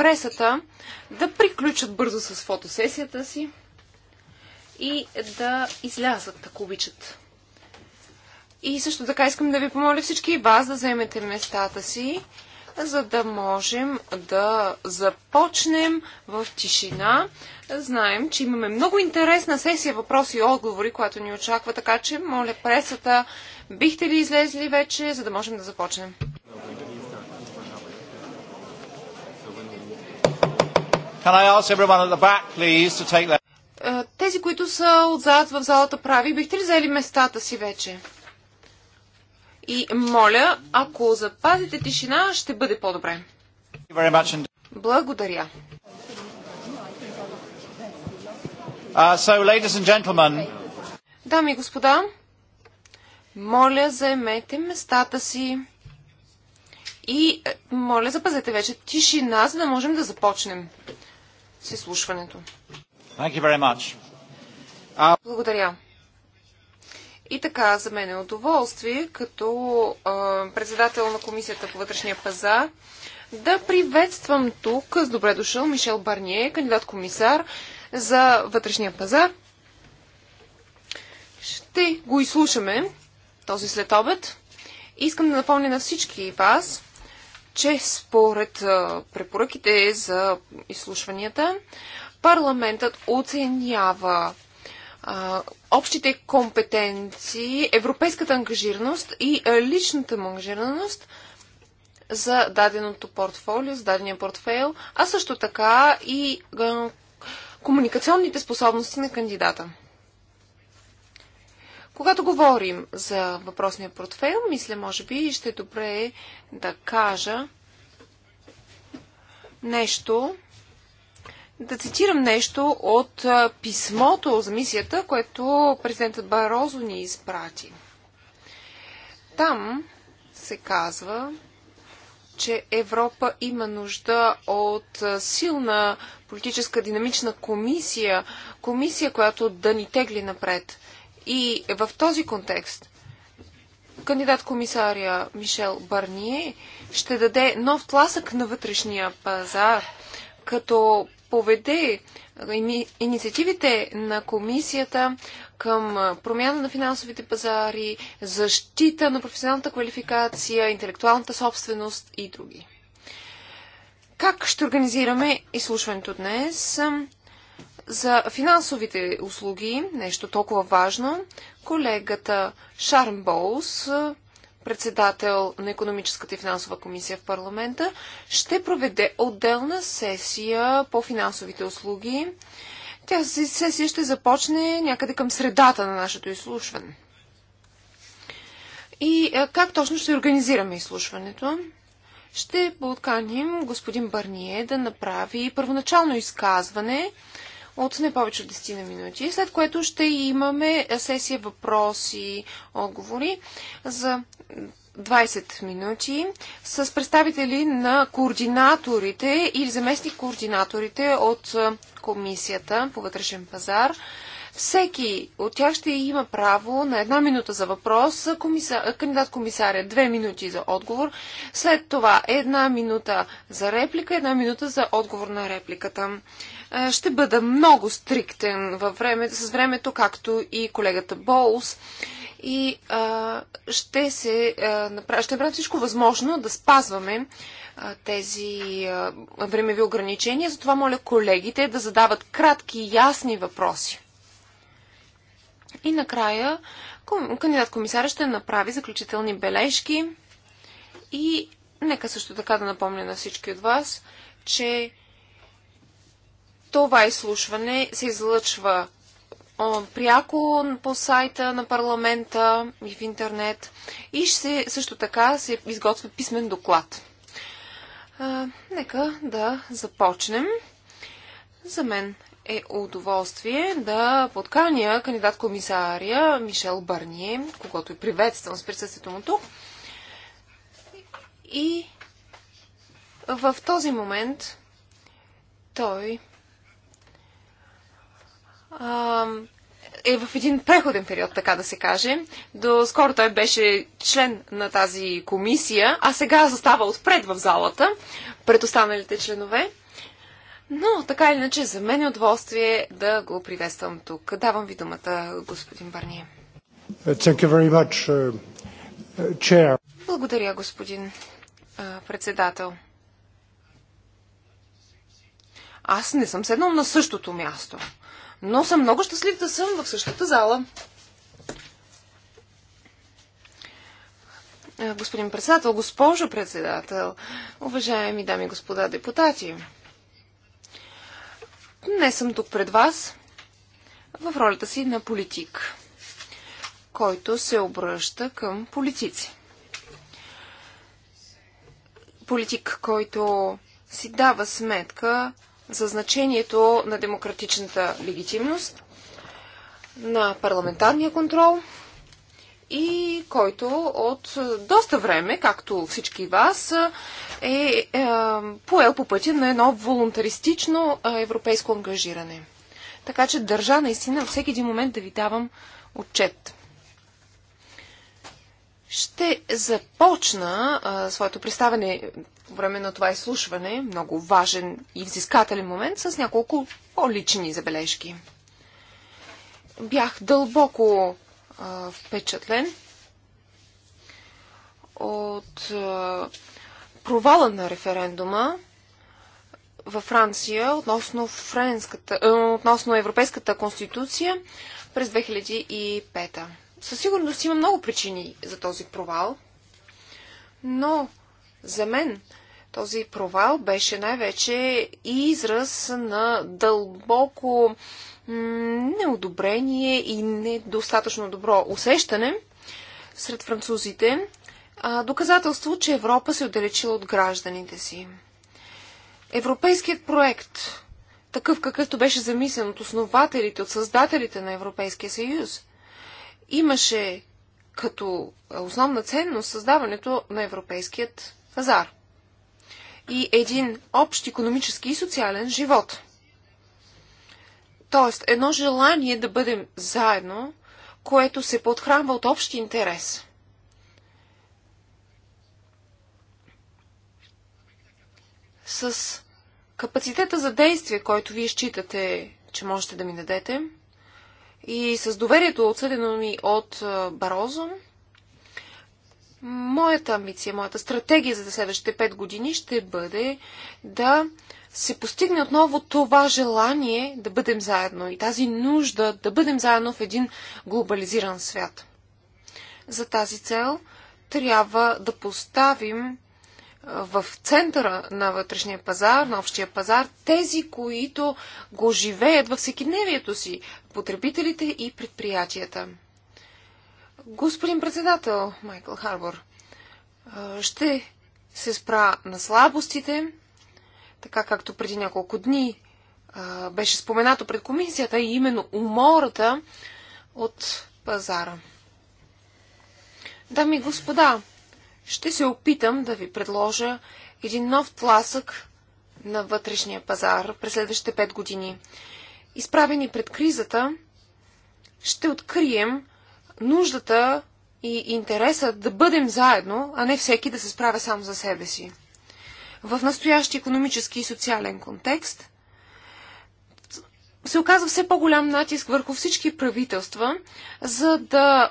пресата да приключат бързо с фотосесията си и да излязат, ако обичат. И също така искам да ви помоля всички вас да вземете местата си, за да можем да започнем в тишина. Знаем, че имаме много интересна сесия въпроси и отговори, която ни очаква, така че моля пресата, бихте ли излезли вече, за да можем да започнем? Back, please, е, Тези, които са отзад в залата прави, бихте ли взели местата си вече? И моля, ако запазите тишина, ще бъде по-добре. Благодаря. Uh, so, Дами и господа, моля, заемете местата си. И е, моля, запазете вече тишина, за да можем да започнем с изслушването. Благодаря. И така, за мен е удоволствие, като а, председател на Комисията по вътрешния пазар, да приветствам тук с добре дошъл Мишел Барние, кандидат-комисар за вътрешния пазар. Ще го изслушаме този след обед. Искам да напомня на всички вас, че според препоръките за изслушванията, парламентът оценява общите компетенции, европейската ангажираност и личната му ангажираност за даденото портфолио, за дадения портфейл, а също така и комуникационните способности на кандидата. Когато говорим за въпросния портфейл, мисля, може би ще е добре да кажа нещо, да цитирам нещо от писмото за мисията, което президентът Барозо ни изпрати. Там се казва, че Европа има нужда от силна политическа динамична комисия, комисия, която да ни тегли напред – и в този контекст кандидат-комисария Мишел Барние ще даде нов тласък на вътрешния пазар, като поведе инициативите на комисията към промяна на финансовите пазари, защита на професионалната квалификация, интелектуалната собственост и други. Как ще организираме изслушването днес? за финансовите услуги, нещо толкова важно, колегата Шарм Боус, председател на економическата и финансова комисия в парламента, ще проведе отделна сесия по финансовите услуги. Тази сесия ще започне някъде към средата на нашето изслушване. И как точно ще организираме изслушването? Ще подканим господин Барние да направи първоначално изказване от не повече от 10 на минути, след което ще имаме сесия въпроси, и отговори за 20 минути с представители на координаторите или заместни координаторите от Комисията по вътрешен пазар. Всеки от тях ще има право на една минута за въпрос, комисар, кандидат е комисаря две минути за отговор, след това една минута за реплика, една минута за отговор на репликата. Е, ще бъда много стриктен във време, с времето, както и колегата Болс. И а, ще, се, а, ще направя всичко възможно да спазваме а, тези а, времеви ограничения. Затова моля колегите да задават кратки и ясни въпроси. И накрая кандидат комисаря ще направи заключителни бележки и нека също така да напомня на всички от вас, че това изслушване се излъчва пряко по сайта на парламента и в интернет и ще, също така се изготвя писмен доклад. А, нека да започнем. За мен е удоволствие да подканя кандидат-комисария Мишел Бърние, когато и приветствам с присъствието му тук. И в този момент той е в един преходен период, така да се каже. До скоро той беше член на тази комисия, а сега застава отпред в залата, пред останалите членове. Но, така или иначе, за мен е удоволствие да го приветствам тук. Давам ви думата, господин Барние. Much, uh, uh Благодаря, господин uh, председател. Аз не съм седнал на същото място но съм много щастлив да съм в същата зала. Господин председател, госпожо председател, уважаеми дами и господа депутати, днес съм тук пред вас в ролята си на политик, който се обръща към политици. Политик, който си дава сметка за значението на демократичната легитимност, на парламентарния контрол и който от доста време, както всички вас, е, е поел по пътя на едно волонтаристично е, европейско ангажиране. Така че държа наистина всеки един момент да ви давам отчет. Ще започна а, своето представяне по време на това изслушване, много важен и взискателен момент, с няколко по-лични забележки. Бях дълбоко а, впечатлен от а, провала на референдума във Франция относно, френската, а, относно Европейската конституция през 2005. Със сигурност има много причини за този провал, но за мен този провал беше най-вече израз на дълбоко неодобрение и недостатъчно добро усещане сред французите, доказателство, че Европа се отдалечила от гражданите си. Европейският проект, такъв какъвто беше замислен от основателите, от създателите на Европейския съюз, имаше като основна ценност създаването на Европейският пазар и един общ економически и социален живот. Тоест, едно желание да бъдем заедно, което се подхранва от общи интерес. С капацитета за действие, който вие считате, че можете да ми дадете, и с доверието, отсъдено ми от Барозо, Моята амбиция, моята стратегия за следващите 5 години ще бъде да се постигне отново това желание да бъдем заедно и тази нужда да бъдем заедно в един глобализиран свят. За тази цел трябва да поставим в центъра на вътрешния пазар, на общия пазар, тези, които го живеят във всекидневието си потребителите и предприятията. Господин председател Майкъл Харбор, ще се спра на слабостите, така както преди няколко дни беше споменато пред комисията и именно умората от пазара. Дами и господа, ще се опитам да ви предложа един нов тласък на вътрешния пазар през следващите пет години. Изправени пред кризата, ще открием нуждата и интереса да бъдем заедно, а не всеки да се справя сам за себе си. В настоящия економически и социален контекст се оказва все по-голям натиск върху всички правителства, за да,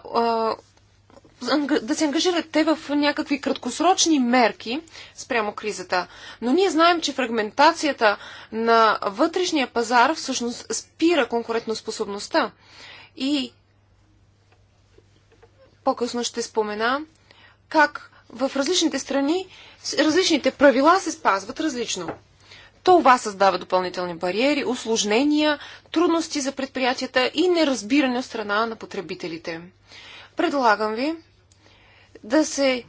да се ангажират те в някакви краткосрочни мерки спрямо кризата. Но ние знаем, че фрагментацията на вътрешния пазар всъщност спира конкурентоспособността. И по-късно ще спомена как в различните страни различните правила се спазват различно. Това създава допълнителни бариери, осложнения, трудности за предприятията и неразбиране от страна на потребителите. Предлагам ви да се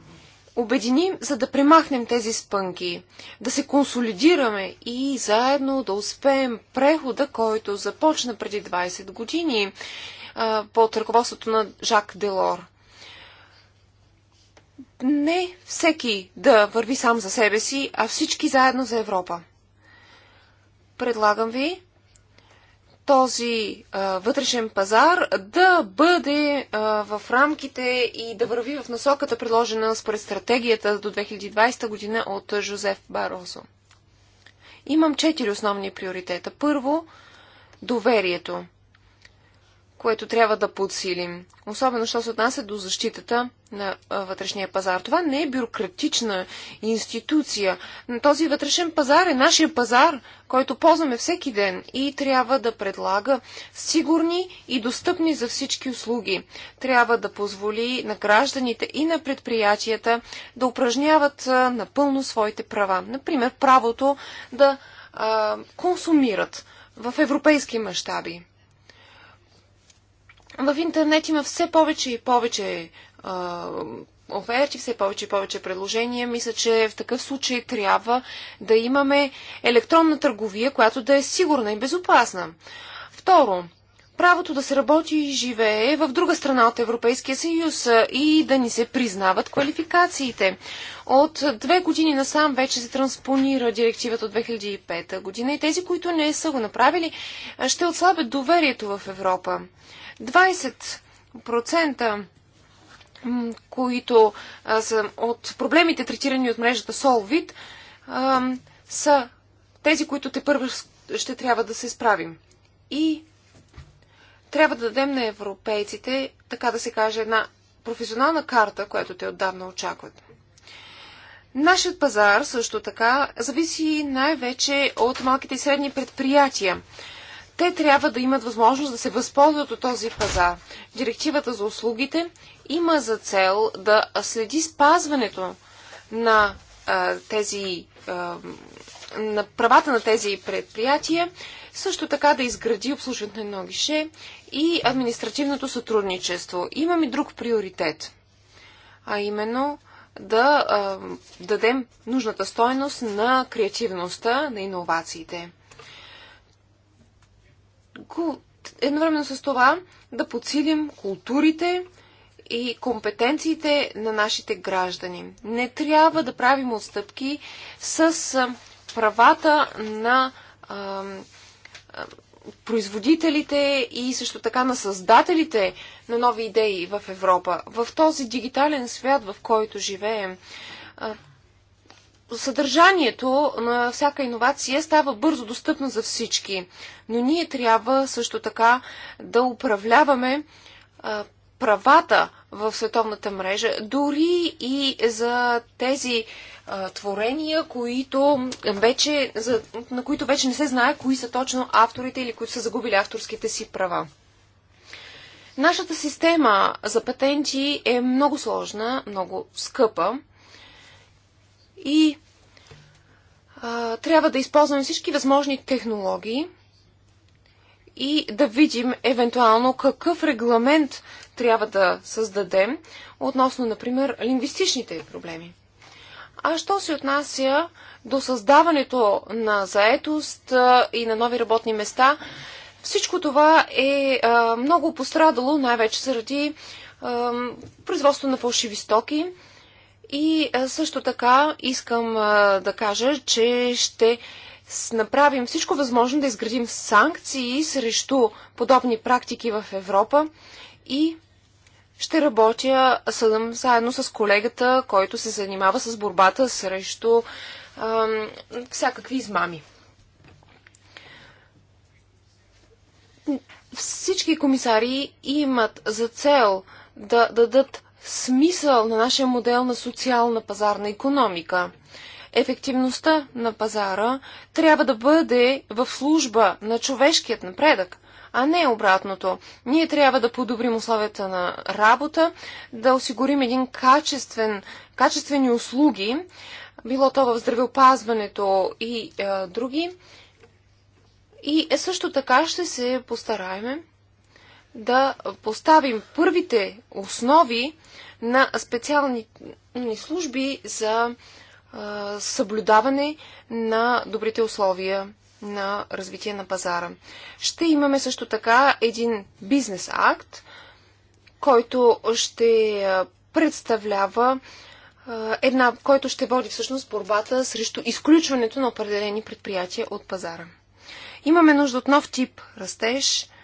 обединим, за да премахнем тези спънки, да се консолидираме и заедно да успеем прехода, който започна преди 20 години под ръководството на Жак Делор не всеки да върви сам за себе си, а всички заедно за Европа. Предлагам ви този а, вътрешен пазар да бъде а, в рамките и да върви в насоката, предложена според стратегията до 2020 година от Жозеф Барозо. Имам четири основни приоритета. Първо, доверието което трябва да подсилим. Особено, що се отнася до защитата на вътрешния пазар. Това не е бюрократична институция. Този вътрешен пазар е нашия пазар, който ползваме всеки ден и трябва да предлага сигурни и достъпни за всички услуги. Трябва да позволи на гражданите и на предприятията да упражняват напълно своите права. Например, правото да а, консумират в европейски мащаби в интернет има все повече и повече а, оферти, все повече и повече предложения. Мисля, че в такъв случай трябва да имаме електронна търговия, която да е сигурна и безопасна. Второ, правото да се работи и живее в друга страна от Европейския съюз и да ни се признават квалификациите. От две години насам вече се транспонира директивата от 2005 година и тези, които не са го направили, ще отслабят доверието в Европа. 20% които са от проблемите, третирани от мрежата Solvit, са тези, които те първо ще трябва да се справим. И трябва да дадем на европейците, така да се каже, една професионална карта, която те отдавна очакват. Нашият пазар също така зависи най-вече от малките и средни предприятия те трябва да имат възможност да се възползват от този пазар. Директивата за услугите има за цел да следи спазването на тези на правата на тези предприятия, също така да изгради обслужването на едно гише и административното сътрудничество. Имаме друг приоритет, а именно да а, дадем нужната стойност на креативността, на иновациите едновременно с това да подсилим културите и компетенциите на нашите граждани. Не трябва да правим отстъпки с правата на а, а, производителите и също така на създателите на нови идеи в Европа. В този дигитален свят, в който живеем, съдържанието на всяка иновация става бързо достъпно за всички, но ние трябва също така да управляваме правата в световната мрежа, дори и за тези творения, които вече, за, на които вече не се знае кои са точно авторите или които са загубили авторските си права. Нашата система за патенти е много сложна, много скъпа и а, трябва да използваме всички възможни технологии и да видим евентуално какъв регламент трябва да създадем относно, например, лингвистичните проблеми. А що се отнася до създаването на заетост и на нови работни места, всичко това е а, много пострадало, най-вече заради а, производство на фалшиви стоки и също така искам да кажа, че ще направим всичко възможно да изградим санкции срещу подобни практики в Европа и ще работя съдъм, заедно с колегата, който се занимава с борбата срещу ам, всякакви измами. Всички комисари имат за цел да дадат смисъл на нашия модел на социална пазарна економика. Ефективността на пазара трябва да бъде в служба на човешкият напредък, а не обратното. Ние трябва да подобрим условията на работа, да осигурим един качествен, качествени услуги, било то в здравеопазването и е, други. И е, също така ще се постараем да поставим първите основи на специални служби за съблюдаване на добрите условия на развитие на пазара. Ще имаме също така един бизнес акт, който ще представлява една, който ще води всъщност борбата срещу изключването на определени предприятия от пазара. Имаме нужда от нов тип растеж –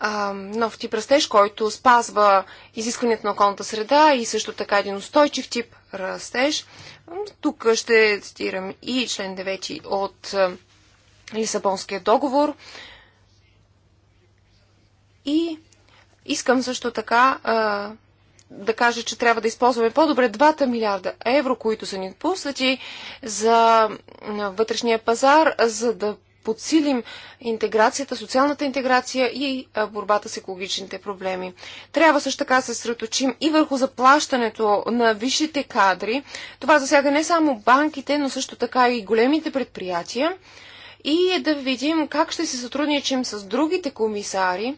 а, нов тип растеж, който спазва изискването на околната среда и също така един устойчив тип растеж. Тук ще цитирам и член 9 от Лисабонския договор. И искам също така а, да кажа, че трябва да използваме по-добре 2 милиарда евро, които са ни отпуснати за вътрешния пазар, за да подсилим интеграцията, социалната интеграция и борбата с екологичните проблеми. Трябва също така да се средоточим и върху заплащането на висшите кадри. Това засяга не само банките, но също така и големите предприятия. И е да видим как ще се сътрудничим с другите комисари,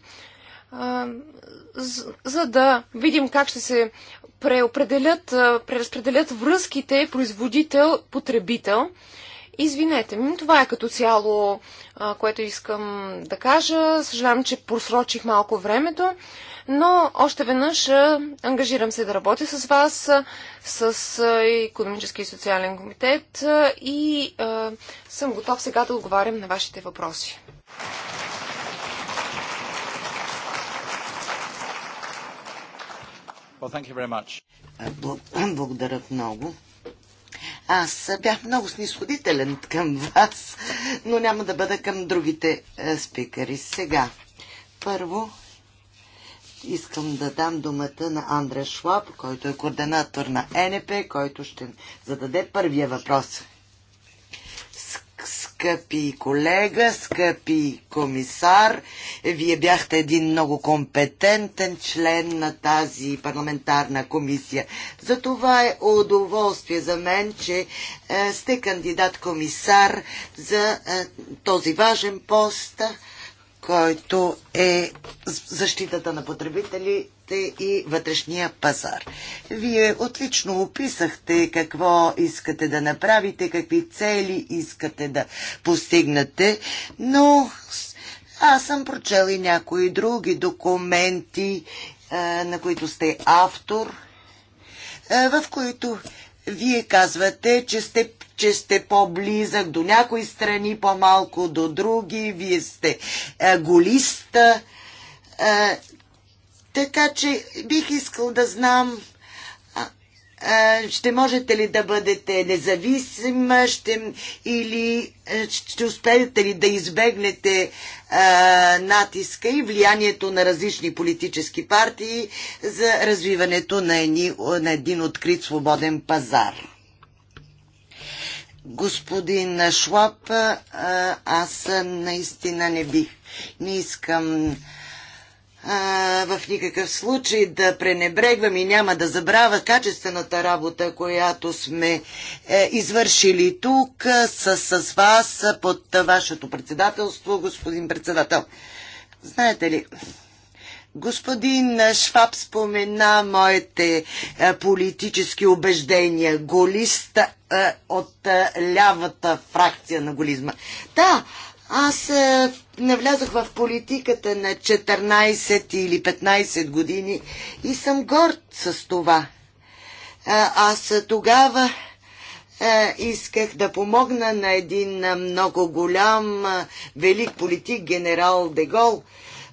за да видим как ще се преопределят, преразпределят връзките производител-потребител. Извинете, това е като цяло, което искам да кажа. Съжалявам, че просрочих малко времето, но още веднъж ангажирам се да работя с вас, с економически и социален комитет и съм готов сега да отговарям на вашите въпроси. Well, Благодаря много. Аз бях много снисходителен към вас, но няма да бъда към другите е, спикари. Сега, първо, искам да дам думата на Андре Шваб, който е координатор на НП, е който ще зададе първия въпрос скъпи колега, скъпи комисар. Вие бяхте един много компетентен член на тази парламентарна комисия. За това е удоволствие за мен, че е, сте кандидат комисар за е, този важен пост който е защитата на потребителите и вътрешния пазар. Вие отлично описахте какво искате да направите, какви цели искате да постигнете, но аз съм прочел и някои други документи, е, на които сте автор, е, в които вие казвате, че сте че сте по-близък до някои страни, по-малко до други, вие сте е, голиста. Е, така че бих искал да знам е, ще можете ли да бъдете независим ще, или е, ще успеете ли да избегнете а, е, натиска и влиянието на различни политически партии за развиването на, едни, на един открит свободен пазар? господин Шваб, аз наистина не бих, не искам а, в никакъв случай да пренебрегвам и няма да забравя качествената работа, която сме е, извършили тук с, с вас под вашето председателство, господин председател. Знаете ли, Господин Шваб спомена моите е, политически убеждения. Голист е, от е, лявата фракция на голизма. Да, аз навлязох в политиката на 14 или 15 години и съм горд с това. Аз тогава исках да помогна на един много голям велик политик, генерал Дегол,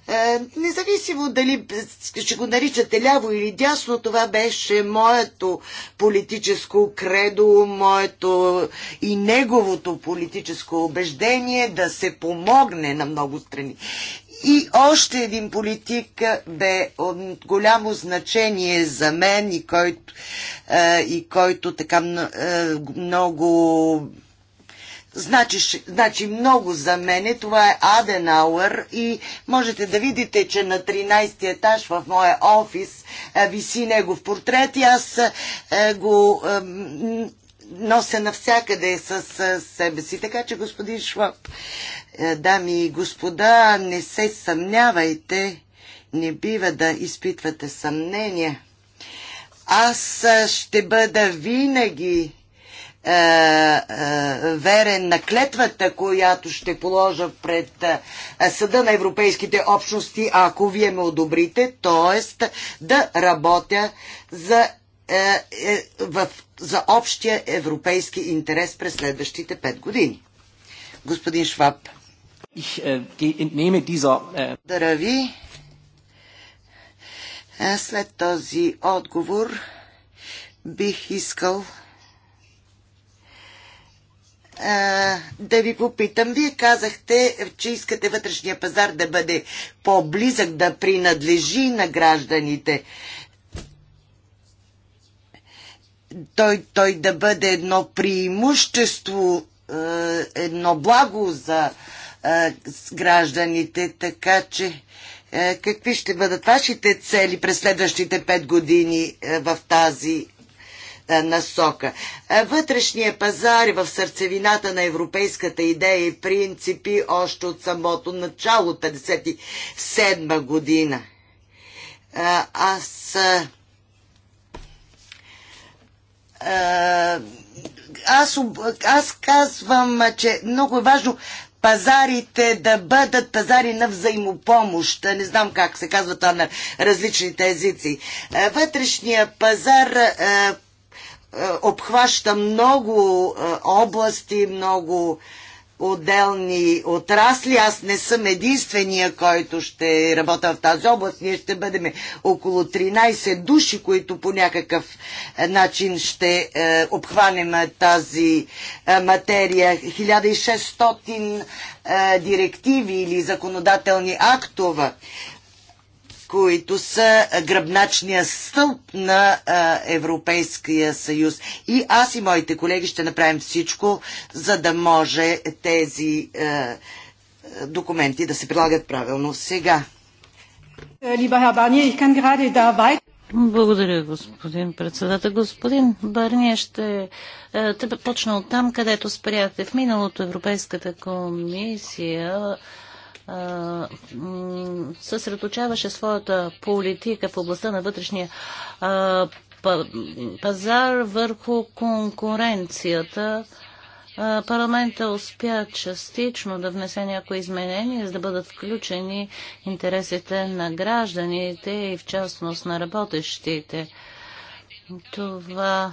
е, независимо дали ще го наричате ляво или дясно, това беше моето политическо кредо, моето и неговото политическо убеждение да се помогне на много страни. И още един политик бе от голямо значение за мен и който, е, и който така е, много значи, значи много за мене. Това е Аденауър и можете да видите, че на 13 етаж в моя офис е, виси негов портрет и аз е, го е, нося навсякъде с себе си. Така че, господин Шваб, дами и господа, не се съмнявайте, не бива да изпитвате съмнение. Аз ще бъда винаги е, е, верен на клетвата, която ще положа пред е, Съда на Европейските общности, ако вие ме одобрите, т.е. да работя за, е, е, в, за общия европейски интерес през следващите пет години. Господин Шваб. Ich, äh, dieser, äh... ви. Е, след този отговор бих искал да ви попитам. Вие казахте, че искате вътрешния пазар да бъде по-близък, да принадлежи на гражданите. Той, той да бъде едно преимущество, едно благо за гражданите, така че какви ще бъдат вашите цели през следващите пет години в тази насока. Вътрешният пазар е в сърцевината на европейската идея и принципи още от самото начало, 57 година. Аз аз, аз казвам, че много е важно пазарите да бъдат пазари на взаимопомощ. Не знам как се казва това на различните езици. Вътрешния пазар е, обхваща много е, области, много отделни отрасли. Аз не съм единствения, който ще работя в тази област. Ние ще бъдем около 13 души, които по някакъв е, начин ще обхванем тази материя. 1600 директиви или законодателни актове които са гръбначния стълб на Европейския съюз. И аз и моите колеги ще направим всичко, за да може тези документи да се прилагат правилно сега. Благодаря, господин председател. Господин Барния, ще е, те, почна от там, където спряхте в миналото Европейската комисия съсредоточаваше своята политика в областта на вътрешния пазар върху конкуренцията. парламента успя частично да внесе някои изменения, за да бъдат включени интересите на гражданите и в частност на работещите. Това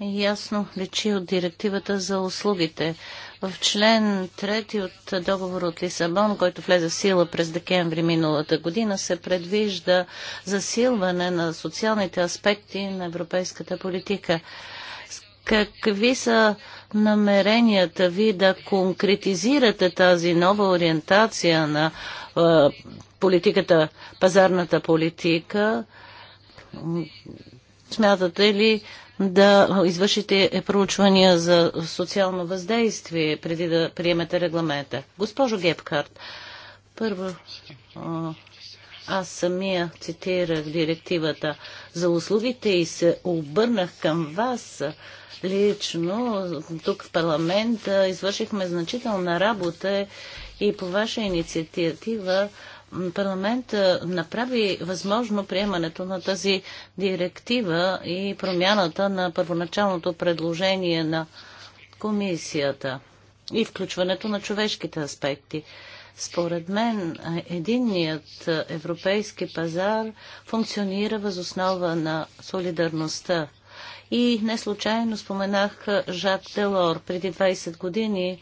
ясно лечи от директивата за услугите. В член 3 от договор от Лисабон, който влезе в сила през декември миналата година, се предвижда засилване на социалните аспекти на европейската политика. Какви са намеренията ви да конкретизирате тази нова ориентация на политиката, пазарната политика? Смятате ли да извършите проучвания за социално въздействие преди да приемете регламента. Госпожо Гепкарт, първо аз самия цитирах директивата за услугите и се обърнах към вас лично. Тук в парламента извършихме значителна работа и по ваша инициатива парламент направи възможно приемането на тази директива и промяната на първоначалното предложение на комисията и включването на човешките аспекти. Според мен, единният европейски пазар функционира възоснова на солидарността. И не случайно споменах Жак Делор. Преди 20 години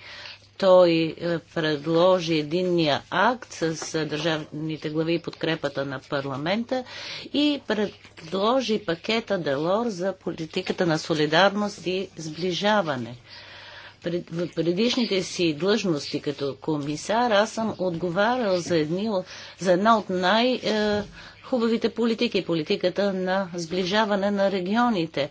той е, предложи единния акт с е, държавните глави и подкрепата на парламента и предложи пакета Делор за политиката на солидарност и сближаване в предишните си длъжности като комисар, аз съм отговарял за, едни, за една от най- е, хубавите политики, политиката на сближаване на регионите.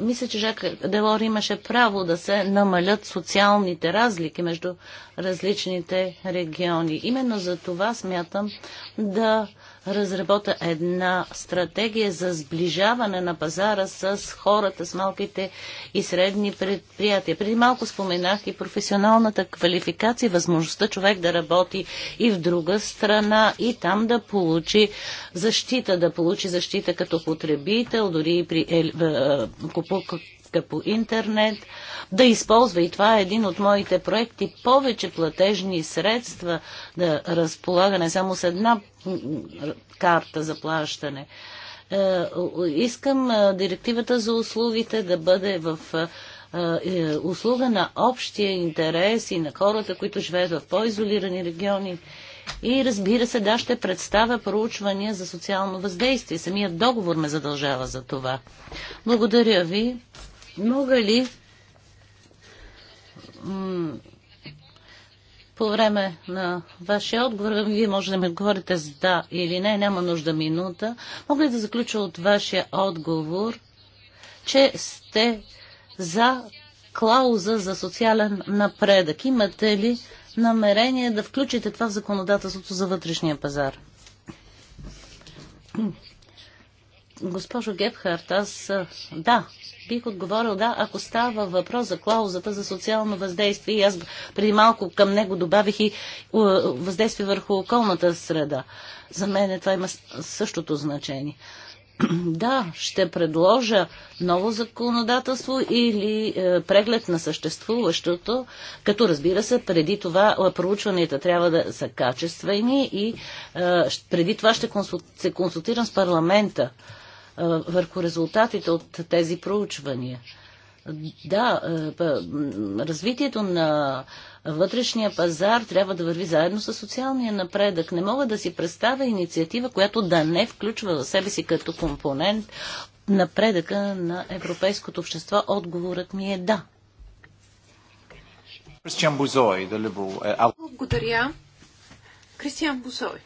Мисля, че Жак Делор имаше право да се намалят социалните разлики между различните региони. Именно за това смятам да разработа една стратегия за сближаване на пазара с хората, с малките и средни предприятия. Преди малко споменах и професионалната квалификация, възможността човек да работи и в друга страна и там да получи защита, да получи защита като потребител, дори и при е, е, доставка по интернет, да използва, и това е един от моите проекти, повече платежни средства да разполага не само с една карта за плащане. Е, искам е, директивата за услугите да бъде в е, услуга на общия интерес и на хората, които живеят в по-изолирани региони. И разбира се, да, ще представя проучвания за социално въздействие. Самият договор ме задължава за това. Благодаря ви. Мога ли по време на вашия отговор, вие може да ми отговорите с да или не, няма нужда минута, мога ли да заключа от вашия отговор, че сте за клауза за социален напредък? Имате ли намерение да включите това в законодателството за вътрешния пазар? Госпожо Гепхарт, аз да, бих отговорил да, ако става въпрос за клаузата за социално въздействие. И аз преди малко към него добавих и въздействие върху околната среда. За мен е, това има същото значение. Да, ще предложа ново законодателство или е, преглед на съществуващото, като разбира се, преди това проучванията трябва да са качествени и е, преди това ще се консултирам с парламента върху резултатите от тези проучвания. Да, развитието на вътрешния пазар трябва да върви заедно с социалния напредък. Не мога да си представя инициатива, която да не включва в себе си като компонент напредъка на европейското общество. Отговорът ми е да. Е, Благодаря. Кристиан Бузой.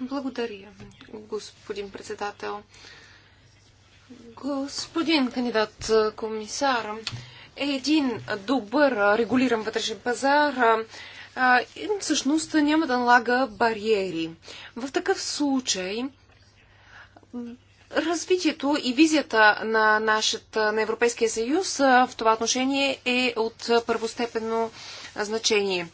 Благодаря, господин председател. Господин кандидат комисар, е един добър регулиран вътрешен пазар всъщност няма да налага бариери. В такъв случай развитието и визията на, нашата, на Европейския съюз в това отношение е от първостепенно значение.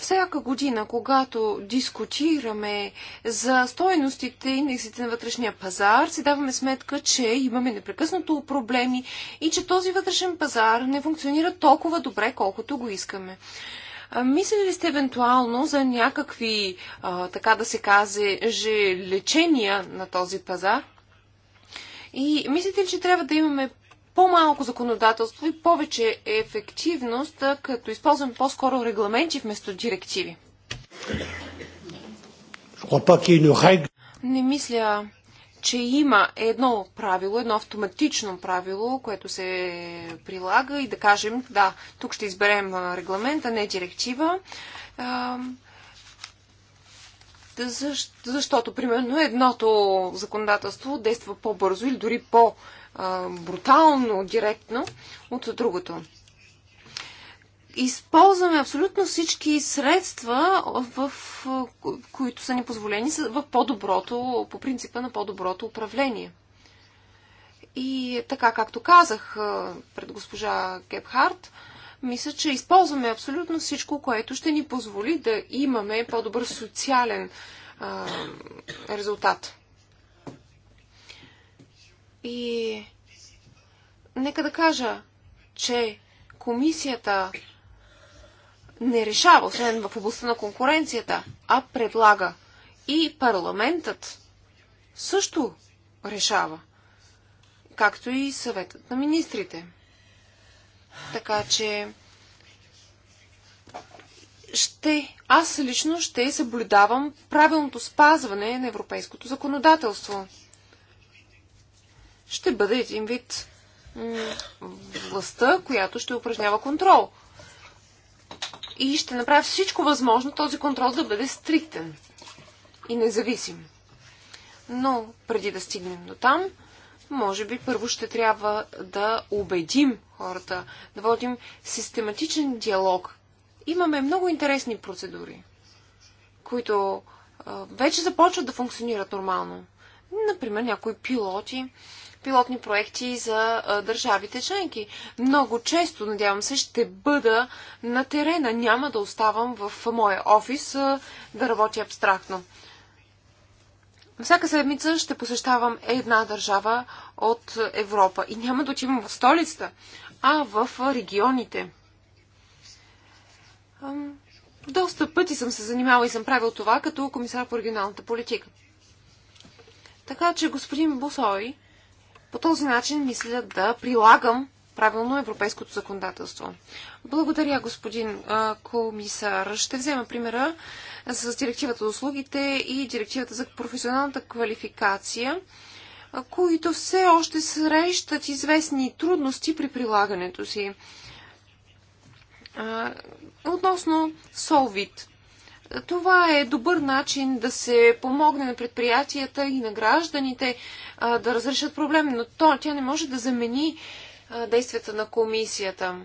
Всяка година, когато дискутираме за стойностите и индексите на вътрешния пазар, си даваме сметка, че имаме непрекъснато проблеми и че този вътрешен пазар не функционира толкова добре, колкото го искаме. Мислили ли сте евентуално за някакви, а, така да се каже, лечения на този пазар? И мислите ли, че трябва да имаме по-малко законодателство и повече ефективност, като използваме по-скоро регламенти вместо директиви. Не мисля, че има едно правило, едно автоматично правило, което се прилага и да кажем, да, тук ще изберем регламента, не директива. защото, примерно, едното законодателство действа по-бързо или дори по-бързо а, брутално, директно от другото. Използваме абсолютно всички средства, в, които са ни позволени в по-доброто, по принципа на по-доброто управление. И така, както казах пред госпожа Гебхарт, мисля, че използваме абсолютно всичко, което ще ни позволи да имаме по-добър социален а, резултат. И нека да кажа, че комисията не решава, освен в областта на конкуренцията, а предлага. И парламентът също решава, както и съветът на министрите. Така че ще, аз лично ще съблюдавам правилното спазване на европейското законодателство ще бъде един вид властта, която ще упражнява контрол. И ще направи всичко възможно този контрол да бъде стриктен и независим. Но преди да стигнем до там, може би първо ще трябва да убедим хората, да водим систематичен диалог. Имаме много интересни процедури, които вече започват да функционират нормално. Например, някои пилоти пилотни проекти за държавите членки. Много често, надявам се, ще бъда на терена. Няма да оставам в моя офис да работя абстрактно. Всяка седмица ще посещавам една държава от Европа и няма да отивам в столицата, а в регионите. Доста пъти съм се занимавала и съм правил това като комисар по регионалната политика. Така че, господин Босой, по този начин мисля да прилагам правилно европейското законодателство. Благодаря, господин комисар. Ще взема примера с директивата за услугите и директивата за професионалната квалификация, които все още срещат известни трудности при прилагането си. относно Solvit. Това е добър начин да се помогне на предприятията и на гражданите а, да разрешат проблем, но то, тя не може да замени а, действията на комисията.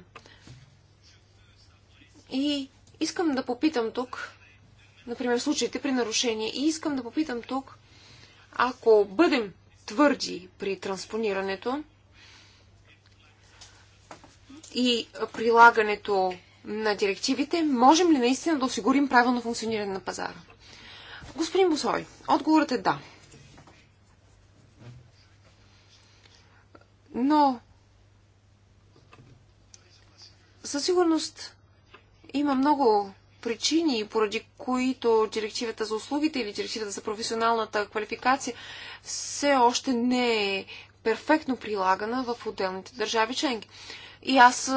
И искам да попитам тук, например, случаите при нарушение, и искам да попитам тук, ако бъдем твърди при транспонирането и прилагането на директивите, можем ли наистина да осигурим правилно функциониране на пазара? Господин Босой, отговорът е да. Но със сигурност има много причини, поради които директивата за услугите или директивата за професионалната квалификация все още не е перфектно прилагана в отделните държави членки. И аз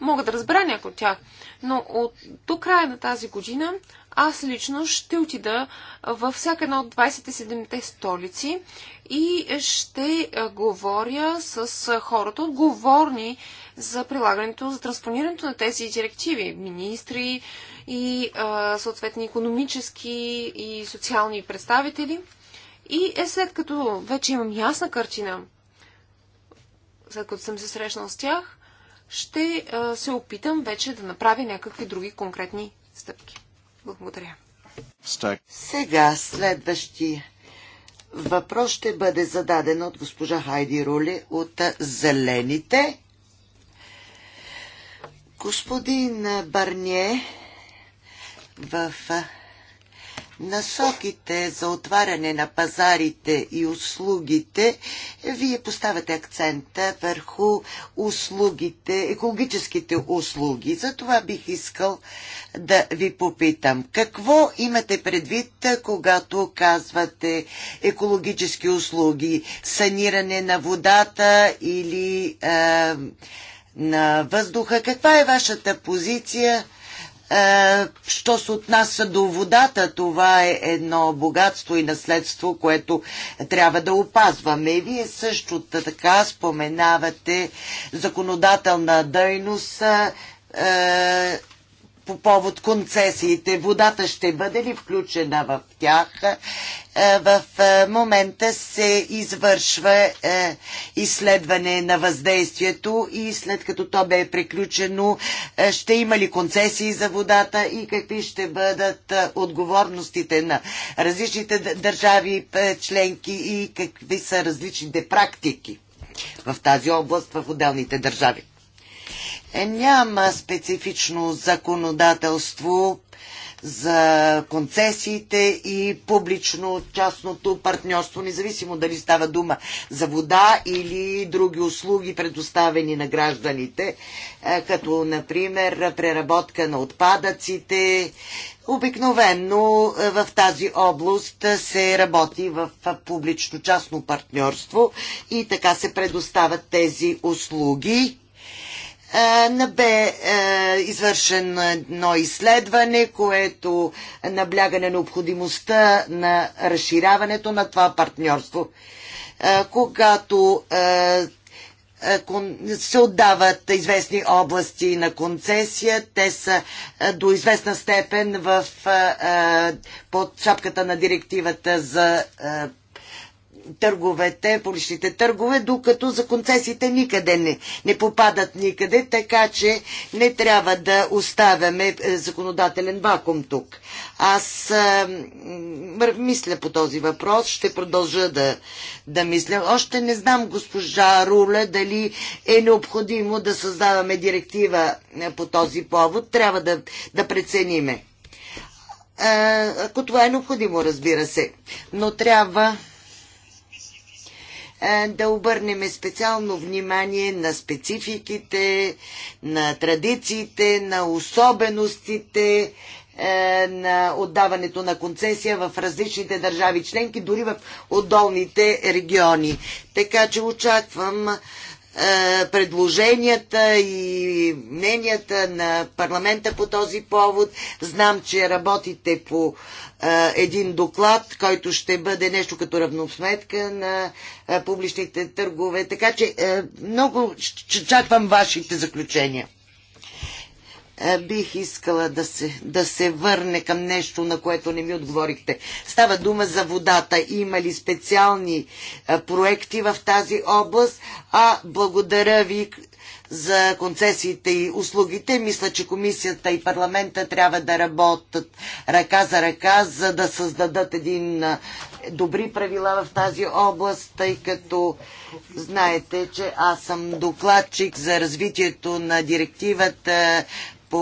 мога да разбера някой от тях. Но от, до края на тази година аз лично ще отида във всяка една от 27-те столици и ще говоря с хората, отговорни за прилагането, за транспонирането на тези директиви. Министри и а, съответни економически и социални представители. И е след като вече имам ясна картина, след като съм се срещнал с тях, ще се опитам вече да направя някакви други конкретни стъпки. Благодаря. Сега следващия въпрос ще бъде зададен от госпожа Хайди Рули от Зелените. Господин Барние в насоките за отваряне на пазарите и услугите, вие поставяте акцента върху услугите, екологическите услуги. За това бих искал да ви попитам. Какво имате предвид, когато казвате екологически услуги? Саниране на водата или е, на въздуха? Каква е вашата позиция? Е, що се отнася до водата, това е едно богатство и наследство, което трябва да опазваме. И вие също така споменавате законодателна дейност, е, по повод концесиите. Водата ще бъде ли включена в тях? Е, в е, момента се извършва е, изследване на въздействието и след като то бе приключено, ще има ли концесии за водата и какви ще бъдат отговорностите на различните държави членки и какви са различните практики в тази област в отделните държави? Е, няма специфично законодателство за концесиите и публично-частното партньорство, независимо дали става дума за вода или други услуги, предоставени на гражданите, е, като, например, преработка на отпадъците. Обикновенно е, в тази област се работи в публично-частно партньорство и така се предоставят тези услуги е, на бе е, извършено едно изследване, което набляга на необходимостта на разширяването на това партньорство. Е, когато се отдават известни области на концесия. Те са до известна степен в, под шапката на директивата за търговете, поличните търгове, докато за концесиите никъде не, не попадат никъде, така че не трябва да оставяме е, законодателен вакуум тук. Аз а, е, мисля по този въпрос, ще продължа да, да мисля. Още не знам, госпожа Руле, дали е необходимо да създаваме директива е, по този повод. Трябва да, да прецениме. А, ако това е необходимо, разбира се. Но трябва е, да обърнем специално внимание на спецификите, на традициите, на особеностите е, на отдаването на концесия в различните държави членки, дори в отдолните региони. Така че очаквам е, предложенията и мненията на парламента по този повод. Знам, че работите по е, един доклад, който ще бъде нещо като равносметка на е, публичните търгове. Така че много чаквам вашите заключения. Е, бих искала да се, да се върне към нещо, на което не ми отговорихте. Става дума за водата. Има ли специални е, проекти в тази област? А благодаря ви за концесиите и услугите. Мисля, че комисията и парламента трябва да работят ръка за ръка, за да създадат един е, добри правила в тази област, тъй като знаете, че аз съм докладчик за развитието на директивата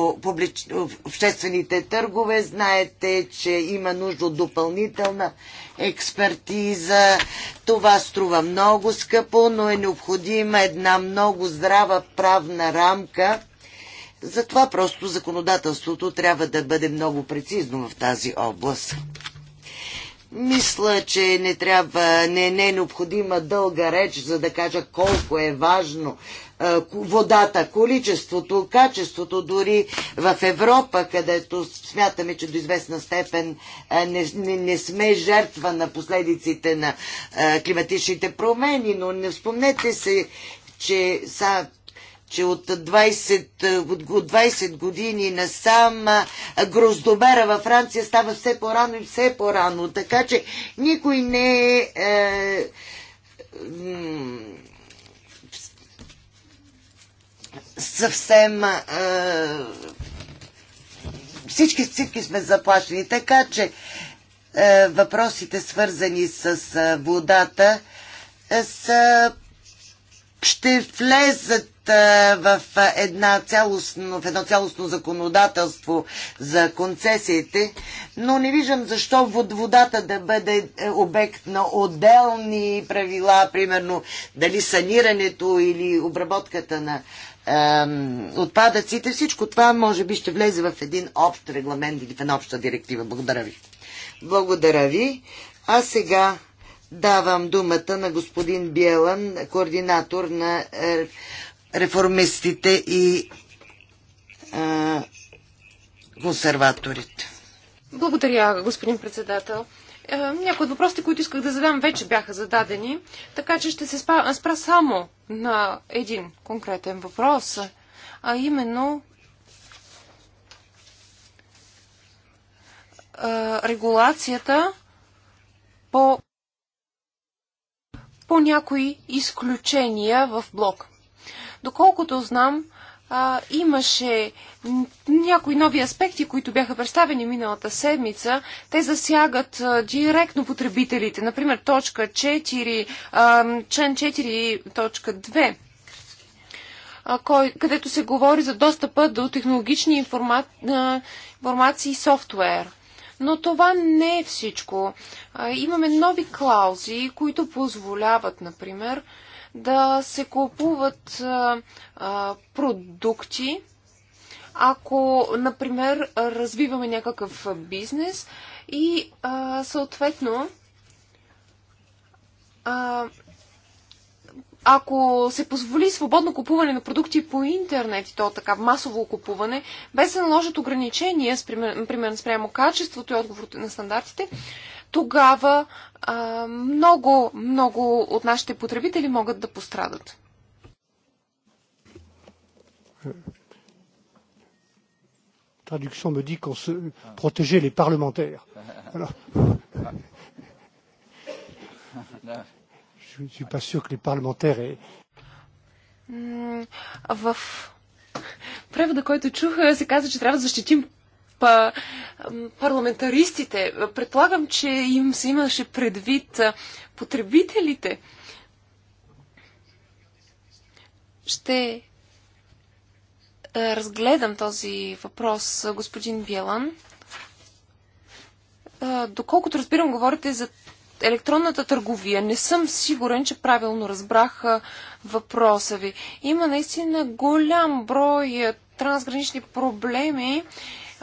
по публич... обществените търгове. Знаете, че има нужда от допълнителна експертиза. Това струва много скъпо, но е необходима една много здрава правна рамка. Затова просто законодателството трябва да бъде много прецизно в тази област. Мисля, че не трябва, не, не е необходима дълга реч, за да кажа колко е важно водата, количеството, качеството, дори в Европа, където смятаме, че до известна степен не, не, не сме жертва на последиците на климатичните промени, но не спомнете се, че са че от 20, от 20 години насам гроздобера във Франция става все по-рано и все по-рано. Така че никой не е, е съвсем а, всички, всички сме заплашени. Така че а, въпросите свързани с а, водата са ще влезат в, една цялостно, в едно цялостно законодателство за концесиите, но не виждам защо водата да бъде е, обект на отделни правила, примерно дали санирането или обработката на отпадъците. Всичко това може би ще влезе в един общ регламент или в една обща директива. Благодаря ви. Благодаря ви. А сега давам думата на господин Биелан, координатор на е, реформистите и е, консерваторите. Благодаря, господин председател. Е, някои от въпросите, които исках да задам, вече бяха зададени, така че ще се спа, спра само на един конкретен въпрос, а именно е, регулацията по, по някои изключения в блок. Доколкото знам, а, имаше някои нови аспекти, които бяха представени миналата седмица. Те засягат а, директно потребителите. Например, точка 4, а, член 4.2 кой, където се говори за достъпа до технологични информа... информации и софтуер. Но това не е всичко. Имаме нови клаузи, които позволяват, например, да се купуват а, а, продукти, ако, например, развиваме някакъв бизнес и а, съответно, а, ако се позволи свободно купуване на продукти по интернет и то така масово купуване, без да наложат ограничения, примерно спрямо качеството и отговорите на стандартите, тогава а, много, много от нашите потребители могат да пострадат. Traduction me dit qu'on se protégeait les parlementaires. Alors, je ne suis pas sûr que les parlementaires aient. В превода, който чух, се каза, че трябва да защитим парламентаристите. Предполагам, че им се имаше предвид потребителите. Ще разгледам този въпрос, господин Виелан. Доколкото разбирам, говорите за електронната търговия. Не съм сигурен, че правилно разбрах въпроса ви. Има наистина голям брой трансгранични проблеми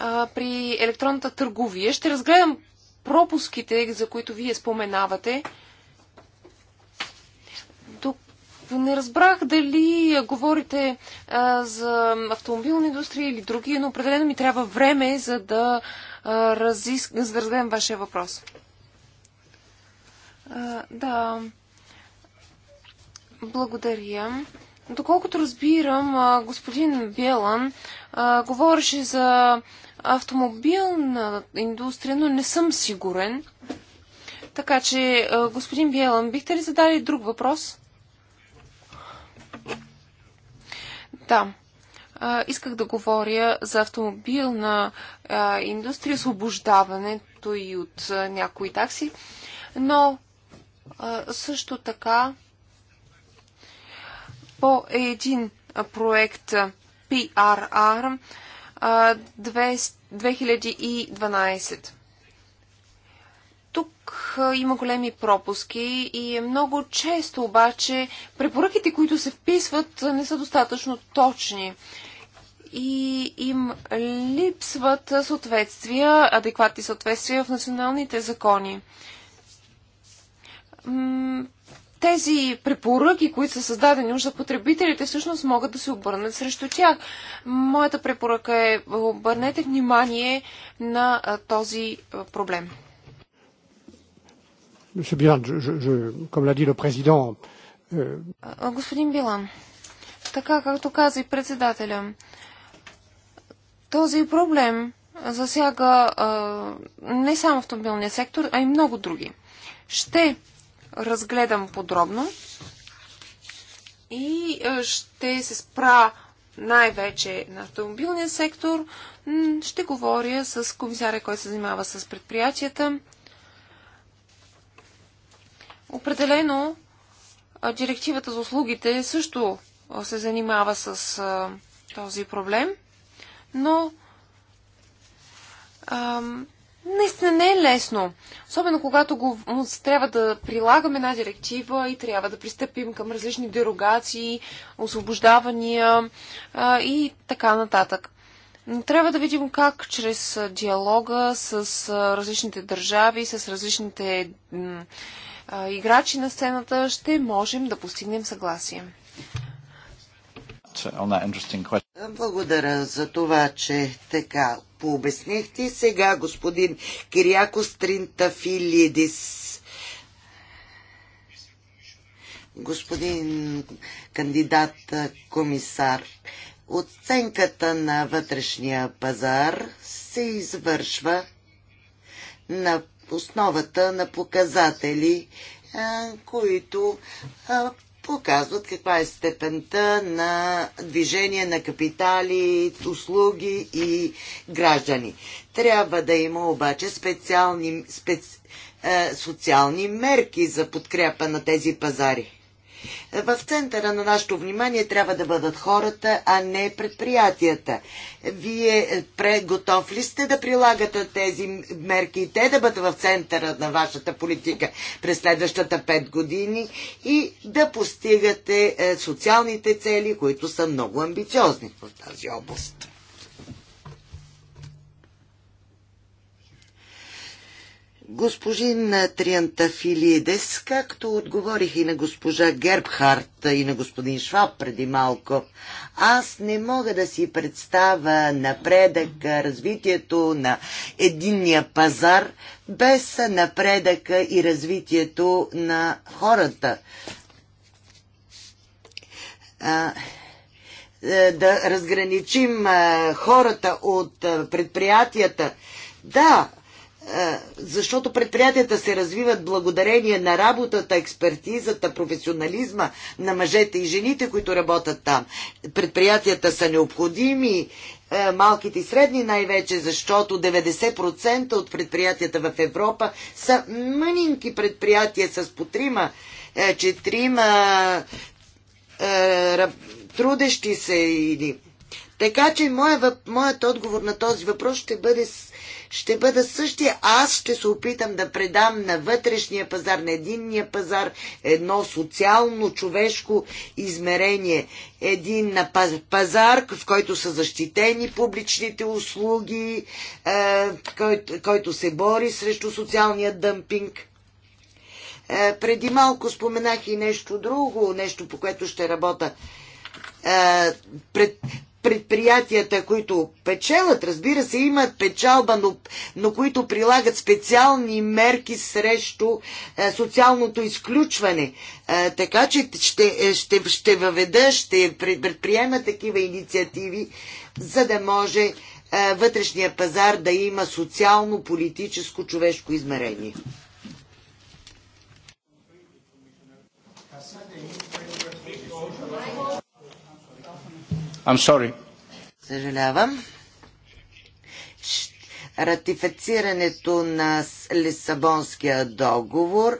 а, при електронната търговия. Ще разгледам пропуските, за които вие споменавате. Тук не разбрах дали говорите а, за автомобилна индустрия или други, но определено ми трябва време, за да, за да разгледам вашия въпрос. А, да. Благодаря. Доколкото разбирам, господин Белан говореше за автомобилна индустрия, но не съм сигурен. Така че, господин Белан, бихте ли задали друг въпрос? Да. исках да говоря за автомобилна индустрия, освобождаването и от някои такси, но също така по един проект PRR 2012. Тук има големи пропуски и е много често обаче препоръките, които се вписват, не са достатъчно точни и им липсват съответствия, адекватни съответствия в националните закони тези препоръки, които са създадени уж за потребителите, всъщност могат да се обърнат срещу тях. Моята препоръка е обърнете внимание на този проблем. Господин Билан, така както каза и председателя, този проблем засяга а, не само автомобилния сектор, а и много други. Ще разгледам подробно и е, ще се спра най-вече на автомобилния сектор. Ще говоря с комисаря, който се занимава с предприятията. Определено е, директивата за услугите също е, се занимава с този проблем, но наистина не е лесно. Особено когато го, трябва да прилагаме една директива и трябва да пристъпим към различни дерогации, освобождавания а, и така нататък. Но трябва да видим как чрез диалога с различните държави, с различните а, играчи на сцената ще можем да постигнем съгласие. Благодаря за това, че така пообяснихте. Сега господин Кириакос Тринтафилидис. Господин кандидат комисар, оценката на вътрешния пазар се извършва на основата на показатели, които показват каква е степента на движение на капитали, услуги и граждани. Трябва да има обаче специални, специ, е, социални мерки за подкрепа на тези пазари. В центъра на нашето внимание трябва да бъдат хората, а не предприятията. Вие е, преготов ли сте да прилагате тези мерки и те да бъдат в центъра на вашата политика през следващата пет години и да постигате е, социалните цели, които са много амбициозни в тази област? Госпожин Триантафилидес, както отговорих и на госпожа Гербхарт и на господин Шваб преди малко, аз не мога да си представя напредък, развитието на единния пазар без напредъка и развитието на хората. А, е, да разграничим е, хората от е, предприятията. Да, защото предприятията се развиват благодарение на работата, експертизата, професионализма на мъжете и жените, които работят там. Предприятията са необходими, малките и средни най-вече, защото 90% от предприятията в Европа са мънинки предприятия с Потрима, четрима четирима трудещи се Така че моят, моят отговор на този въпрос ще бъде ще бъда същия. Аз ще се опитам да предам на вътрешния пазар, на единния пазар, едно социално-човешко измерение. Един пазар, в който са защитени публичните услуги, е, който се бори срещу социалния дъмпинг. Е, преди малко споменах и нещо друго, нещо по което ще работя е, пред, предприятията, които печелят, разбира се, имат печалба, но, но които прилагат специални мерки срещу е, социалното изключване. Е, така че ще, е, ще, ще въведа, ще предприема такива инициативи, за да може е, вътрешния пазар да има социално, политическо, човешко измерение. I'm sorry. Съжалявам. Ратифицирането на Лисабонския договор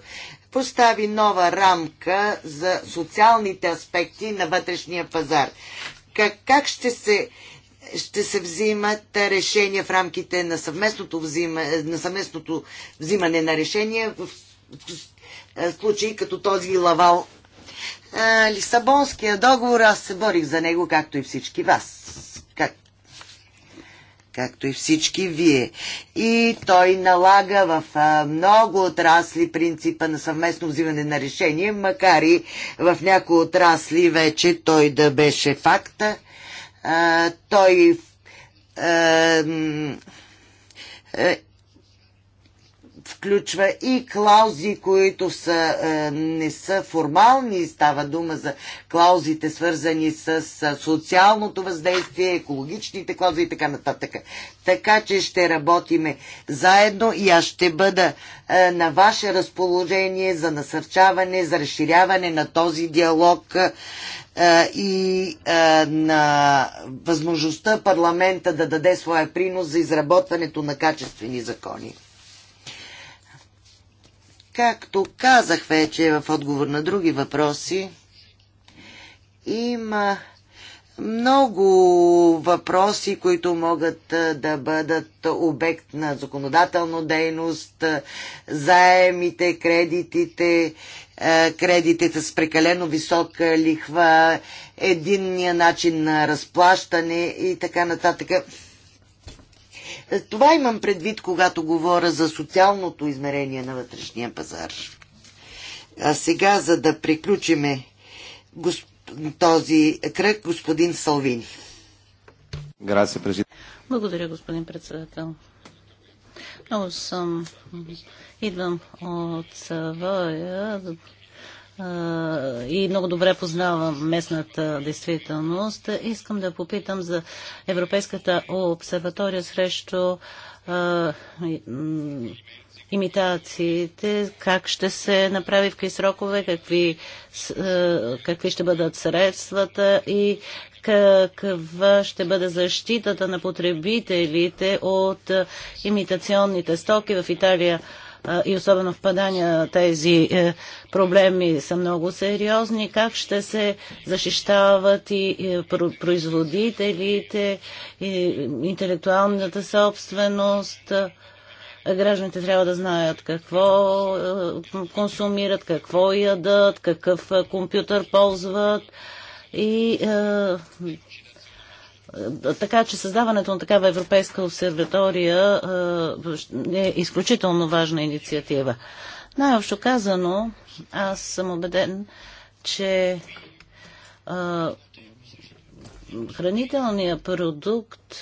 постави нова рамка за социалните аспекти на вътрешния пазар. Как, как ще се ще се взимат решения в рамките на съвместното, взима, на съвместното взимане на решения в, в, в случаи като този лавал а, Лисабонския договор, аз се борих за него, както и всички вас. Как, както и всички вие. И той налага в а, много отрасли принципа на съвместно взимане на решение, макар и в някои отрасли вече той да беше факта. А, той а, включва и клаузи, които са, е, не са формални. Става дума за клаузите, свързани с е, социалното въздействие, екологичните клаузи и така нататък. Така че ще работиме заедно и аз ще бъда е, на ваше разположение за насърчаване, за разширяване на този диалог и на възможността парламента да даде своя принос за изработването на качествени закони. Както казах вече в отговор на други въпроси, има много въпроси, които могат да бъдат обект на законодателна дейност, заемите, кредитите, кредитите с прекалено висока лихва, единния начин на разплащане и така нататък. Това имам предвид, когато говоря за социалното измерение на вътрешния пазар. А сега, за да приключиме госп... този кръг, господин Салвини. Благодаря, господин председател. Много съм. Идвам от Савоя, и много добре познавам местната действителност. Искам да попитам за Европейската обсерватория срещу имитациите, как ще се направи, в какви срокове, какви, какви ще бъдат средствата и каква ще бъде защитата на потребителите от имитационните стоки в Италия и особено в падания тези е, проблеми са много сериозни. Как ще се защищават и е, производителите, и интелектуалната собственост? Гражданите трябва да знаят какво е, консумират, какво ядат, какъв компютър ползват и е, така че създаването на такава Европейска обсерватория е, е изключително важна инициатива. Най-общо казано, аз съм убеден, че а, е, хранителният продукт,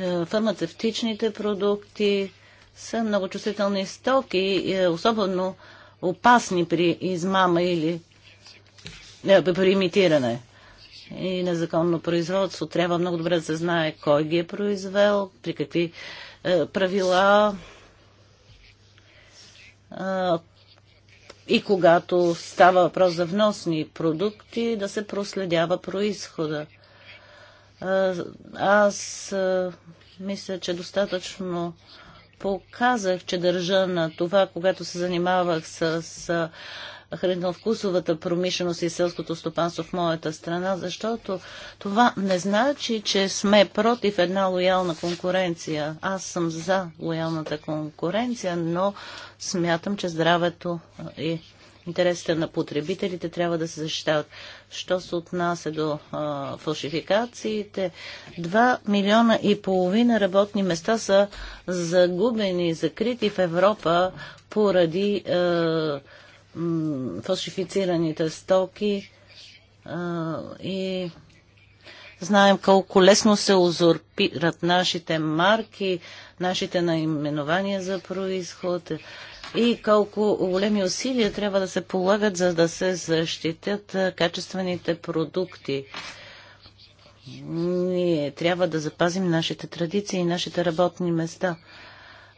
а, фармацевтичните продукти са много чувствителни стоки, и, особено опасни при измама или при имитиране и незаконно производство. Трябва много добре да се знае кой ги е произвел, при какви е, правила е, и когато става въпрос за вносни продукти, да се проследява происхода. Е, аз е, мисля, че достатъчно показах, че държа на това, когато се занимавах с, с хранително-вкусовата промишленост и селското стопанство в моята страна, защото това не значи, че сме против една лоялна конкуренция. Аз съм за лоялната конкуренция, но смятам, че здравето и интересите на потребителите трябва да се защитават. Що се отнася до а, фалшификациите, два милиона и половина работни места са загубени, закрити в Европа поради а, фалшифицираните стоки а, и знаем колко лесно се узурпират нашите марки, нашите наименования за происход и колко големи усилия трябва да се полагат, за да се защитят качествените продукти. Ние трябва да запазим нашите традиции и нашите работни места.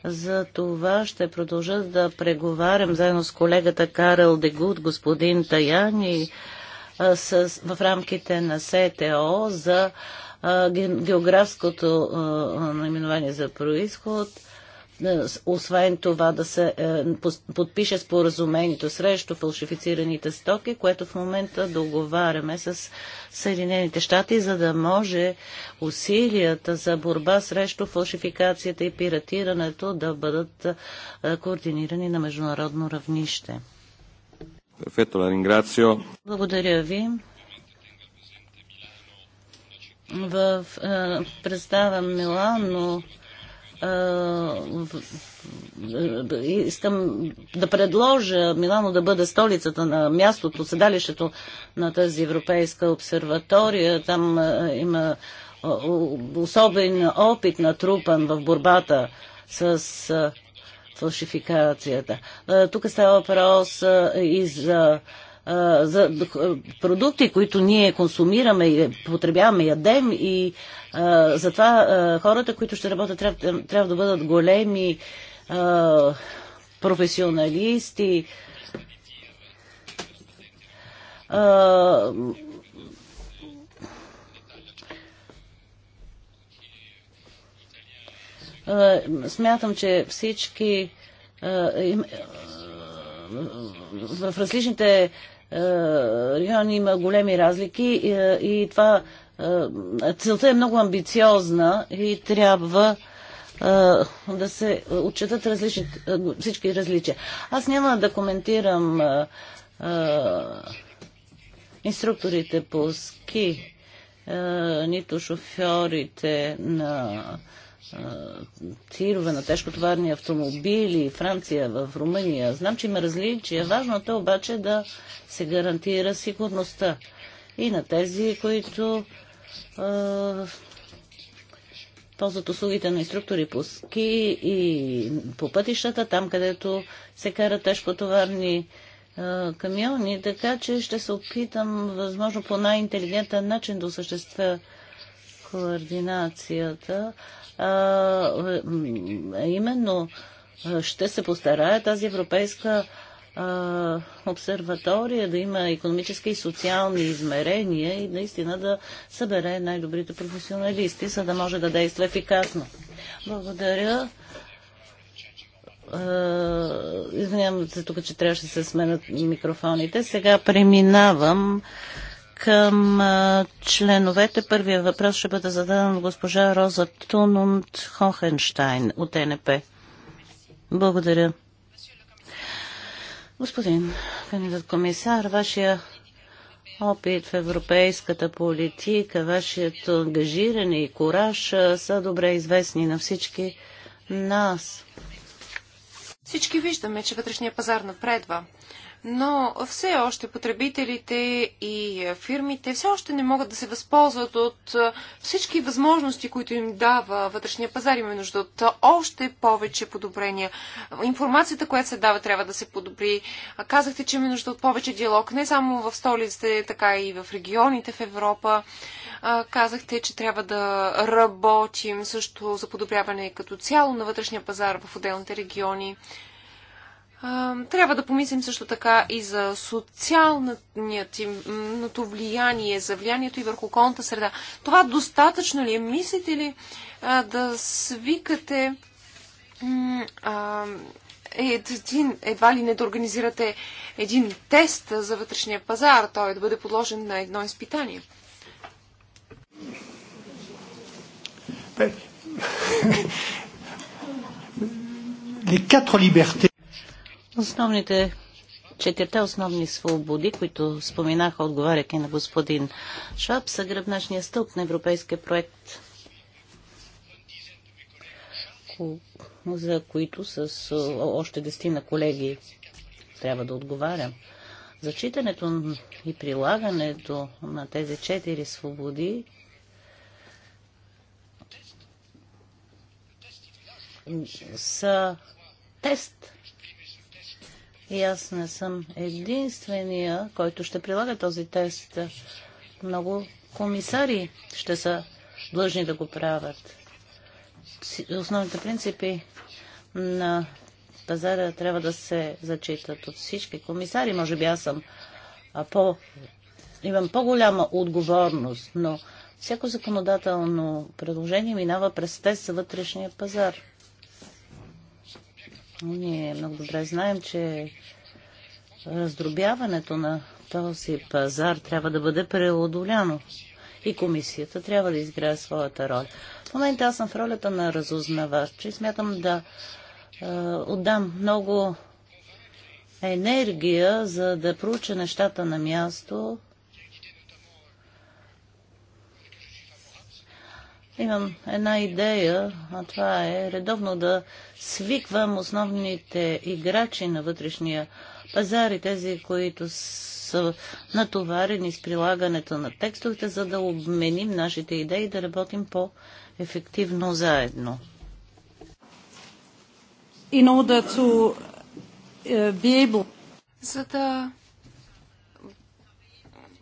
За това ще продължа да преговарям заедно с колегата Карел Дегут, господин Таяни, с, в рамките на СТО за географското наименование за происход – освен това да се е, подпише споразумението срещу фалшифицираните стоки, което в момента договаряме с Съединените щати, за да може усилията за борба срещу фалшификацията и пиратирането да бъдат е, координирани на международно равнище. Благодаря ви. В, е, представям Милано, но искам да предложа Милано да бъде столицата на мястото, седалището на тази Европейска обсерватория. Там има особен опит на трупан в борбата с фалшификацията. Тук става въпрос и за за продукти, които ние консумираме и потребяваме, ядем и затова хората, които ще работят, трябва, трябва да бъдат големи професионалисти. Смятам, че всички в различните е, райони има големи разлики е, и, това е, целта е много амбициозна и трябва да се отчитат различни, всички различия. Аз няма да коментирам инструкторите по ски, нито шофьорите на тирове на тежкотоварни автомобили, Франция, в Румъния. Знам, че има различия. Важното е обаче да се гарантира сигурността и на тези, които а, ползват услугите на инструктори по ски и по пътищата, там където се карат тежкотоварни камиони, така че ще се опитам възможно по най-интелигентен начин да осъществя координацията а, именно ще се постарае тази европейска а, обсерватория да има економически и социални измерения и наистина да събере най-добрите професионалисти, за да може да действа ефикасно. Благодаря. Извинявам се тук, че трябваше да се сменят микрофоните. Сега преминавам към членовете. Първия въпрос ще бъде зададен от госпожа Роза Тунунд Хохенштайн от НП. Благодаря. Господин кандидат комисар, вашия опит в европейската политика, вашето ангажиране и кураж са добре известни на всички нас. Всички виждаме, че вътрешния пазар напредва но все още потребителите и фирмите все още не могат да се възползват от всички възможности, които им дава вътрешния пазар. Има нужда от още повече подобрения. Информацията, която се дава, трябва да се подобри. Казахте, че има нужда от повече диалог, не само в столиците, така и в регионите в Европа. Казахте, че трябва да работим също за подобряване като цяло на вътрешния пазар в отделните региони. Трябва да помислим също така и за социалното влияние, за влиянието и върху околната среда. Това достатъчно ли е? Мислите ли да свикате е, един, едва ли не да организирате един тест за вътрешния пазар, той да бъде подложен на едно изпитание? Е, Les quatre libertés. Основните четирите основни свободи, които споменаха, отговаряки на господин Шваб, са гръбначния стълб на европейския проект, за които с още на колеги трябва да отговарям. Зачитането и прилагането на тези четири свободи са тест и аз не съм единствения, който ще прилага този тест. Много комисари ще са длъжни да го правят. Основните принципи на пазара трябва да се зачитат от всички комисари. Може би аз съм по... имам по-голяма отговорност, но всяко законодателно предложение минава през тест за вътрешния пазар. Ние много добре знаем, че раздробяването на този пазар трябва да бъде преодоляно. И комисията трябва да изграе своята роля. В момента аз съм в ролята на разузнавач и смятам да е, отдам много енергия, за да проуча нещата на място, Имам една идея, а това е редовно да свиквам основните играчи на вътрешния пазар и тези, които са натоварени с прилагането на текстовете, за да обменим нашите идеи и да работим по-ефективно заедно. In order to е, be able... За да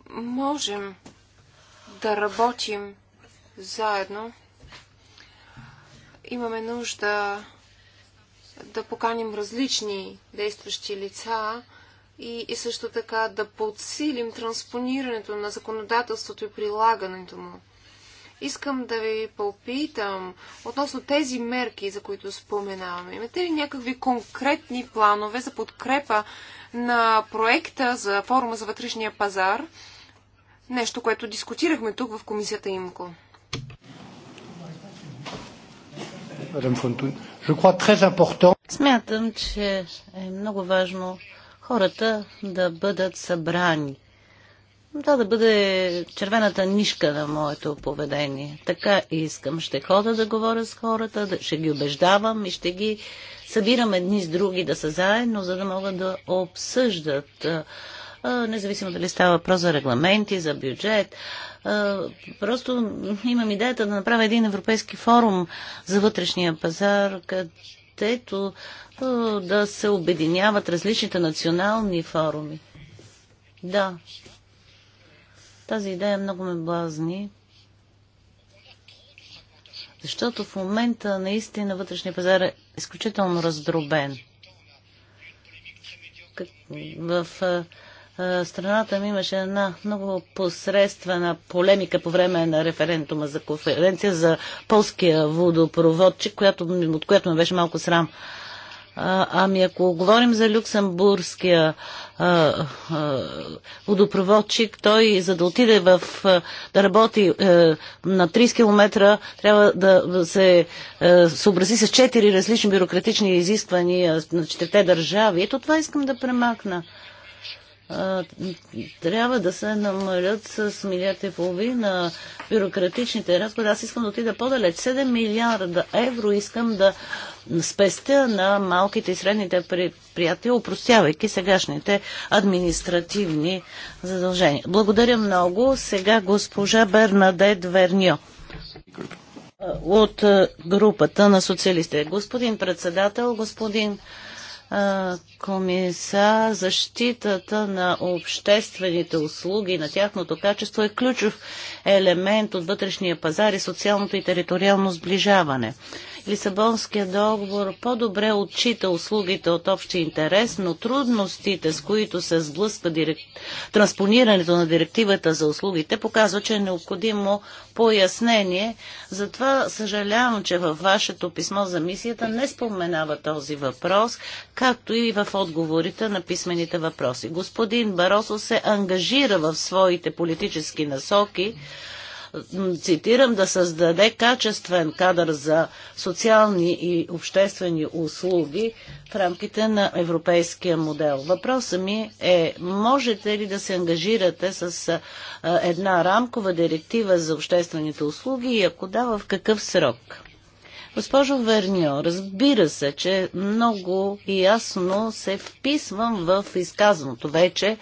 можем да работим заедно. Имаме нужда да поканим различни действащи лица и, и също така да подсилим транспонирането на законодателството и прилагането му. Искам да ви попитам относно тези мерки, за които споменаваме. Имате ли някакви конкретни планове за подкрепа на проекта за форума за вътрешния пазар? Нещо, което дискутирахме тук в комисията ИМКО. Смятам, че е много важно хората да бъдат събрани. Това да бъде червената нишка на моето поведение. Така искам. Ще хода да говоря с хората, да, ще ги убеждавам и ще ги събирам едни с други да са заедно, за да могат да обсъждат независимо дали става въпрос за регламенти, за бюджет. Просто имам идеята да направя един европейски форум за вътрешния пазар, където да се обединяват различните национални форуми. Да. Тази идея много ме блазни. Защото в момента наистина вътрешния пазар е изключително раздробен. В е, страната ми имаше една много посредствена полемика по време на референдума за конференция за полския водопроводчик, която, от която ме беше малко срам. А, ами ако говорим за люксембургския а, а, водопроводчик, той за да отиде в, да работи а, е, на 30 км, трябва да се а, е, съобрази с 4 различни бюрократични изисквания на 4 държави. Ето това искам да премакна трябва да се намалят с милиард и половина бюрократичните разходи. Аз искам да отида по-далеч. 7 милиарда евро искам да спестя на малките и средните предприятия, упростявайки сегашните административни задължения. Благодаря много. Сега госпожа Бернадет Верньо от групата на социалистите. Господин председател, господин комисар, защитата на обществените услуги, на тяхното качество е ключов елемент от вътрешния пазар и социалното и териториално сближаване. Лисабонският договор по-добре отчита услугите от общи интерес, но трудностите, с които се сблъсква дирек... транспонирането на директивата за услугите, показва, че е необходимо пояснение. Затова съжалявам, че във вашето писмо за мисията не споменава този въпрос, както и в отговорите на писмените въпроси. Господин Баросо се ангажира в своите политически насоки, цитирам, да създаде качествен кадър за социални и обществени услуги в рамките на европейския модел. Въпросът ми е, можете ли да се ангажирате с една рамкова директива за обществените услуги и ако да, в какъв срок? Госпожо Верньо, разбира се, че много ясно се вписвам в изказаното вече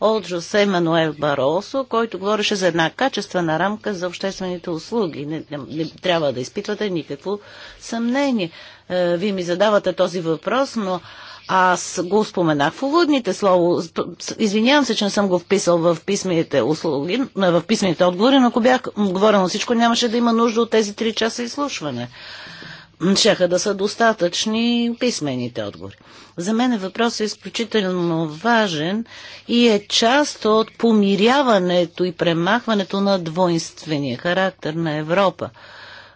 от Жосе Мануел Баросо, който говореше за една качествена рамка за обществените услуги. Не, не, не трябва да изпитвате никакво съмнение. Е, Вие ми задавате този въпрос, но аз го споменах в уводните слово. Извинявам се, че не съм го вписал в писмените услуги, е, в писмените отговори, но ако бях говорено всичко, нямаше да има нужда от тези три часа изслушване. Щяха да са достатъчни писмените отговори. За мен въпросът е изключително важен и е част от помиряването и премахването на двойствения характер на Европа,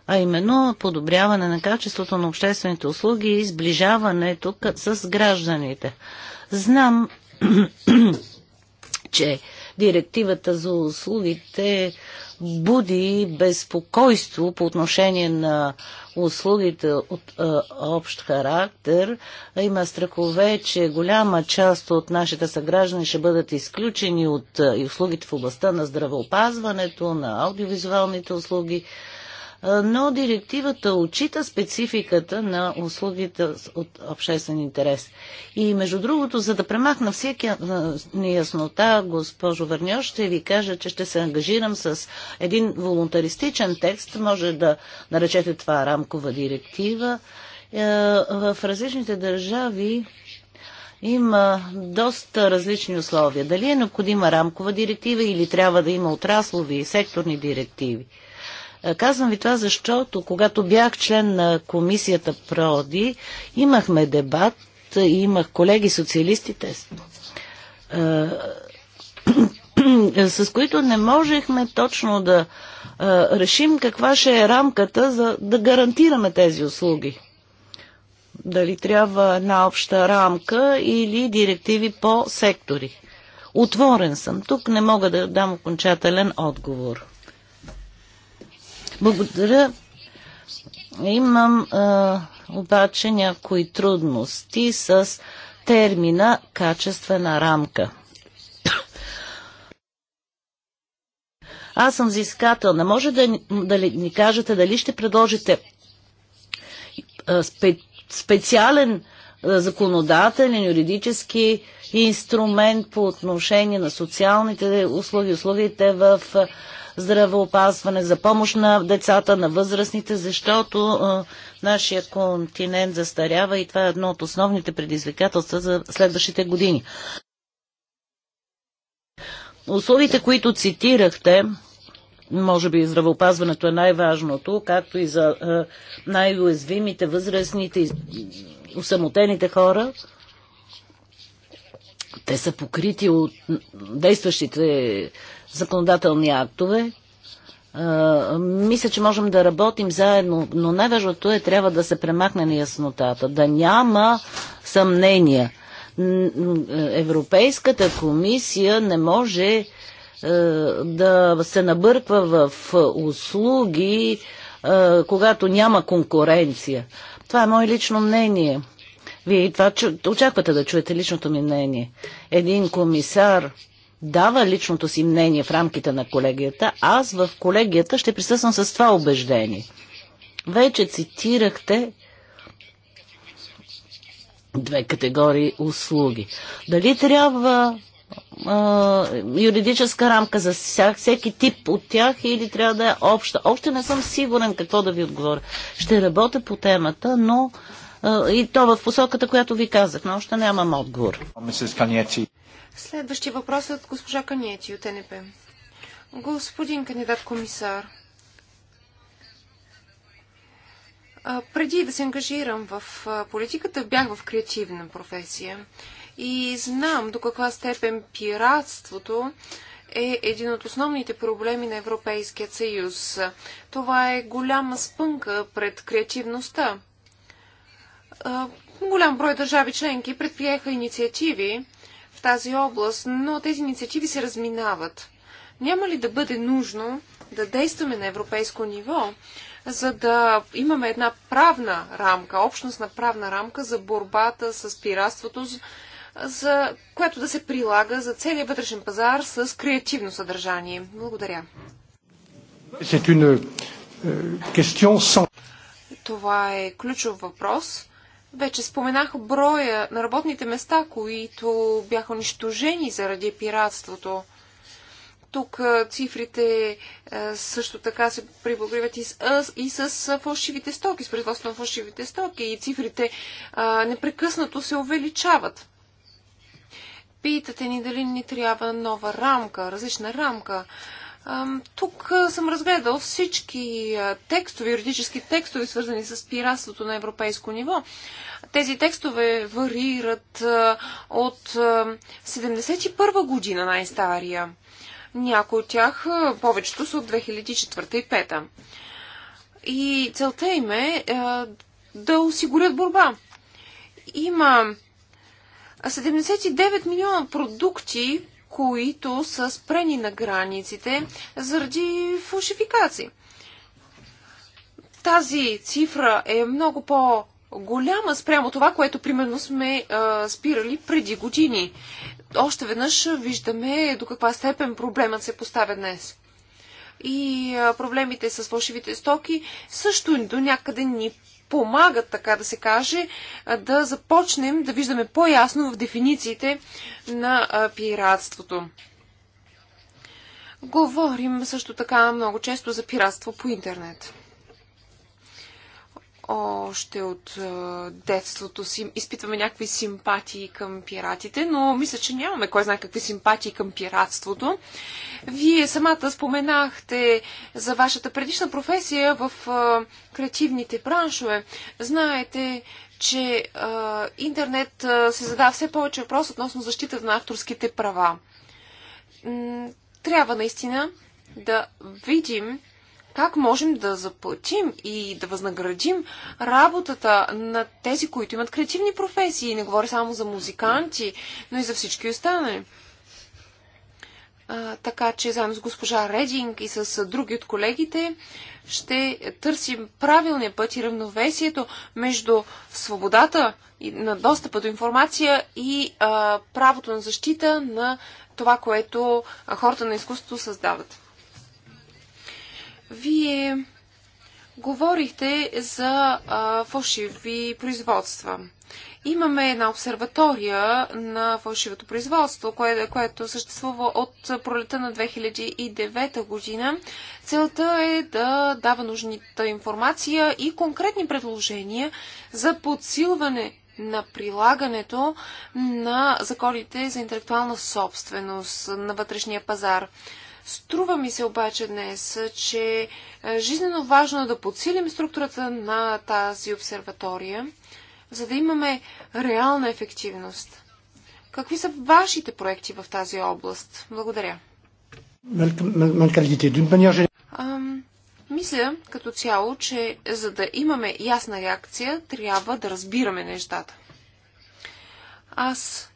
а именно подобряване на качеството на обществените услуги и сближаването с гражданите. Знам, че директивата за услугите буди безпокойство по отношение на услугите от а, общ характер. Има страхове, че голяма част от нашите съграждани ще бъдат изключени от а, и услугите в областта на здравеопазването, на аудиовизуалните услуги но директивата отчита спецификата на услугите от обществен интерес. И между другото, за да премахна всеки неяснота, госпожо Върньо, ще ви кажа, че ще се ангажирам с един волонтаристичен текст, може да наречете това рамкова директива. Е, в различните държави има доста различни условия. Дали е необходима рамкова директива или трябва да има отраслови и секторни директиви? Е, казвам ви това, защото когато бях член на комисията Проди, имахме дебат, е, имах колеги социалистите, е, с които не можехме точно да решим каква ще е рамката за да гарантираме тези услуги. Дали трябва една обща рамка или директиви по сектори. Отворен съм. Тук не мога да дам окончателен отговор. Благодаря. Имам а, обаче някои трудности с термина качествена рамка. Аз съм взискателна. Може да, да ли, ни кажете дали ще предложите а, спе, специален а, законодателен юридически инструмент по отношение на социалните услуги, услугите в здравеопазване, за помощ на децата, на възрастните, защото а, нашия континент застарява и това е едно от основните предизвикателства за следващите години. Условите, които цитирахте, може би здравеопазването е най-важното, както и за най-уязвимите, възрастните, усамотените хора. Те са покрити от действащите законодателни актове. Мисля, че можем да работим заедно, но най-важното е трябва да се премахне неяснотата, да няма съмнения. Европейската комисия не може е, да се набърква в услуги, е, когато няма конкуренция. Това е мое лично мнение. Вие и това очаквате да чуете личното ми мнение. Един комисар дава личното си мнение в рамките на колегията, аз в колегията ще присъствам с това убеждение. Вече цитирахте две категории услуги. Дали трябва а, юридическа рамка за вся, всеки тип от тях или трябва да е обща? Още не съм сигурен какво да ви отговоря. Ще работя по темата, но а, и то в посоката, която ви казах, но още нямам отговор. Следващия въпрос е от госпожа Каниети от НП. Господин кандидат комисар, преди да се ангажирам в политиката, бях в креативна професия и знам до каква степен пиратството е един от основните проблеми на Европейския съюз. Това е голяма спънка пред креативността. Голям брой държави членки предприеха инициативи, в тази област, но тези инициативи се разминават. Няма ли да бъде нужно да действаме на европейско ниво, за да имаме една правна рамка, общностна правна рамка за борбата с пиратството, за което да се прилага за целия вътрешен пазар с креативно съдържание. Благодаря. Euh, Това е ключов въпрос. Вече споменах броя на работните места, които бяха унищожени заради пиратството. Тук цифрите също така се припокриват и с, и с фалшивите стоки, с производство на фалшивите стоки и цифрите а, непрекъснато се увеличават. Питате ни дали ни трябва нова рамка, различна рамка. А, тук съм разгледал всички текстове, юридически текстове, свързани с пиратството на европейско ниво. Тези текстове варират от 71 година най-стария. Някои от тях, повечето са от 2004 и 2005. И целта им е да осигурят борба. Има 79 милиона продукти, които са спрени на границите заради фалшификации. Тази цифра е много по- голяма спрямо това, което примерно сме а, спирали преди години. Още веднъж виждаме до каква степен проблемът се поставя днес. И а, проблемите с фалшивите стоки също до някъде ни помагат, така да се каже, да започнем да виждаме по-ясно в дефинициите на пиратството. Говорим също така много често за пиратство по интернет още от детството си изпитваме някакви симпатии към пиратите, но мисля, че нямаме кой знае какви симпатии към пиратството. Вие самата споменахте за вашата предишна професия в креативните браншове. Знаете, че а, интернет а, се задава все повече въпрос относно защита на авторските права. Трябва наистина да видим как можем да заплатим и да възнаградим работата на тези, които имат креативни професии? Не говоря само за музиканти, но и за всички останали. А, така че заедно с госпожа Рединг и с други от колегите ще търсим правилния път и равновесието между свободата на достъпа до информация и а, правото на защита на това, което хората на изкуството създават. Вие говорихте за а, фалшиви производства. Имаме една обсерватория на фалшивото производство, което съществува от пролета на 2009 година. Целта е да дава нужната информация и конкретни предложения за подсилване на прилагането на законите за интелектуална собственост на вътрешния пазар. Струва ми се обаче днес, че е жизненно важно е да подсилим структурата на тази обсерватория, за да имаме реална ефективност. Какви са вашите проекти в тази област? Благодаря. мисля като цяло, че за да имаме ясна реакция, трябва да разбираме нещата. Аз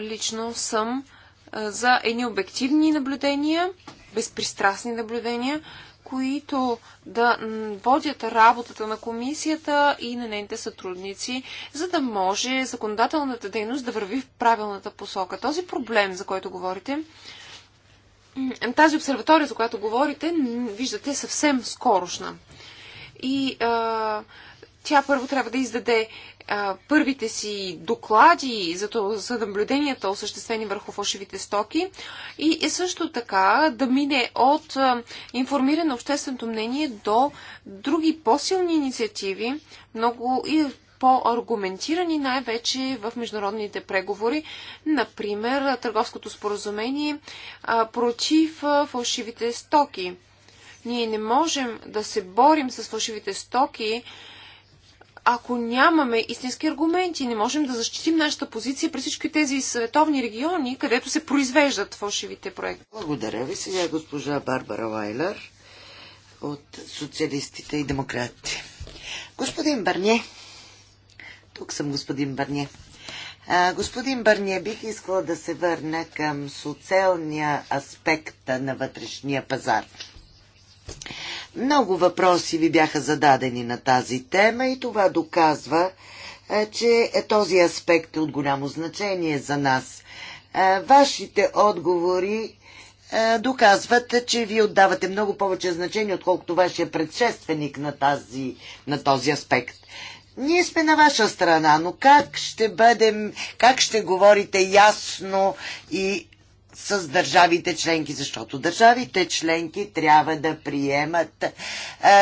лично съм за едни обективни наблюдения, безпристрастни наблюдения, които да водят работата на комисията и на нейните сътрудници, за да може законодателната дейност да върви в правилната посока. Този проблем, за който говорите, тази обсерватория, за която говорите, виждате, е съвсем скорошна. И а, тя първо трябва да издаде първите си доклади за, то, за наблюденията, осъществени върху фалшивите стоки и, и е също така да мине от а, на общественото мнение до други по-силни инициативи, много и по-аргументирани най-вече в международните преговори, например търговското споразумение а, против а, фалшивите стоки. Ние не можем да се борим с фалшивите стоки, ако нямаме истински аргументи, не можем да защитим нашата позиция при всички тези световни региони, където се произвеждат фалшивите проекти. Благодаря ви. Сега госпожа Барбара Вайлер от Социалистите и Демократите. Господин Барне, тук съм господин Барне. А, господин Барне, бих искала да се върна към социалния аспект на вътрешния пазар. Много въпроси ви бяха зададени на тази тема и това доказва, е, че този аспект е от голямо значение за нас. Е, вашите отговори е, доказват, че ви отдавате много повече значение, отколкото вашия предшественик на, тази, на този аспект. Ние сме на ваша страна, но как ще бъдем, как ще говорите ясно и с държавите членки, защото държавите членки трябва да приемат е,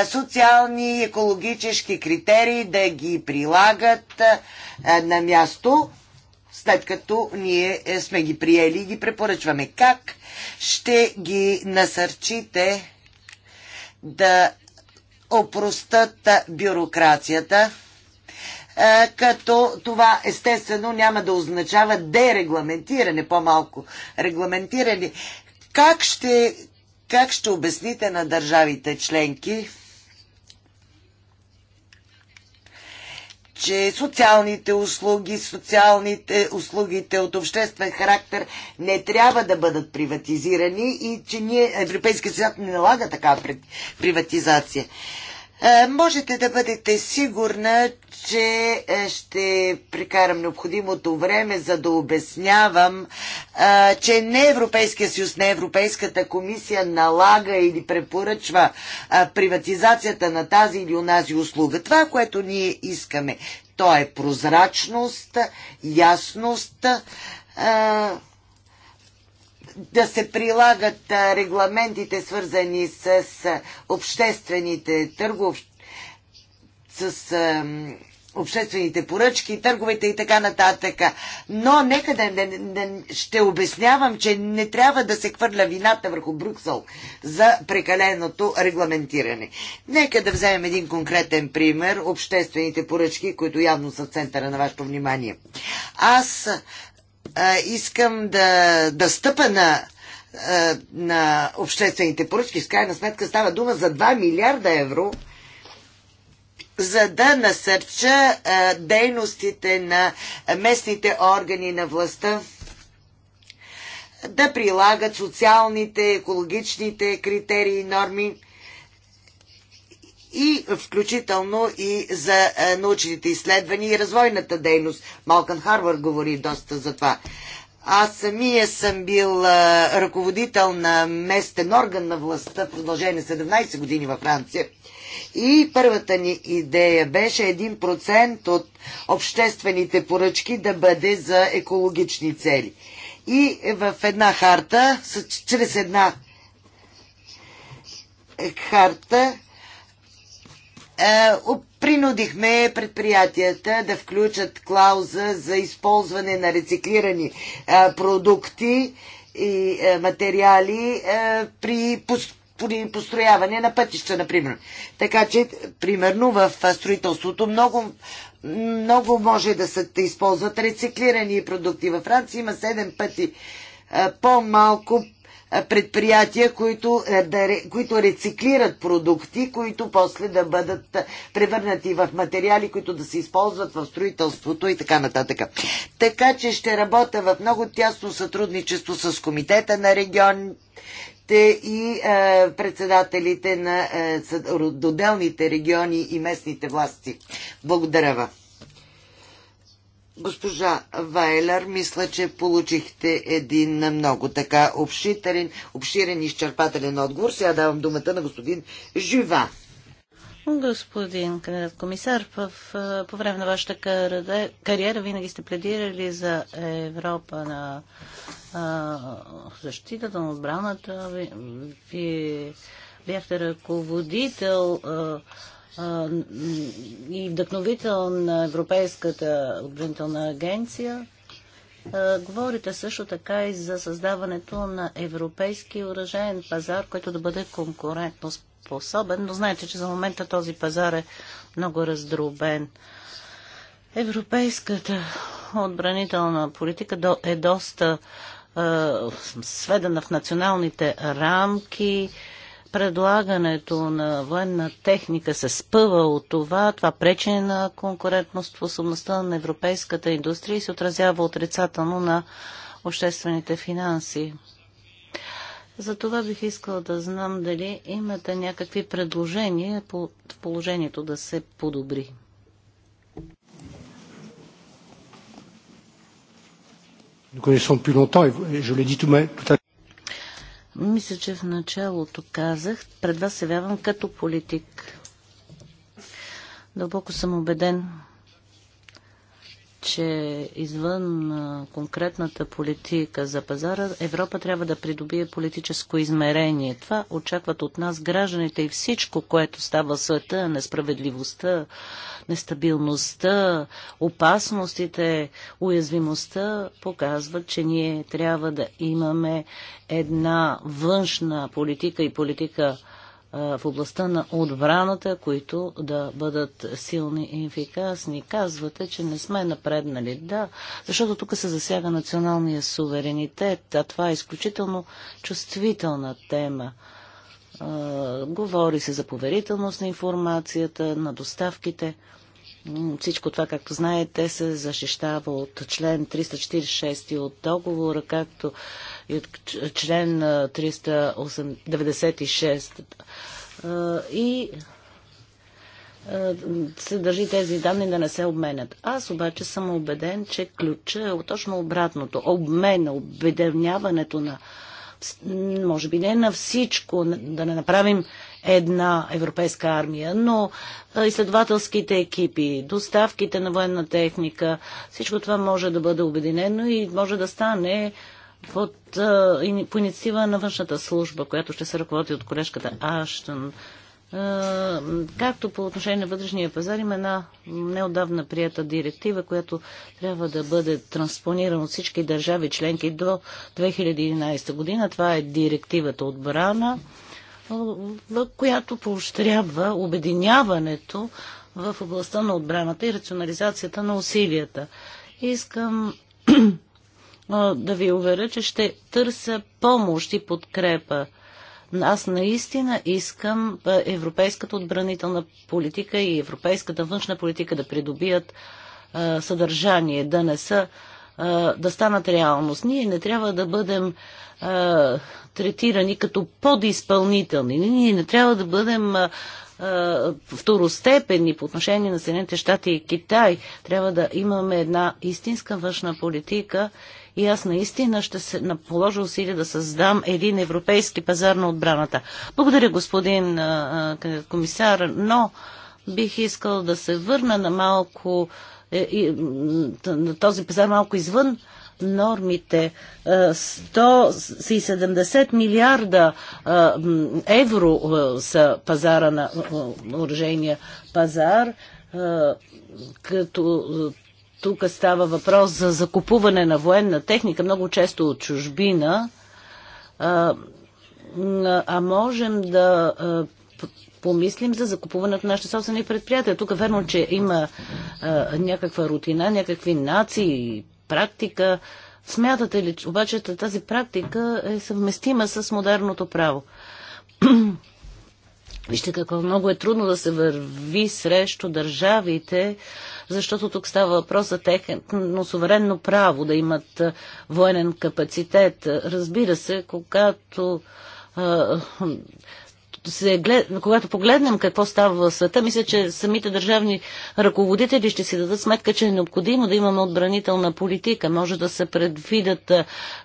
социални, екологически критерии, да ги прилагат е, на място, след като ние е, сме ги приели и ги препоръчваме. Как ще ги насърчите да опростат бюрокрацията? Е, като това естествено няма да означава дерегламентиране, по-малко регламентиране. Как ще, как ще обясните на държавите членки, че социалните услуги, социалните услугите от обществен характер не трябва да бъдат приватизирани и че ние, Европейския съюз не налага такава приватизация. Е, можете да бъдете сигурна, че е, ще прикарам необходимото време, за да обяснявам, е, че не Европейския съюз, не Европейската комисия налага или препоръчва приватизацията на тази или онази услуга. Това, което ние искаме, то е прозрачност, ясност да се прилагат регламентите, свързани с обществените търгов, с обществените поръчки, търговете и така нататък. Но нека да не, не, ще обяснявам, че не трябва да се хвърля вината върху Брюксел за прекаленото регламентиране. Нека да вземем един конкретен пример, обществените поръчки, които явно са в центъра на вашето внимание. Аз искам да, да стъпа на, на обществените поръчки. с крайна сметка става дума за 2 милиарда евро, за да насърча дейностите на местните органи на властта да прилагат социалните, екологичните критерии и норми и включително и за е, научните изследвания и развойната дейност. Малкан Харвар говори доста за това. Аз самия съм бил а, е, ръководител на местен орган на властта в продължение 17 години във Франция. И първата ни идея беше 1% от обществените поръчки да бъде за екологични цели. И в една харта, чрез една харта, е, принудихме предприятията да включат клауза за използване на рециклирани е, продукти и е, материали при при построяване на пътища, например. Така че, примерно, в строителството много, много може да се използват рециклирани продукти. Във Франция има 7 пъти по-малко предприятия, които, е, да, които рециклират продукти, които после да бъдат превърнати в материали, които да се използват в строителството и така нататък. Така че ще работя в много тясно сътрудничество с Комитета на регион и е, председателите на е, отделните региони и местните власти. Благодаря ви. Госпожа Вайлер, мисля, че получихте един много така обширен, обширен и изчерпателен отговор. Сега давам думата на господин Жива. Господин кандидат комисар, в, по време на вашата кариера винаги сте пледирали за Европа на а, защитата на отбраната. Вие бяхте ръководител а, и вдъхновител на Европейската отбранителна агенция. Говорите също така и за създаването на европейски оръжаен пазар, който да бъде конкурентно способен, но знаете, че за момента този пазар е много раздробен. Европейската отбранителна политика е доста сведена в националните рамки предлагането на военна техника се спъва от това. Това пречи на конкурентоспособността на европейската индустрия и се отразява отрицателно на обществените финанси. За това бих искала да знам дали имате някакви предложения по положението да се подобри. Nous connaissons depuis longtemps, et je l'ai dit tout à мисля, че в началото казах, пред вас се вявам като политик. Дълбоко съм убеден, че извън конкретната политика за пазара, Европа трябва да придобие политическо измерение. Това очакват от нас гражданите и всичко, което става в света, несправедливостта, нестабилността, опасностите, уязвимостта, показват, че ние трябва да имаме една външна политика и политика в областта на отбраната, които да бъдат силни и ефикасни. Казвате, че не сме напреднали. Да, защото тук се засяга националния суверенитет, а това е изключително чувствителна тема. говори се за поверителност на информацията, на доставките. Всичко това, както знаете, се защищава от член 346 от договора, както и от член 396 и се държи тези данни да не се обменят. Аз обаче съм убеден, че ключа е точно обратното. Обмена, обедевняването на може би не на всичко, да не направим една европейска армия, но изследователските екипи, доставките на военна техника, всичко това може да бъде обединено и може да стане под, по инициатива на външната служба, която ще се ръководи от колежката Аштън. Както по отношение на вътрешния пазар има една неодавна прията директива, която трябва да бъде транспонирана от всички държави членки до 2011 година. Това е директивата отбрана, която поощрява обединяването в областта на отбраната и рационализацията на усилията. Искам да ви уверя, че ще търся помощ и подкрепа. Аз наистина искам е, европейската отбранителна политика и европейската външна политика да придобият е, съдържание, да не са е, да станат реалност. Ние не трябва да бъдем третирани като подизпълнителни. Ние не трябва да бъдем второстепенни по отношение на Съединените щати и Китай. Трябва да имаме една истинска външна политика и аз наистина ще се положа усилия да създам един европейски пазар на отбраната. Благодаря, господин комисар, но бих искал да се върна на малко е, на този пазар малко извън нормите. 170 милиарда евро са пазара на оръжения пазар, като тук става въпрос за закупуване на военна техника, много често от чужбина, а, а можем да а, помислим за закупуване на нашите собствени предприятия. Тук е верно, че има а, някаква рутина, някакви нации, практика. Смятате ли, обаче тази практика е съвместима с модерното право? Вижте какво много е трудно да се върви срещу държавите, защото тук става въпрос за техно суверенно право да имат военен капацитет. Разбира се, когато се глед... когато погледнем какво става в света, мисля, че самите държавни ръководители ще си дадат сметка, че е необходимо да имаме отбранителна политика. Може да се предвидят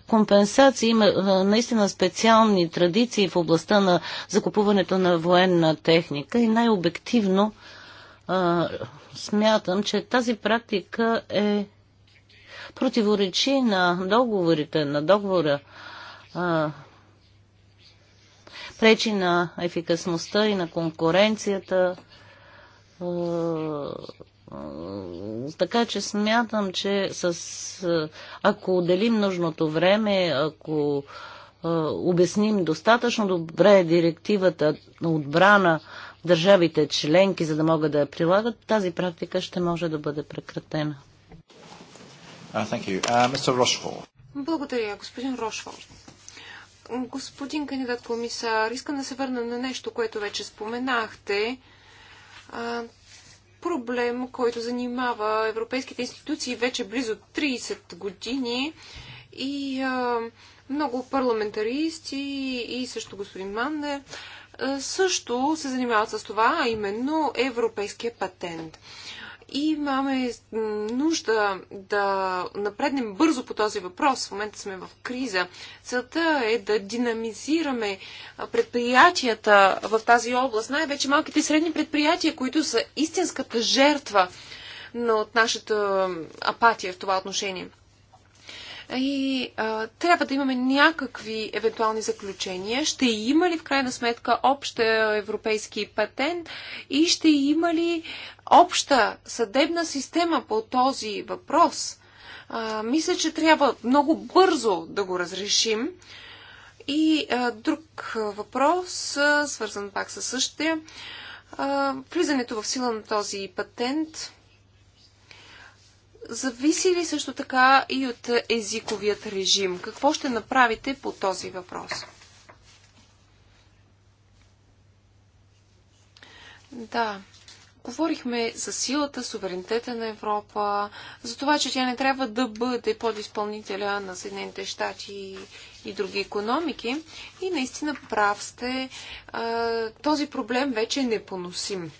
компенсации. Има наистина специални традиции в областта на закупуването на военна техника и най-обективно смятам, че тази практика е противоречи на договорите, на договора, а, пречи на ефикасността и на конкуренцията. А, така че смятам, че с, ако отделим нужното време, ако а, обясним достатъчно добре директивата на отбрана държавите членки, за да могат да я прилагат, тази практика ще може да бъде прекратена. Uh, uh, Благодаря, господин Рошфорд. Господин кандидат комисар, искам да се върна на нещо, което вече споменахте. проблем, който занимава европейските институции вече близо 30 години и много парламентаристи и също господин Мандер е, също се занимават с това, а именно европейския патент. И имаме нужда да напреднем бързо по този въпрос. В момента сме в криза. Целта е да динамизираме предприятията в тази област, най-вече малките и средни предприятия, които са истинската жертва на от нашата апатия в това отношение. И а, трябва да имаме някакви евентуални заключения. Ще има ли в крайна сметка общ европейски патент и ще има ли обща съдебна система по този въпрос? А, мисля, че трябва много бързо да го разрешим. И а, друг въпрос, а, свързан пак със същия. А, влизането в сила на този патент зависи ли също така и от езиковият режим? Какво ще направите по този въпрос? Да. Говорихме за силата, суверенитета на Европа, за това, че тя не трябва да бъде подизпълнителя на Съединените щати и други економики. И наистина прав сте, този проблем вече е непоносим.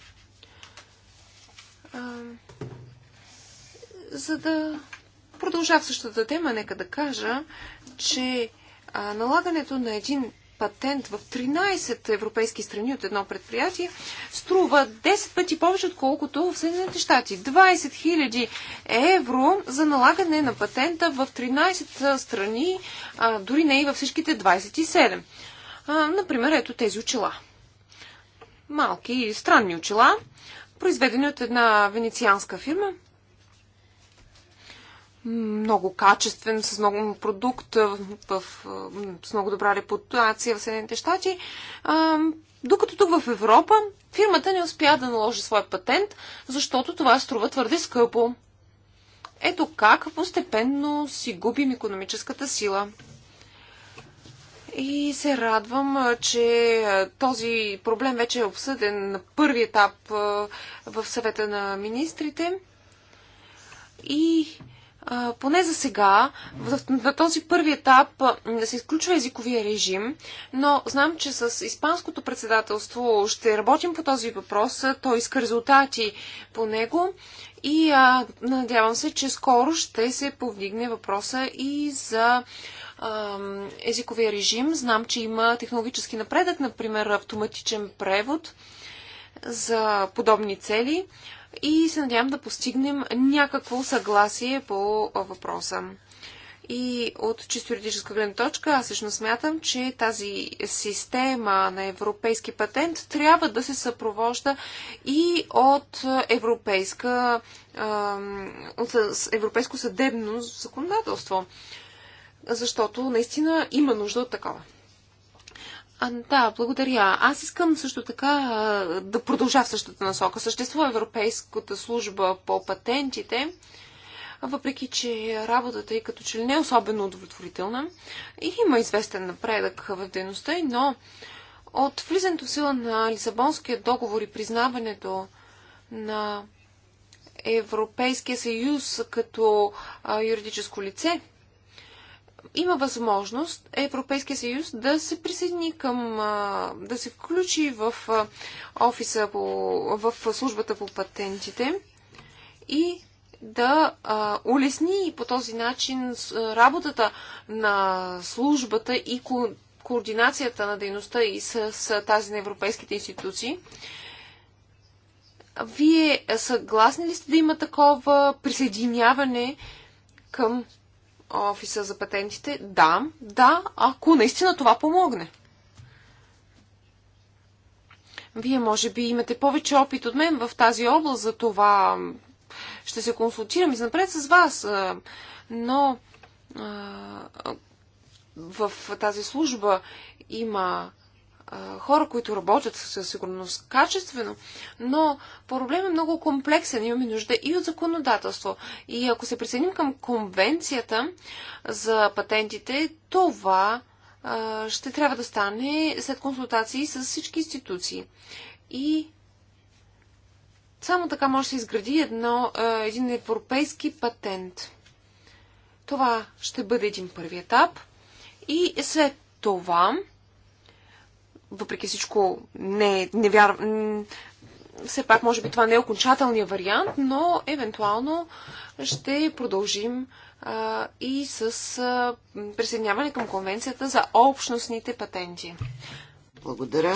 За да продължа в същата тема, нека да кажа, че а, налагането на един патент в 13 европейски страни от едно предприятие струва 10 пъти повече, отколкото в Съединените щати. 20 000 евро за налагане на патента в 13 страни, а, дори не и във всичките 27. А, например, ето тези очила. Малки и странни очила, произведени от една венецианска фирма – много качествен, с много продукт, в, с много добра репутация в Съединените щати. Докато тук в Европа фирмата не успя да наложи своя патент, защото това струва твърде скъпо. Ето как постепенно си губим економическата сила. И се радвам, че този проблем вече е обсъден на първи етап в съвета на министрите. И поне за сега, на този първи етап да се изключва езиковия режим, но знам, че с Испанското председателство ще работим по този въпрос. Той иска резултати по него и а, надявам се, че скоро ще се повдигне въпроса и за езиковия режим. Знам, че има технологически напредък, например автоматичен превод за подобни цели и се надявам да постигнем някакво съгласие по въпроса. И от чисто юридическа гледна точка, аз лично смятам, че тази система на европейски патент трябва да се съпровожда и от, европейска, от европейско съдебно законодателство. Защото наистина има нужда от такова. А, да, благодаря. Аз искам също така а, да продължа в същата насока. Съществува Европейската служба по патентите, въпреки че работата е като че ли не е особено удовлетворителна и има известен напредък в дейността, но от влизането в сила на Лисабонския договор и признаването на Европейския съюз като а, юридическо лице – има възможност Европейския съюз да се присъедини към, да се включи в офиса, по, в службата по патентите и да а, улесни по този начин работата на службата и ко, координацията на дейността и с, с тази на европейските институции. Вие съгласни ли сте да има такова присъединяване към офиса за патентите? Да, да, ако наистина това помогне. Вие може би имате повече опит от мен в тази област, за това ще се консултирам и напред с вас, но в тази служба има хора, които работят със сигурност качествено, но проблем е много комплексен. Имаме нужда и от законодателство. И ако се присъединим към конвенцията за патентите, това а, ще трябва да стане след консултации с всички институции. И само така може да се изгради едно, а, един европейски патент. Това ще бъде един първи етап. И след това въпреки всичко не, не вярвам. Все пак, може би това не е окончателният вариант, но евентуално ще продължим а, и с а, присъединяване към конвенцията за общностните патенти. Благодаря.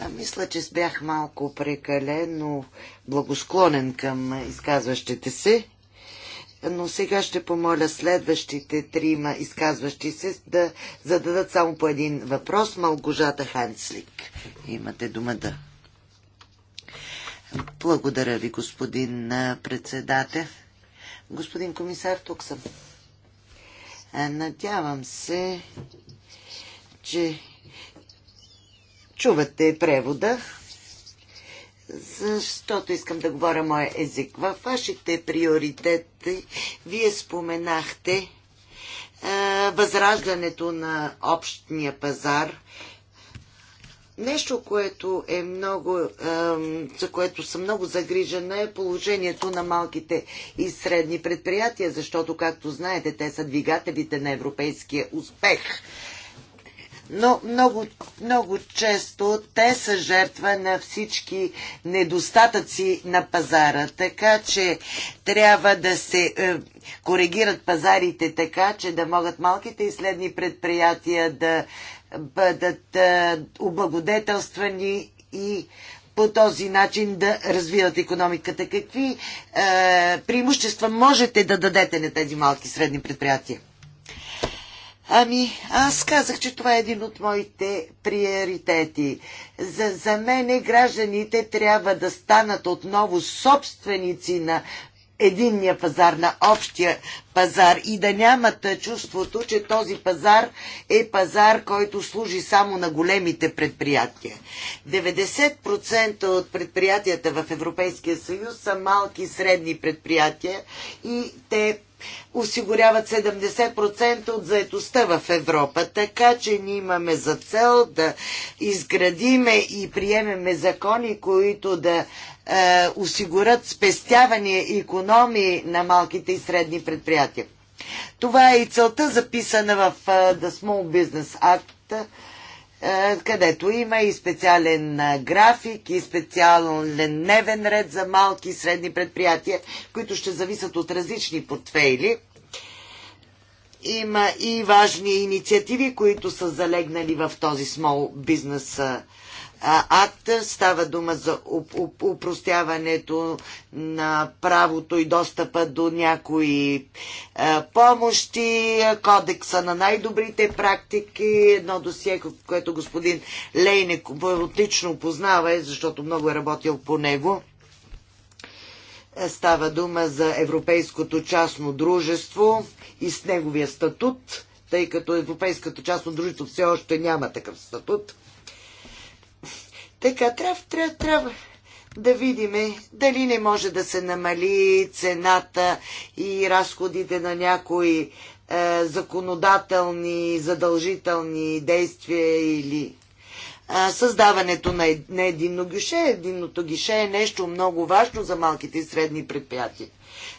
А, мисля, че бях малко прекалено благосклонен към изказващите се но сега ще помоля следващите трима изказващи се да зададат само по един въпрос. Малгожата Ханцлик. Имате думата. Благодаря ви, господин председател. Господин комисар, тук съм. Надявам се, че чувате превода защото искам да говоря моя език. Във вашите приоритети вие споменахте е, възраждането на общния пазар. Нещо, което е много, е, за което съм много загрижена е положението на малките и средни предприятия, защото, както знаете, те са двигателите на европейския успех. Е, но много, много често те са жертва на всички недостатъци на пазара. Така че трябва да се е, коригират пазарите така, че да могат малките и следни предприятия да бъдат е, облагодетелствани и по този начин да развиват економиката. Какви е, преимущества можете да дадете на тези малки и средни предприятия? Ами, аз казах, че това е един от моите приоритети. За, за мене гражданите трябва да станат отново собственици на единния пазар, на общия пазар и да нямат чувството, че този пазар е пазар, който служи само на големите предприятия. 90% от предприятията в Европейския съюз са малки и средни предприятия и те осигуряват 70% от заетостта в Европа. Така че ние имаме за цел да изградиме и приемеме закони, които да е, осигурят спестявания и економии на малките и средни предприятия. Това е и целта записана в е, The Small Business Act е, където има и специален график, и специален дневен ред за малки и средни предприятия, които ще зависят от различни портфейли. Има и важни инициативи, които са залегнали в този Small Business акта Става дума за упростяването на правото и достъпа до някои е, помощи, е, кодекса на най-добрите практики, едно досие, което господин Лейник отлично познава, е, защото много е работил по него. Става дума за Европейското частно дружество и с неговия статут, тъй като Европейското частно дружество все още няма такъв статут. Така, трябва, трябва, трябва да видим е, дали не може да се намали цената и разходите на някои е, законодателни, задължителни действия или е, създаването на, ед, на единно гише. Единното гише е нещо много важно за малките и средни предприятия.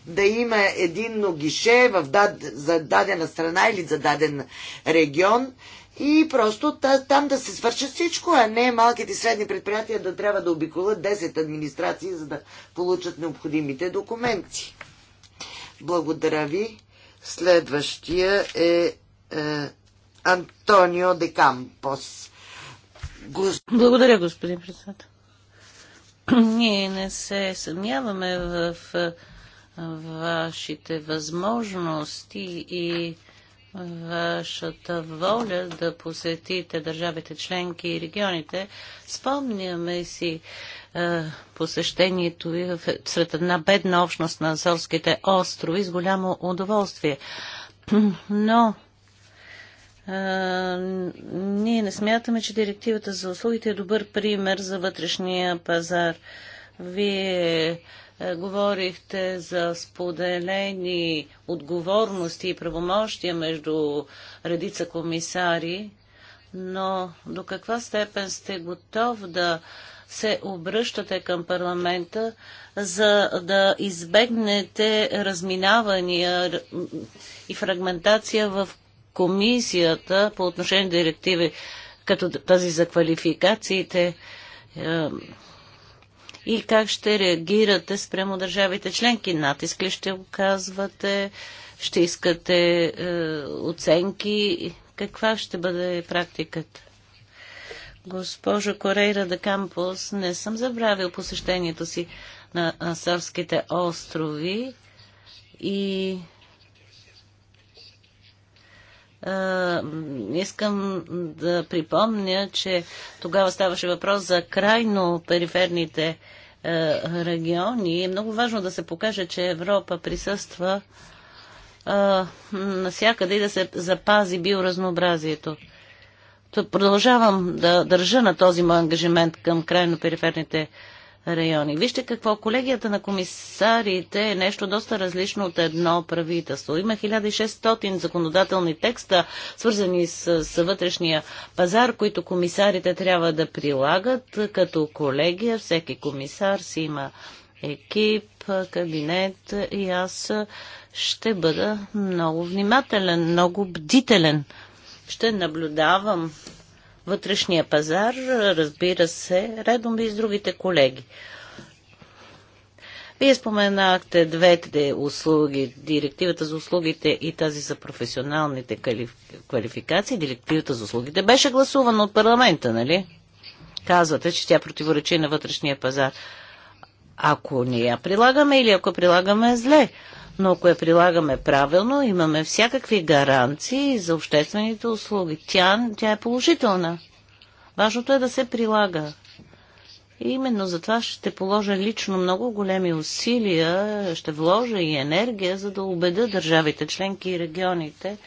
Да има единно гише в дад, за дадена страна или за даден регион, е, и просто там да се свърши всичко, а не малките и средни предприятия да трябва да обиколят 10 администрации, за да получат необходимите документи. Благодаря ви. Следващия е, е Антонио де Кампос. Гос... Благодаря, господин председател. Ние не се съмняваме в, в вашите възможности и вашата воля да посетите държавите членки и регионите. Спомняме си е, посещението ви в, сред една бедна общност на Азорските острови с голямо удоволствие. Но е, ние не смятаме, че директивата за услугите е добър пример за вътрешния пазар. Вие е, говорихте за споделени отговорности и правомощия между редица комисари, но до каква степен сте готов да се обръщате към парламента, за да избегнете разминавания и фрагментация в комисията по отношение на директиви като тази за квалификациите е, и как ще реагирате спрямо държавите членки? Натиск ли ще оказвате? Ще искате е, оценки? Каква ще бъде практиката? Госпожо Корейра да Кампус, не съм забравил посещението си на Асорските острови и искам да припомня, че тогава ставаше въпрос за крайно периферните региони. Е много важно да се покаже, че Европа присъства насякъде и да се запази биоразнообразието. То продължавам да държа на този мой ангажимент към крайно периферните региони райони. Вижте какво колегията на комисарите е нещо доста различно от едно правителство. Има 1600 законодателни текста, свързани с, с вътрешния пазар, които комисарите трябва да прилагат като колегия. Всеки комисар си има екип, кабинет и аз ще бъда много внимателен, много бдителен. Ще наблюдавам вътрешния пазар, разбира се, редом и с другите колеги. Вие споменахте двете услуги, директивата за услугите и тази за професионалните квалификации. Директивата за услугите беше гласувана от парламента, нали? Казвате, че тя противоречи на вътрешния пазар. Ако не я прилагаме или ако прилагаме зле, но ако я прилагаме правилно, имаме всякакви гаранции за обществените услуги. Тя, тя е положителна. Важното е да се прилага. И именно за това ще положа лично много големи усилия, ще вложа и енергия, за да убеда държавите, членки и регионите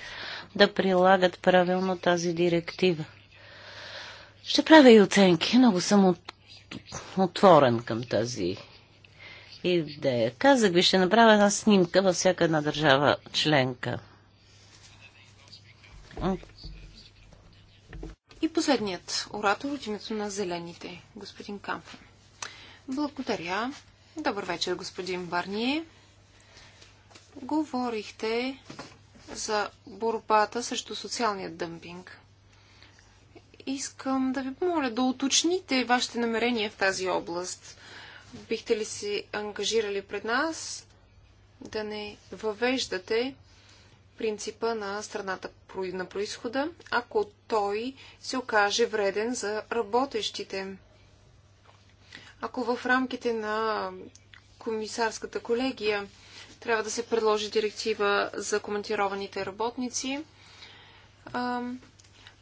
да прилагат правилно тази директива. Ще правя и оценки. Много съм от... отворен към тази идея. Казах ви, ще направя една снимка във всяка една държава членка. И последният оратор от името на Зелените, господин Кампен. Благодаря. Добър вечер, господин Барние. Говорихте за борбата срещу социалния дъмпинг. Искам да ви помоля да уточните вашите намерения в тази област бихте ли си ангажирали пред нас да не въвеждате принципа на страната на происхода, ако той се окаже вреден за работещите? Ако в рамките на комисарската колегия трябва да се предложи директива за коментированите работници,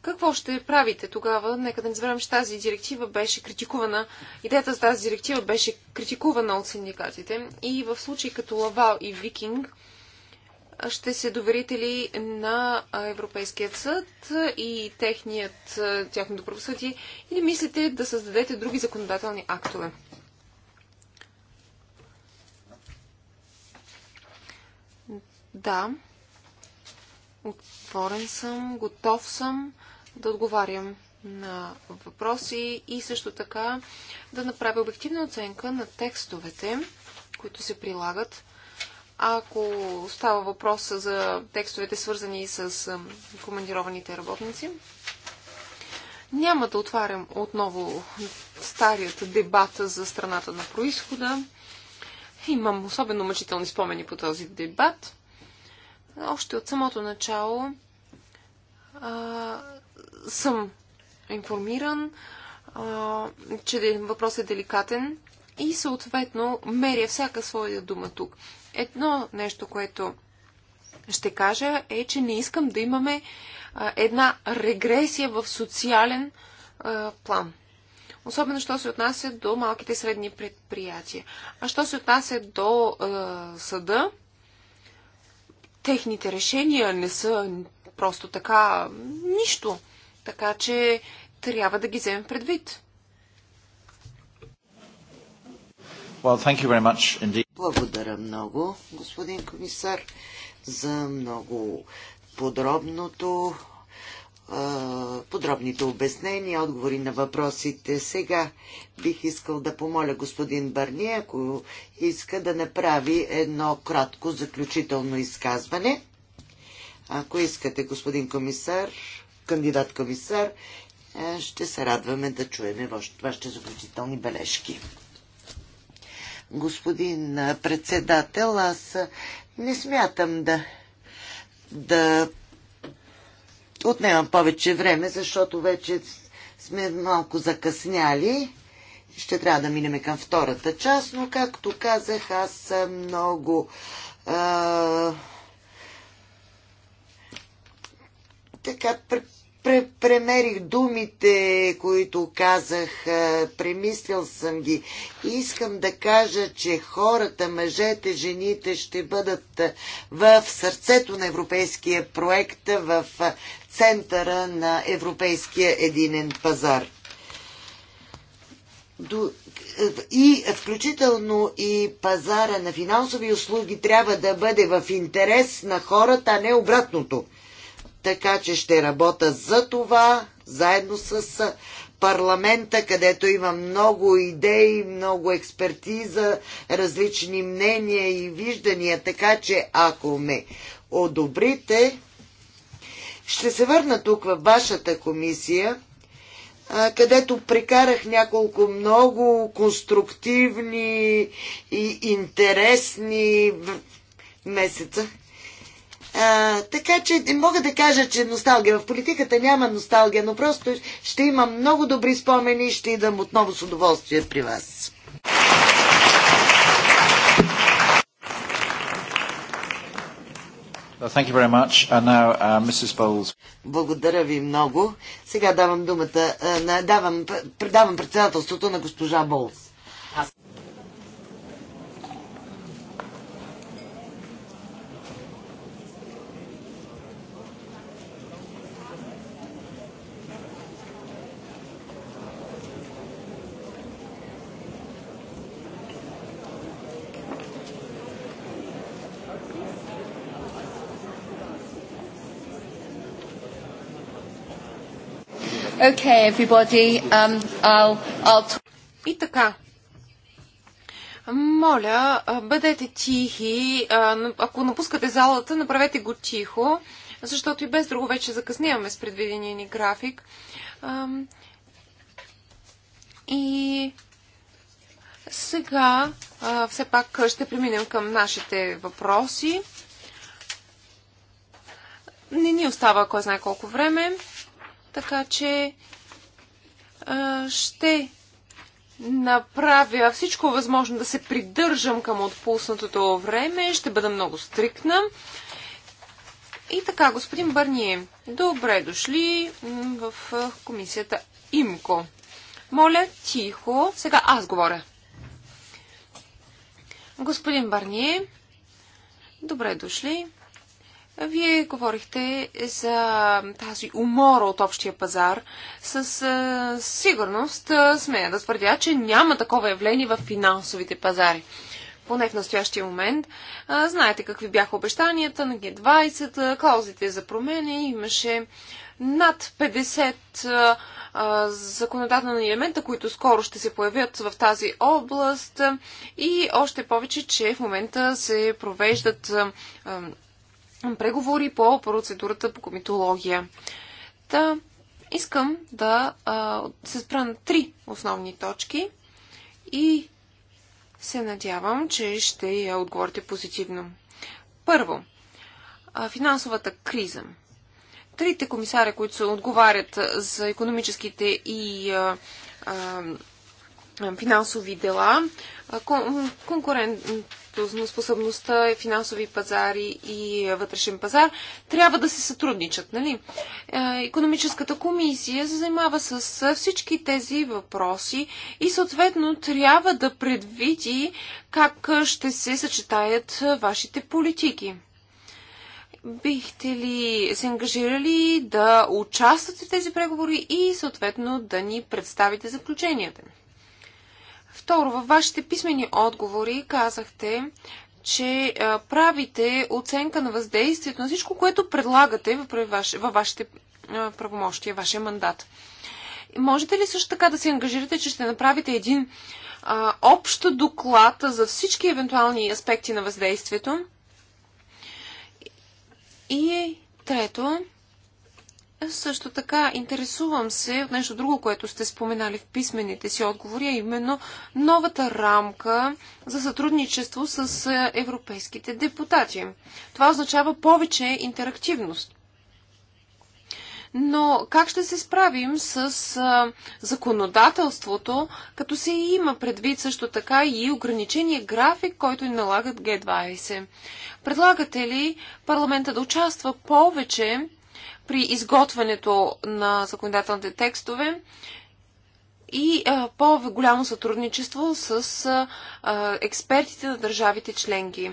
какво ще правите тогава? Нека да не забравим, че тази директива беше критикувана. Идеята за тази директива беше критикувана от синдикатите. И в случаи като Лавал и Викинг, ще се доверите ли на Европейският съд и техният, тяхното правосъдие или мислите да създадете други законодателни актове? Да. Отворен съм, готов съм да отговарям на въпроси и също така да направя обективна оценка на текстовете, които се прилагат. Ако става въпрос за текстовете свързани с командированите работници, няма да отварям отново старият дебат за страната на происхода. Имам особено мъчителни спомени по този дебат. Още от самото начало съм информиран, а, че въпросът е деликатен и съответно меря всяка своя дума тук. Едно нещо, което ще кажа е, че не искам да имаме а, една регресия в социален а, план. Особено, що се отнася до малките и средни предприятия. А що се отнася до а, съда, техните решения не са просто така нищо. Така че трябва да ги вземем предвид. Well, thank you very much indeed. Благодаря много, господин комисар, за много подробното подробните обяснения, отговори на въпросите. Сега бих искал да помоля господин Барни, ако иска да направи едно кратко заключително изказване. Ако искате, господин комисар, кандидат Кависар. Е, ще се радваме да чуем вашите заключителни бележки. Господин председател, аз не смятам да, да отнемам повече време, защото вече сме малко закъсняли. Ще трябва да минеме към втората част, но както казах, аз много а, така премерих думите, които казах, премислил съм ги. И искам да кажа, че хората, мъжете, жените ще бъдат в сърцето на европейския проект, в центъра на европейския единен пазар. И включително и пазара на финансови услуги трябва да бъде в интерес на хората, а не обратното – така че ще работя за това, заедно с парламента, където има много идеи, много експертиза, различни мнения и виждания, така че ако ме одобрите, ще се върна тук във вашата комисия, където прекарах няколко много конструктивни и интересни месеца. А, така че не мога да кажа, че носталгия. В политиката няма носталгия, но просто ще имам много добри спомени и ще идам отново с удоволствие при вас. Now, uh, Благодаря ви много. Сега давам думата, uh, давам, предавам председателството на госпожа Болс. Okay, everybody, um, I'll, I'll... И така. Моля, бъдете тихи. Ако напускате залата, направете го тихо, защото и без друго вече закъсняваме с предвидения ни график. И сега все пак ще преминем към нашите въпроси. Не ни остава кой знае колко време. Така че ще направя всичко възможно да се придържам към отпуснатото време. Ще бъда много стрикна. И така, господин Бърние, добре дошли в комисията ИМКО. Моля, тихо. Сега аз говоря. Господин Барние, добре дошли. Вие говорихте за тази умора от общия пазар. С а, сигурност а, смея да твърдя, че няма такова явление в финансовите пазари. Поне в настоящия момент. А, знаете какви бяха обещанията на Г20, клаузите за промени. Имаше над 50 а, законодателни елемента, които скоро ще се появят в тази област. И още повече, че в момента се провеждат. А, преговори по процедурата по комитология. Та, искам да а, се спра на три основни точки и се надявам, че ще я отговорите позитивно. Първо, а, финансовата криза. Трите комисаря, които се отговарят за економическите и а, а, е, финансови дела, конкурентоспособността, е финансови пазари и вътрешен пазар трябва да се сътрудничат. Нали? Е, економическата комисия се занимава с всички тези въпроси и съответно трябва да предвиди как ще се съчетаят вашите политики. Бихте ли се ангажирали да участвате в тези преговори и съответно да ни представите заключенията? Второ, във вашите писмени отговори казахте, че правите оценка на въздействието на всичко, което предлагате във вашите правомощия, вашия мандат. Можете ли също така да се ангажирате, че ще направите един а, общ доклад за всички евентуални аспекти на въздействието? И трето, също така, интересувам се от нещо друго, което сте споменали в писмените си отговори, а именно новата рамка за сътрудничество с е, европейските депутати. Това означава повече интерактивност. Но как ще се справим с а, е, законодателството, като се има предвид също така и ограничения график, който ни налагат Г20? Предлагате ли парламента да участва повече при изготвянето на законодателните текстове и по-голямо сътрудничество с експертите на държавите членки.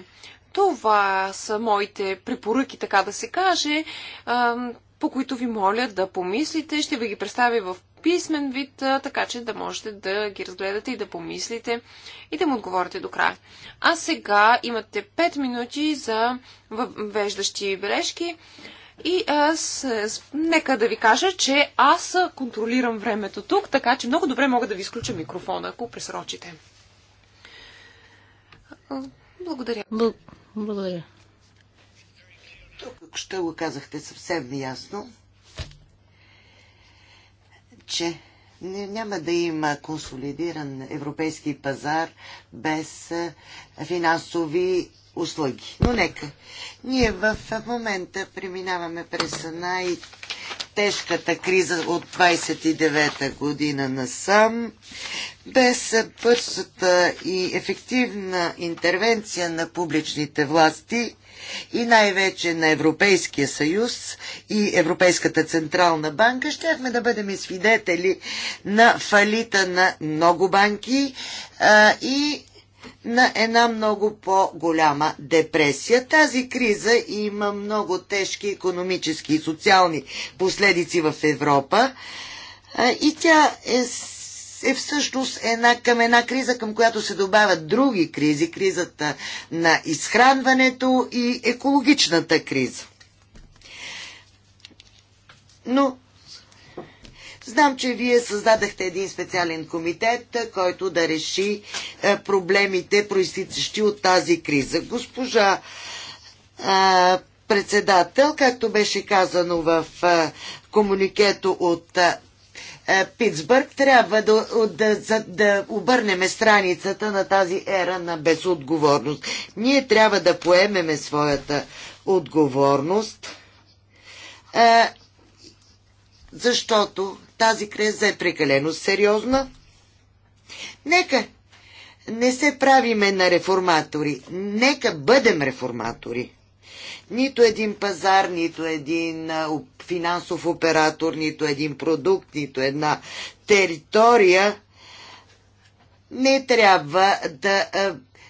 Това са моите препоръки, така да се каже, по които ви моля да помислите. Ще ви ги представя в писмен вид, така че да можете да ги разгледате и да помислите и да му отговорите до края. А сега имате 5 минути за въвеждащи бележки. И аз, нека да ви кажа, че аз контролирам времето тук, така че много добре мога да ви изключа микрофона, ако пресрочите. Благодаря. благодаря. Тук ще го казахте съвсем ясно, че няма да има консолидиран европейски пазар без финансови услуги. Но нека. Ние в момента преминаваме през най- тежката криза от 29-та година насам, без бързата и ефективна интервенция на публичните власти и най-вече на Европейския съюз и Европейската централна банка, щяхме да бъдем свидетели на фалита на много банки а, и на една много по-голяма депресия. Тази криза има много тежки економически и социални последици в Европа и тя е е всъщност една, към една криза, към която се добавят други кризи. Кризата на изхранването и екологичната криза. Но Знам, че вие създадахте един специален комитет, който да реши проблемите, проистичащи от тази криза. Госпожа председател, както беше казано в комуникето от Питсбърг, трябва да, да, да, да обърнеме страницата на тази ера на безотговорност. Ние трябва да поемеме своята отговорност, защото тази криза е прекалено сериозна. Нека не се правиме на реформатори. Нека бъдем реформатори. Нито един пазар, нито един финансов оператор, нито един продукт, нито една територия не трябва да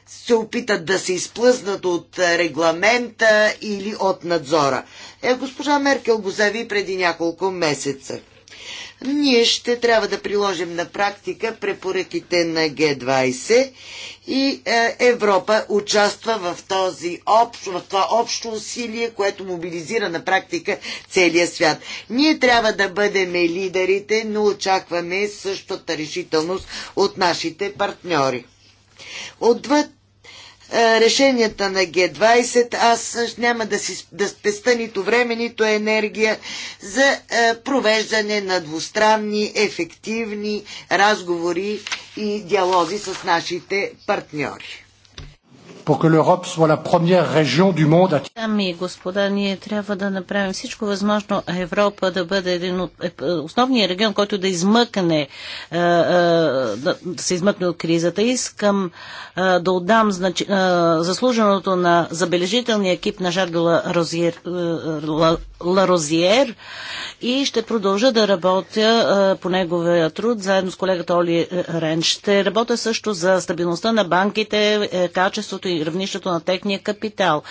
се опитат да се изплъзнат от регламента или от надзора. Е, госпожа Меркел го заяви преди няколко месеца ние ще трябва да приложим на практика препоръките на Г20 и е, Европа участва в, този общ, в това общо усилие, което мобилизира на практика целия свят. Ние трябва да бъдем лидерите, но очакваме същата решителност от нашите партньори. Отвъд е, решенията на Г20. Аз няма да, си, да спеста нито време, нито енергия за е, провеждане на двустранни, ефективни разговори и диалози с нашите партньори pour que l'Europe soit la première région du monde à... Дами и господа, ние трябва да направим всичко възможно Европа да бъде един от е, е, основния регион, който да измъкне е, да се измъкне от кризата. Искам да отдам знач... заслуженото на забележителния екип на Жарго Ларозиер, Ларозиер и ще продължа да работя по неговия труд заедно с колегата Оли Рен. Ще работя също за стабилността на банките, качеството и равнището на техния капитал.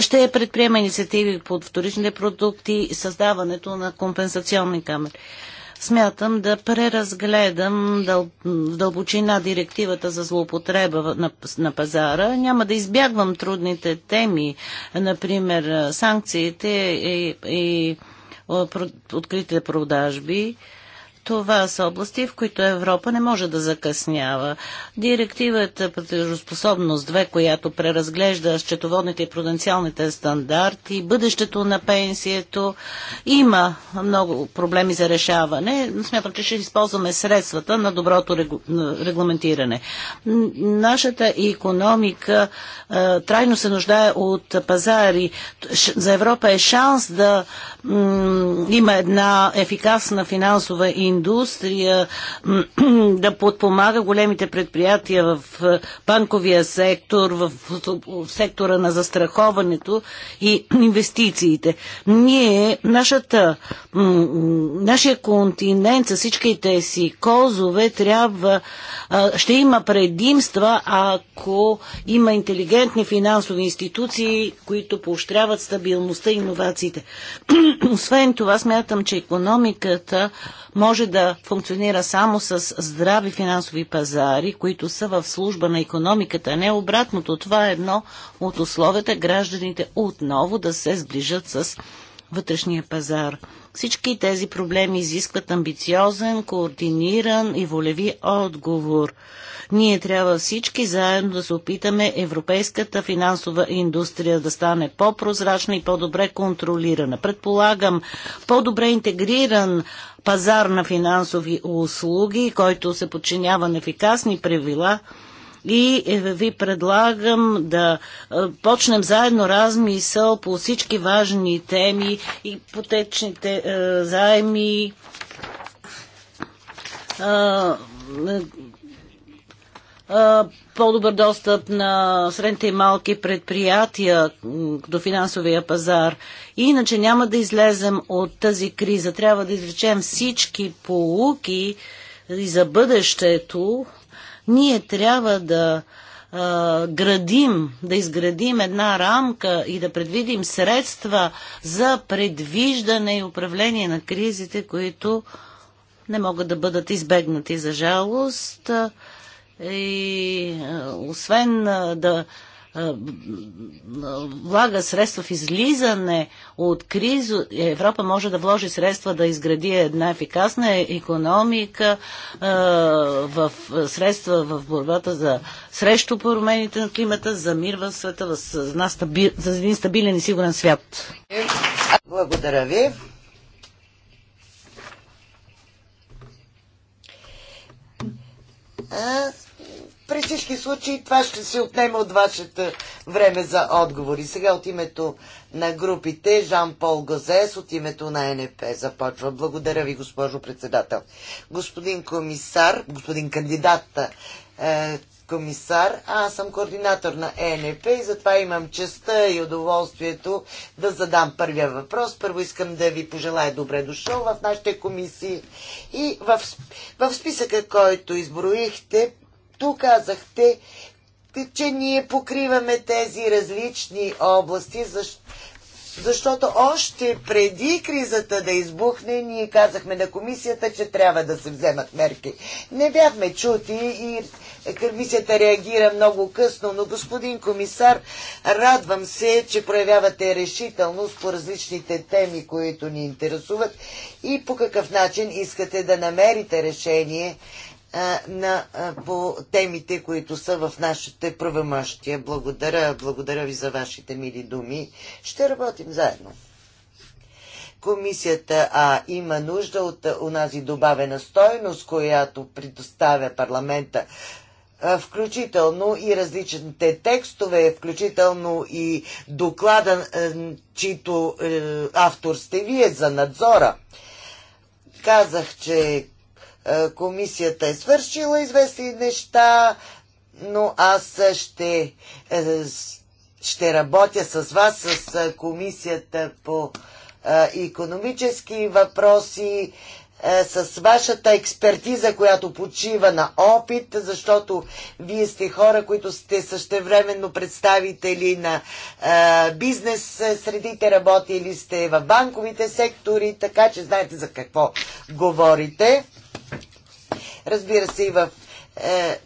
Ще предприема инициативи под вторичните продукти и създаването на компенсационни камери смятам да преразгледам дъл... в дълбочина директивата за злоупотреба на, на пазара. Няма да избягвам трудните теми, например санкциите и, и откритите продажби. Това са области, в които Европа не може да закъснява. Директивата Платежоспособност 2, която преразглежда счетоводните и пруденциалните стандарти, бъдещето на пенсието, има много проблеми за решаване. Смятам, че ще използваме средствата на доброто регламентиране. Нашата економика е, трайно се нуждае от пазари. За Европа е шанс да има една ефикасна финансова и индустрия, да подпомага големите предприятия в е, банковия сектор, в сектора на застраховането и инвестициите. Ние, нашата, нашия континент с всичките си козове трябва, ще има предимства, ако има интелигентни финансови институции, които поощряват стабилността и иновациите. Освен това, смятам, че економиката може може да функционира само с здрави финансови пазари, които са в служба на економиката, не обратното. Това е едно от условията гражданите отново да се сближат с вътрешния пазар. Всички тези проблеми изискват амбициозен, координиран и волеви отговор. Ние трябва всички заедно да се опитаме европейската финансова индустрия да стане по-прозрачна и по-добре контролирана. Предполагам, по-добре интегриран пазар на финансови услуги, който се подчинява на ефикасни правила – и е, ви предлагам да е, почнем заедно размисъл по всички важни теми, и е, заеми, е, по-добър достъп на средните и малки предприятия до финансовия пазар. Иначе няма да излезем от тази криза. Трябва да извлечем всички полуки и за бъдещето ние трябва да а, градим, да изградим една рамка и да предвидим средства за предвиждане и управление на кризите, които не могат да бъдат избегнати за жалост. И освен да влага средства в излизане от криза, Европа може да вложи средства да изгради една ефикасна економика, в средства в борбата за срещу промените на климата, за мир в света, за, един стабилен и сигурен свят. Благодаря ви. А, при всички случаи това ще се отнеме от вашето време за отговори. Сега от името на групите Жан-Пол Газес от името на НП започва. Благодаря ви, госпожо председател. Господин комисар, господин кандидат е, комисар, аз съм координатор на ЕНП и затова имам честа и удоволствието да задам първия въпрос. Първо искам да ви пожелая добре дошъл в нашите комисии и в, в списъка, който изброихте, тук казахте, че ние покриваме тези различни области, защ... защото още преди кризата да избухне, ние казахме на комисията, че трябва да се вземат мерки. Не бяхме чути и комисията реагира много късно, но господин комисар, радвам се, че проявявате решителност по различните теми, които ни интересуват и по какъв начин искате да намерите решение на, по темите, които са в нашите правомощия. Благодаря, благодаря ви за вашите мили думи. Ще работим заедно. Комисията а, има нужда от онази добавена стойност, която предоставя парламента включително и различните текстове, включително и доклада, чието е, автор сте вие за надзора. Казах, че е, комисията е свършила известни неща, но аз ще, е, ще работя с вас, с е, комисията по економически въпроси, с вашата експертиза, която почива на опит, защото вие сте хора, които сте същевременно представители на бизнес средите, работили сте в банковите сектори, така че знаете за какво говорите разбира се и в е,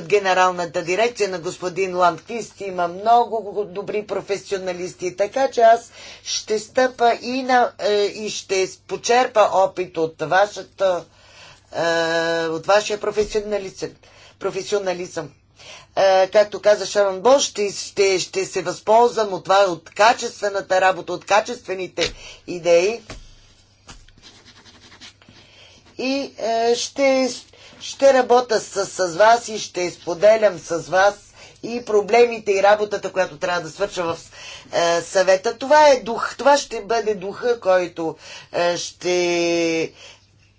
генералната дирекция на господин Ландквист има много добри професионалисти, така че аз ще стъпа и, на, е, и ще почерпа опит от, вашата, е, от вашия професионализъм. професионализъм. както каза Шаран Бол, ще, ще, ще се възползвам от това, от качествената работа, от качествените идеи и е, ще, ще работя с, с вас и ще споделям с вас и проблемите и работата, която трябва да свърша в е, съвета. Това е дух, това ще бъде духа, който е, ще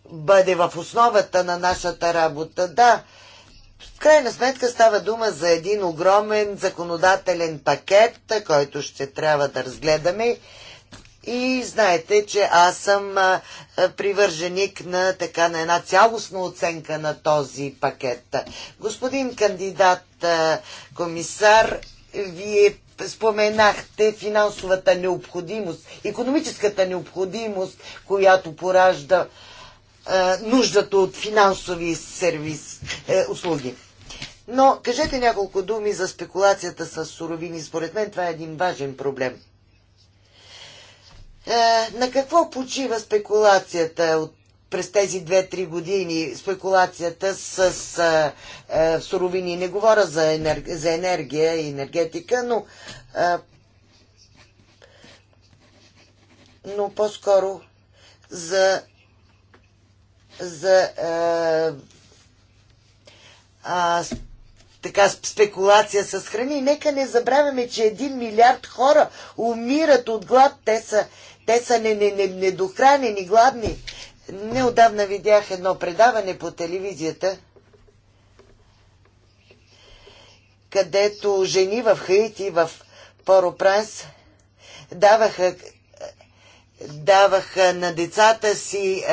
бъде в основата на нашата работа. Да, в крайна сметка става дума за един огромен законодателен пакет, който ще трябва да разгледаме и знаете, че аз съм привърженик на така на една цялостна оценка на този пакет. Господин кандидат комисар, вие споменахте финансовата необходимост, економическата необходимост, която поражда нуждата от финансови сервис, е, услуги. Но кажете няколко думи за спекулацията с суровини. Според мен това е един важен проблем. Е, на какво почива спекулацията от през тези 2-3 години спекулацията с, а, е, а, е, суровини. Не говоря за, енер, за енергия и енергетика, но, а, но по-скоро за, за а, а, така спекулация с храни. Нека не забравяме, че 1 милиард хора умират от глад. Те са те са недохранени, гладни. Неодавна видях едно предаване по телевизията, където жени в Хаити, в Поропранс, даваха, даваха на децата си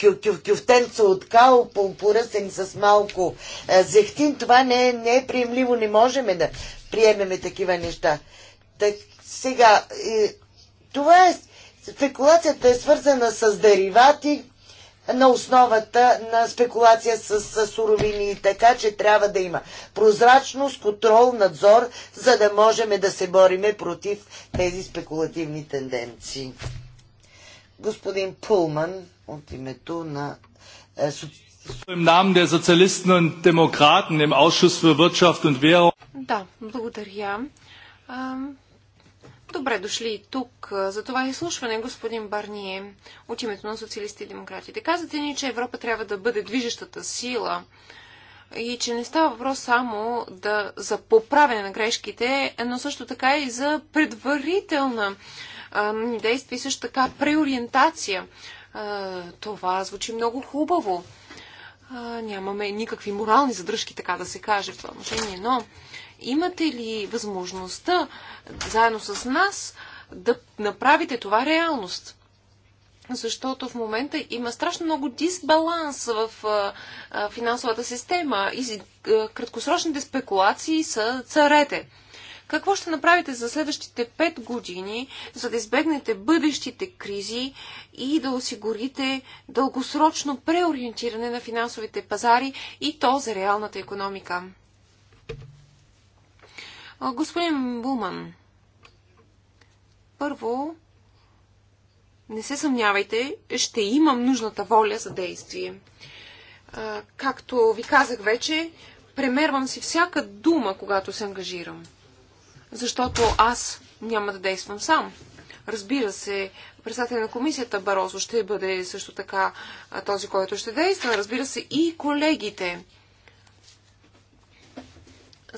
кю, кю, кюфтенца от као, поръсен с малко зехтин. Това не е, не е приемливо, не можем да приемеме такива неща. Так, сега, това е, спекулацията е свързана с деривати на основата на спекулация с, с суровини, така че трябва да има прозрачност, контрол, надзор, за да можем да се бориме против тези спекулативни тенденции. Господин Пулман от името на е, Im Namen der Sozialisten und Demokraten im Ausschuss für Wirtschaft und Währung. Да, благодаря. Добре дошли и тук за това изслушване, господин Барние, от името на социалисти и демократите. Казвате ни, че Европа трябва да бъде движещата сила и че не става въпрос само да, за поправяне на грешките, но също така и за предварителна действие и също така преориентация. А, това звучи много хубаво. А, нямаме никакви морални задръжки, така да се каже, в това отношение, но Имате ли възможността заедно с нас да направите това реалност? защото в момента има страшно много дисбаланс в финансовата система и краткосрочните спекулации са царете. Какво ще направите за следващите 5 години, за да избегнете бъдещите кризи и да осигурите дългосрочно преориентиране на финансовите пазари и то за реалната економика? Господин Буман, първо, не се съмнявайте, ще имам нужната воля за действие. Както ви казах вече, премервам си всяка дума, когато се ангажирам. Защото аз няма да действам сам. Разбира се, председателя на комисията Барозо ще бъде също така този, който ще действа. Разбира се, и колегите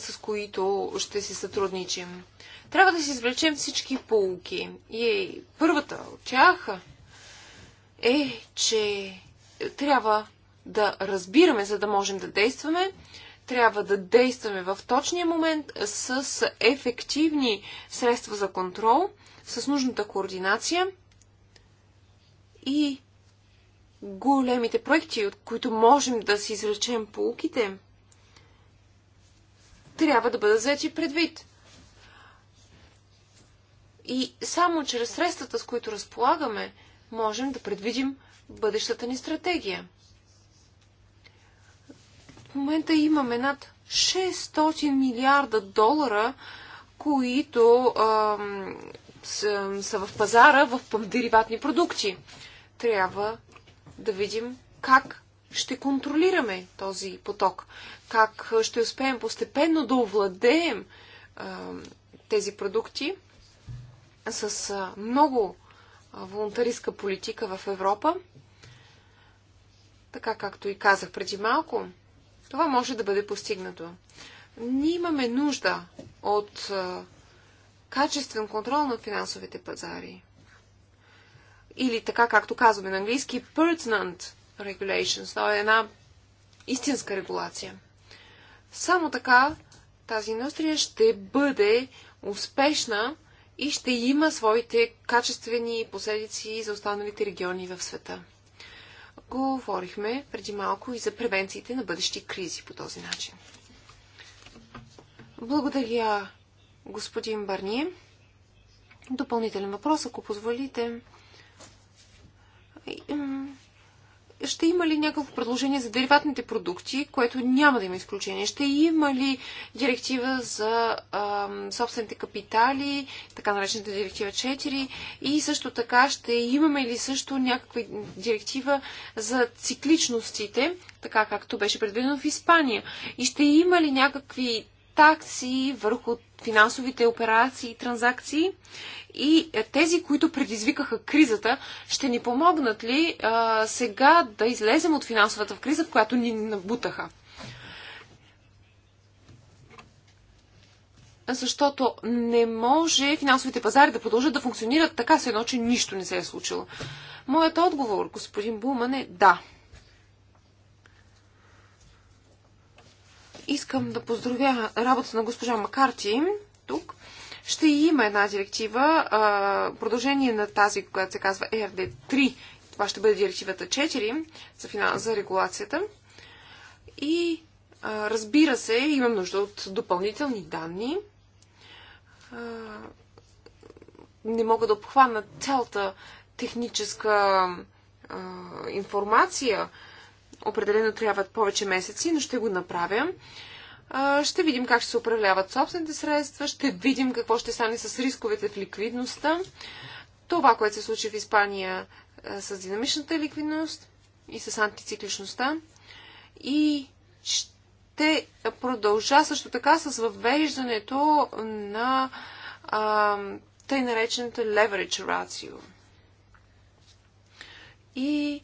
с които ще си сътрудничим. Трябва да си извлечем всички полуки. И е, първата от тях е, че трябва да разбираме, за да можем да действаме. Трябва да действаме в точния момент с ефективни средства за контрол, с нужната координация и големите проекти, от които можем да си извлечем полуките – трябва да бъдат взети предвид. И само чрез средствата, с които разполагаме, можем да предвидим бъдещата ни стратегия. В момента имаме над 600 милиарда долара, които а, са, са в пазара в дериватни продукти. Трябва да видим как ще контролираме този поток? Как ще успеем постепенно да овладеем а, тези продукти с а, много волонтаристка политика в Европа? Така както и казах преди малко, това може да бъде постигнато. Ние имаме нужда от а, качествен контрол на финансовите пазари. Или така както казваме на английски, pertinent regulations, т.е. една истинска регулация. Само така тази индустрия ще бъде успешна и ще има своите качествени последици за останалите региони в света. Говорихме преди малко и за превенциите на бъдещи кризи по този начин. Благодаря, господин Барни. Допълнителен въпрос, ако позволите ще има ли някакво предложение за дериватните продукти, което няма да има изключение? Ще има ли директива за а, собствените капитали, така наречената директива 4? И също така ще имаме ли също някаква директива за цикличностите, така както беше предвидено в Испания? И ще има ли някакви такси върху финансовите операции и транзакции и е, тези, които предизвикаха кризата, ще ни помогнат ли а, сега да излезем от финансовата криза, в която ни набутаха? Защото не може финансовите пазари да продължат да функционират така, се едно, че нищо не се е случило. Моят отговор, господин Буман, е да. Искам да поздравя работата на госпожа Макарти тук. Ще има една директива, продължение на тази, която се казва ERD3. Това ще бъде директивата 4 за, финал, за регулацията. И разбира се, имам нужда от допълнителни данни. Не мога да обхвана цялата техническа информация, Определено трябват повече месеци, но ще го направя. Ще видим как ще се управляват собствените средства, ще видим какво ще стане с рисковете в ликвидността. Това, което се случи в Испания с динамичната ликвидност и с антицикличността. И ще продължа също така с въвеждането на тъй наречената leverage ratio. И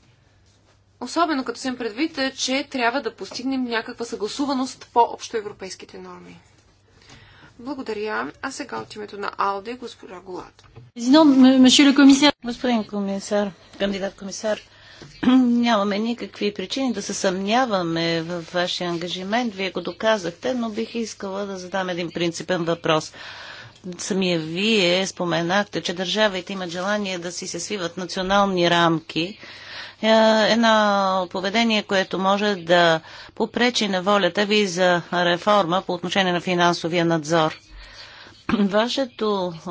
Особено като се предвид, е, че трябва да постигнем някаква съгласуваност по общоевропейските норми. Благодаря. А сега от името на Алде, госпожа Голад. Господин комисар, кандидат комисар, нямаме никакви причини да се съмняваме в вашия ангажимент. Вие го доказахте, но бих искала да задам един принципен въпрос. Самия вие споменахте, че държавите имат желание да си се свиват национални рамки е, едно поведение, което може да попречи на волята ви за реформа по отношение на финансовия надзор. Вашето а,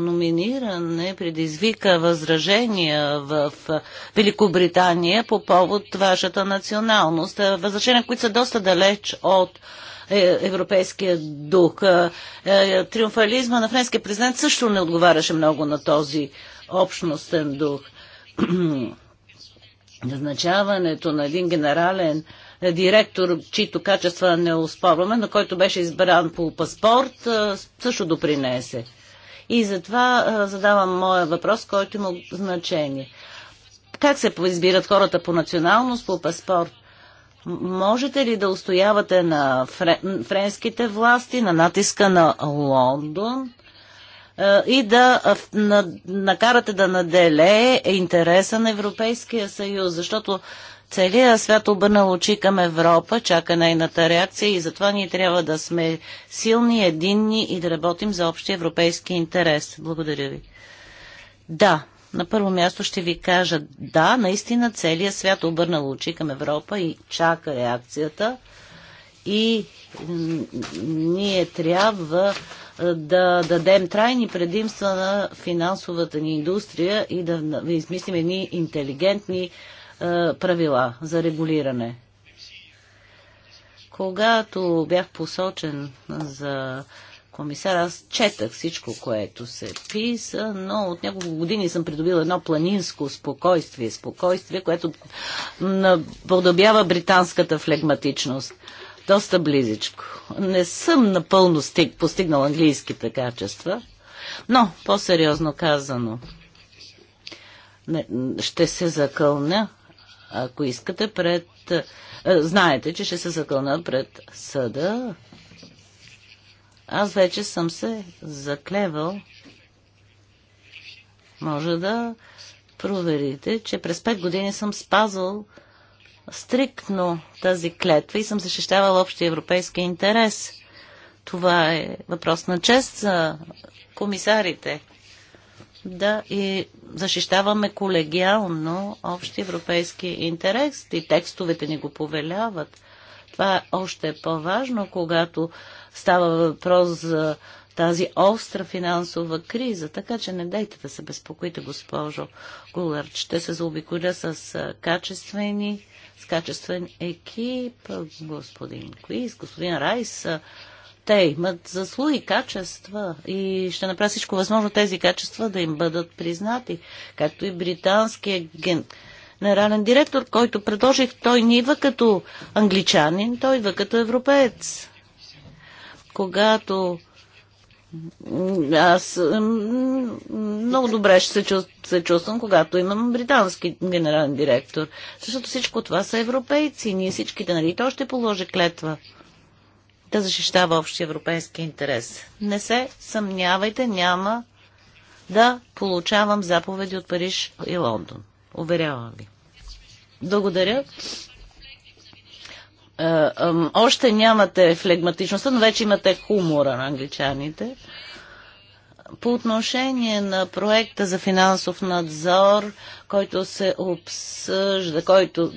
номиниране предизвика възражения в Великобритания по повод вашата националност. Възражения, които са доста далеч от е, европейския дух. Е, триумфализма на френския президент също не отговаряше много на този общностен дух. назначаването на един генерален е, директор, чието качества не успорваме, но който беше избран по паспорт, е, също допринесе. И затова е, задавам моя въпрос, който има значение. Как се избират хората по националност, по паспорт? Можете ли да устоявате на френските власти, на натиска на Лондон? Е, и да накарате да наделее интереса на Европейския съюз, защото целият свят обърнал очи към Европа, чака нейната реакция и затова ние трябва да сме силни, единни и да работим за общия европейски интерес. Благодаря ви. Да, на първо място ще ви кажа да, наистина целият свят обърнал очи към Европа и чака реакцията. И ние трябва да дадем трайни предимства на финансовата ни индустрия и да измислим едни интелигентни правила за регулиране. Когато бях посочен за комисар, аз четах всичко, което се писа, но от няколко години съм придобила едно планинско спокойствие, спокойствие, което подобява британската флегматичност доста близичко. Не съм напълно стиг, постигнал английските качества, но по-сериозно казано, не, ще се закълня, ако искате, пред. Е, знаете, че ще се закълна пред съда. Аз вече съм се заклевал. Може да проверите, че през 5 години съм спазвал стриктно тази клетва и съм защищавал общия европейски интерес. Това е въпрос на чест за комисарите. Да, и защищаваме колегиално общи европейски интерес и текстовете ни го повеляват. Това е още по-важно, когато става въпрос за тази остра финансова криза, така че не дайте да се безпокоите, госпожо Гулърд. Ще се заобиколя с качествени с качествен екип, господин Куис, господин Райс. Те имат заслуги, качества и ще направя всичко възможно тези качества да им бъдат признати, както и британския ген генерален директор, който предложих, той не идва като англичанин, той идва като европеец. Когато аз много добре ще се, чу, се чувствам, когато имам британски генерален директор, защото всичко това са европейци. Ние всичките, нали, то ще положи клетва да защищава общия европейски интерес. Не се съмнявайте, няма да получавам заповеди от Париж и Лондон. Уверявам ви. Благодаря. Е, още нямате флегматичността, но вече имате хумора на англичаните. По отношение на проекта за финансов надзор, който се обсъжда, който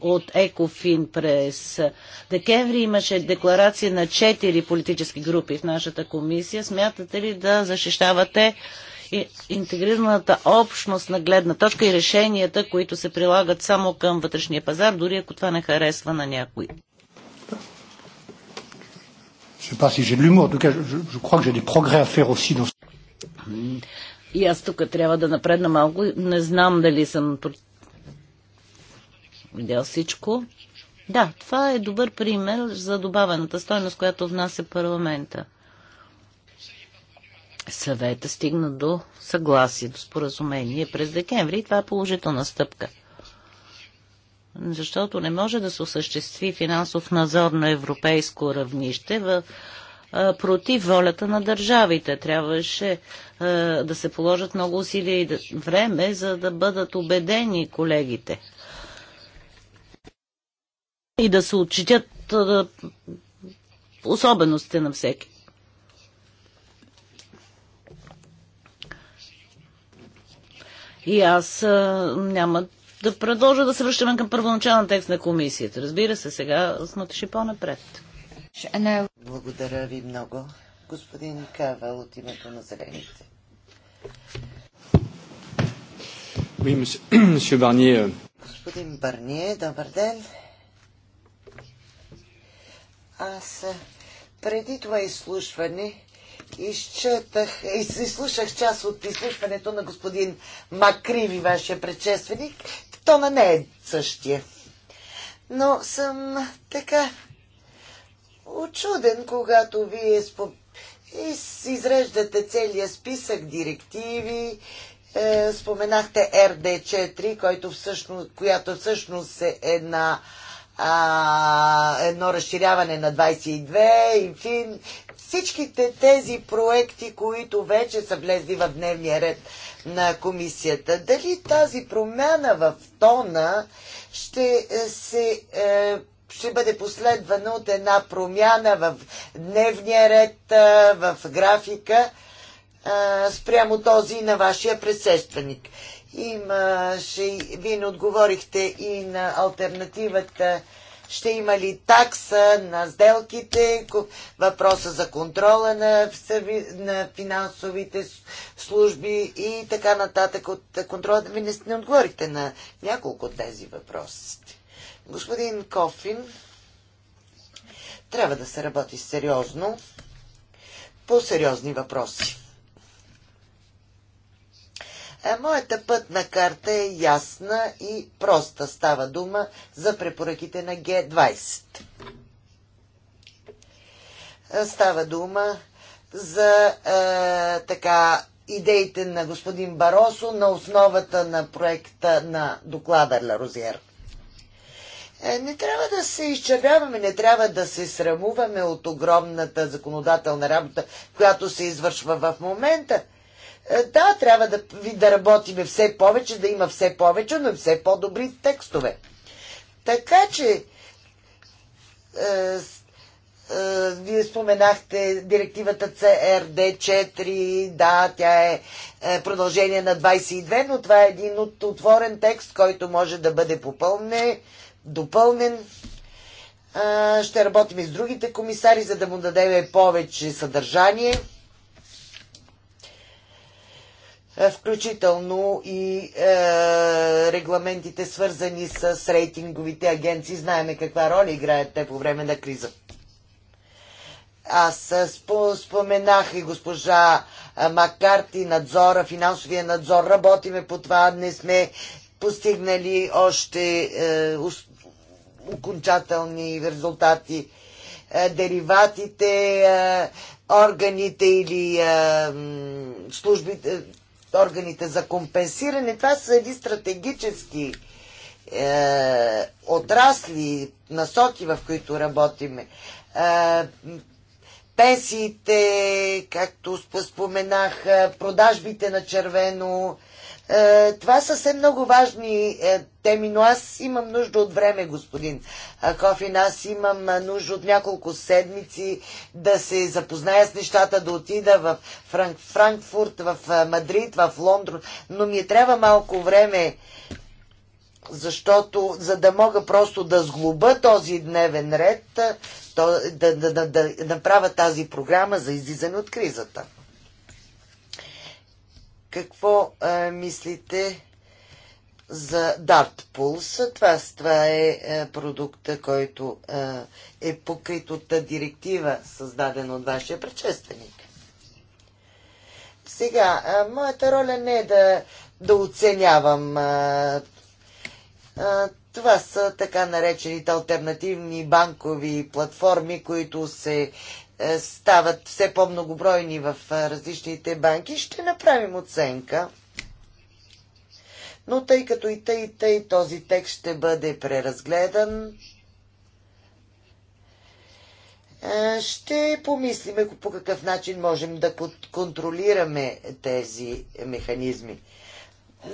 от Екофин през декември имаше декларация на четири политически групи в нашата комисия, смятате ли да защищавате интегрираната общност на гледна точка и решенията, които се прилагат само към вътрешния пазар, дори ако това не харесва на някой. И аз тук трябва да напредна малко. Не знам дали съм видял всичко. Да, това е добър пример за добавената стойност, която внася парламента съвета стигна до съгласие, до споразумение през декември и това е положителна стъпка. Защото не може да се осъществи финансов назор на европейско равнище в против волята на държавите. Трябваше е, да се положат много усилия и да, време, за да бъдат убедени колегите. И да се отчитят е, особеностите на всеки. И аз а, няма да продължа да се връщаме към първоначален текст на комисията. Разбира се, сега сме по-напред. Благодаря ви много, господин Кавел, от името на зелените. Господин Барние, добър ден. Аз преди това изслушване изчетах, И се слушах част от изслушването на господин Макриви, вашия предшественик. Тона не е същия. Но съм така очуден, когато вие спом... изреждате целия списък директиви, е, споменахте РД4, който всъщност, която всъщност е една а, едно разширяване на 22, и фин всичките тези проекти, които вече са влезли в дневния ред на комисията. Дали тази промяна в тона ще е, се е, ще бъде последвана от една промяна в дневния ред, е, в графика спрямо този на вашия предшественик. Имаше, вие не отговорихте и на альтернативата ще има ли такса на сделките, въпроса за контрола на, на финансовите служби и така нататък от контрола. Вие не, не отговорихте на няколко от тези въпроси. Господин Кофин, трябва да се работи сериозно по сериозни въпроси. Моята пътна карта е ясна и проста става дума за препоръките на Г20. Става дума за е, така идеите на господин Баросо на основата на проекта на доклада Ла Розиер. Е, не трябва да се изчервяваме, не трябва да се срамуваме от огромната законодателна работа, която се извършва в момента – е, да, трябва да, да работиме все повече, да има все повече, но и все по-добри текстове. Така че, е, е, вие споменахте директивата CRD4, да, тя е, е продължение на 22, но това е един от отворен текст, който може да бъде попълне, допълнен. Е, ще работим и с другите комисари, за да му дадем повече съдържание. Е, включително и е, регламентите свързани с рейтинговите агенции. Знаеме каква роля играят те по време на криза. Аз е, споменах и госпожа е, Маккарти, надзора, финансовия надзор. Работиме по това, не сме постигнали още е, окончателни резултати. Е, дериватите, е, органите или е, службите, органите за компенсиране. Това са едни стратегически е, отрасли, насоки, в които работиме. Е, пенсиите, както споменах, е, продажбите на червено, е, това са все много важни е, теми, но аз имам нужда от време, господин Кофин. Аз имам е, нужда от няколко седмици да се запозная с нещата, да отида в Франк, Франкфурт, в Мадрид, в Лондон, но ми е трябва малко време защото за да мога просто да сглоба този дневен ред, то, да, да, да, да направя тази програма за излизане от кризата какво а, е, мислите за Dart Pulse? Това, това е а, е продукта, който а, е, е покрит от директива, създадена от вашия предшественик. Сега, а, моята роля не е да, да оценявам. А, а, това са така наречените альтернативни банкови платформи, които се е, стават все по-многобройни в е, различните банки, ще направим оценка. Но тъй като и тъй, и тъй този текст ще бъде преразгледан, е, ще помислиме по какъв начин можем да контролираме тези механизми.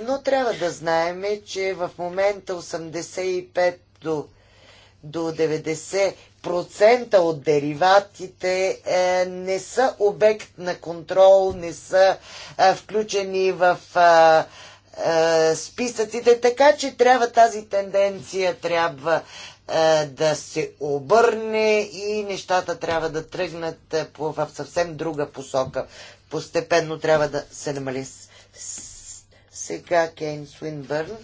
Но трябва да знаем, че в момента 85 до, до 90 процента от дериватите е, не са обект на контрол, не са е, включени в е, е, списъците, така че трябва тази тенденция трябва е, да се обърне и нещата трябва да тръгнат е, по, в съвсем друга посока. Постепенно трябва да се намали. Сега Кейн Свинбърн.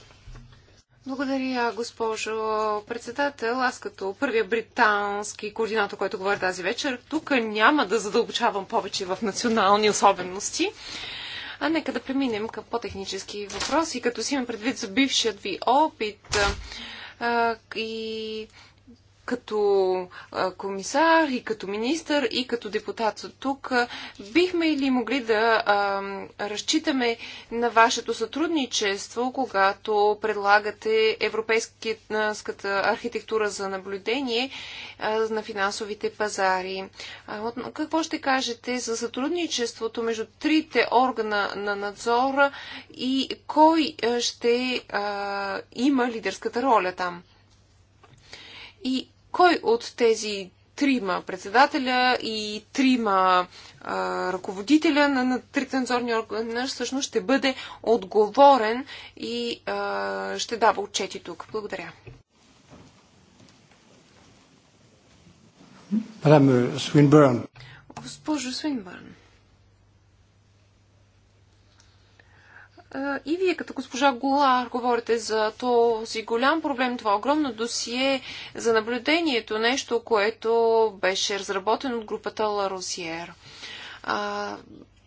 Благодаря, госпожо председател. Аз като първия британски координатор, който говори тази вечер, тук няма да задълбочавам повече в национални особености. А нека да преминем към по-технически въпроси, като си имам предвид за бившият ви опит а, и като комисар и като министр и като депутат от тук, бихме ли могли да разчитаме на вашето сътрудничество, когато предлагате европейската архитектура за наблюдение на финансовите пазари? какво ще кажете за сътрудничеството между трите органа на надзора и кой ще има лидерската роля там? И кой от тези трима председателя и трима а, ръководителя на, на трите надзорни органа всъщност ще бъде отговорен и а, ще дава отчети тук. Благодаря. Госпожо Свинбърн. И вие, като госпожа Голар, говорите за този голям проблем, това огромно досие за наблюдението, нещо, което беше разработено от групата Ларосиер.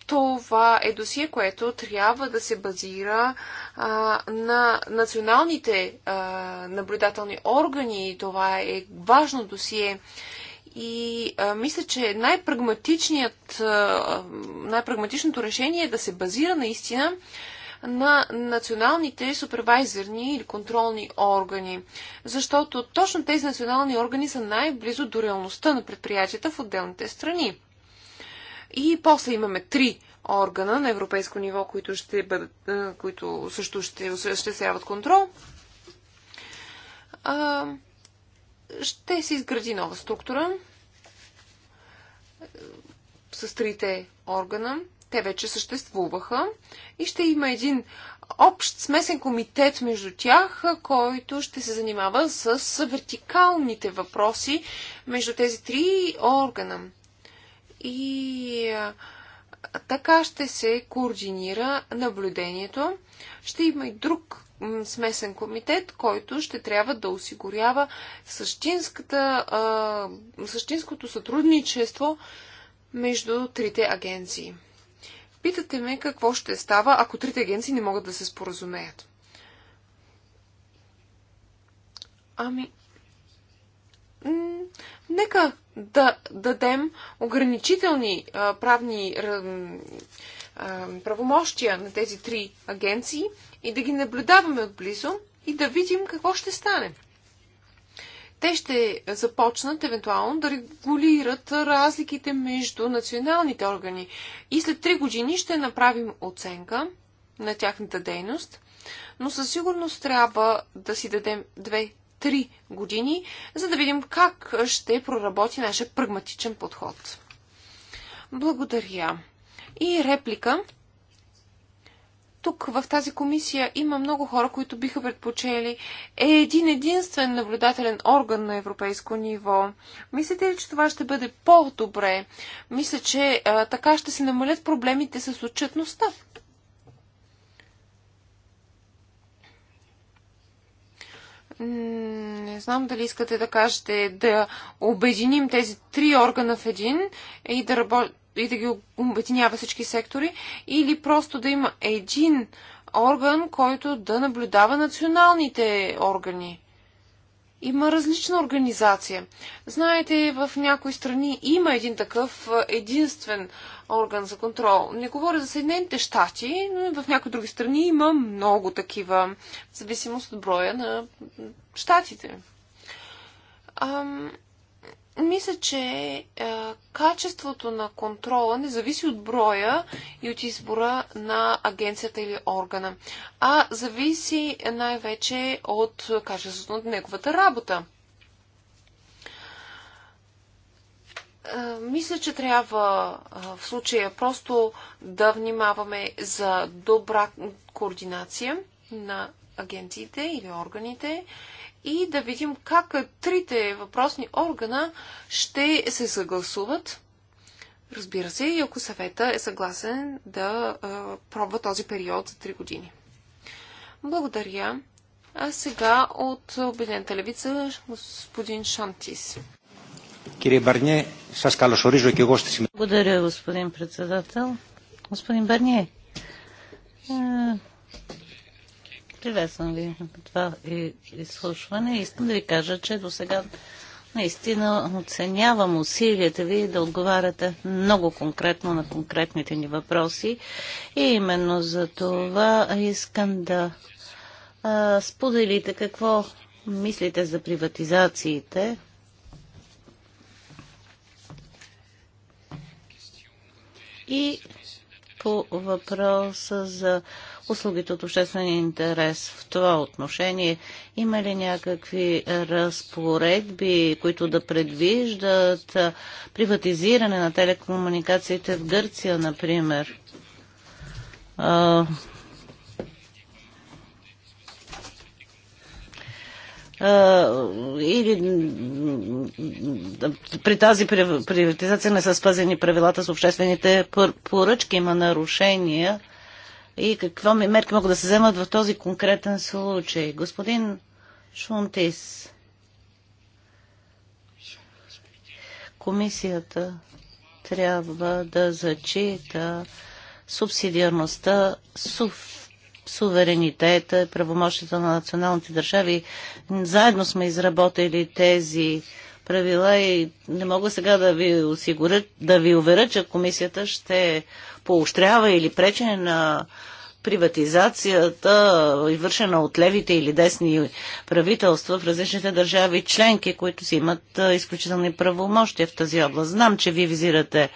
Това е досие, което трябва да се базира а, на националните а, наблюдателни органи. Това е важно досие. И а, мисля, че най-прагматичният, най-прагматичното решение е да се базира наистина на националните супервайзерни или контролни органи. Защото точно тези национални органи са най-близо до реалността на предприятията в отделните страни. И после имаме три органа на европейско ниво, които, ще бъдат, които също ще осъществяват контрол. ще се изгради нова структура с трите органа те вече съществуваха и ще има един общ смесен комитет между тях, който ще се занимава с вертикалните въпроси между тези три органа. И така ще се координира наблюдението. Ще има и друг смесен комитет, който ще трябва да осигурява същинското сътрудничество между трите агенции. Питате ме какво ще става, ако трите агенции не могат да се споразумеят. Ами, нека да дадем ограничителни а, правни а, правомощия на тези три агенции и да ги наблюдаваме отблизо и да видим какво ще стане те ще започнат евентуално да регулират разликите между националните органи. И след 3 години ще направим оценка на тяхната дейност, но със сигурност трябва да си дадем 2-3 години, за да видим как ще проработи нашия прагматичен подход. Благодаря. И реплика тук в тази комисия има много хора, които биха предпочели е един единствен наблюдателен орган на европейско ниво. Мислите ли, че това ще бъде по-добре? Мисля, че а, така ще се намалят проблемите с отчетността. Не знам дали искате да кажете да обединим тези три органа в един и да работим и да ги обединява всички сектори, или просто да има един орган, който да наблюдава националните органи. Има различна организация. Знаете, в някои страни има един такъв единствен орган за контрол. Не говоря за Съединените щати, но в някои други страни има много такива, в зависимост от броя на щатите. Ам, мисля, че а, е, качеството на контрола не зависи от броя и от избора на агенцията или органа, а зависи най-вече от качеството на неговата работа. Е, мисля, че трябва е, в случая просто да внимаваме за добра координация на агенциите или органите и да видим как трите въпросни органа ще се съгласуват. Разбира се, и ако съвета е съгласен да а, пробва този период за 3 години. Благодаря. А сега от Обединената левица господин Шантис. Кирие Барние, с καλωσορίζω και εγώ στη Благодаря, господин председател. Господин Барние, Приветствам ви на това изслушване. Искам да ви кажа, че до сега наистина оценявам усилията ви да отговаряте много конкретно на конкретните ни въпроси. И именно за това искам да а, споделите какво мислите за приватизациите. И по въпроса за услугите от обществен интерес. В това отношение има ли някакви разпоредби, които да предвиждат приватизиране на телекомуникациите в Гърция, например? или при тази приватизация не са спазени правилата с обществените поръчки, има нарушения и какво ми мерки могат да се вземат в този конкретен случай. Господин Шунтис, комисията трябва да зачита субсидиарността, суф, суверенитета и правомощията на националните държави. Заедно сме изработили тези правила и не мога сега да ви осигуря, да ви уверя, че комисията ще поощрява или прече на приватизацията, извършена от левите или десни правителства в различните държави членки, които си имат изключителни правомощия в тази област. Знам, че ви визирате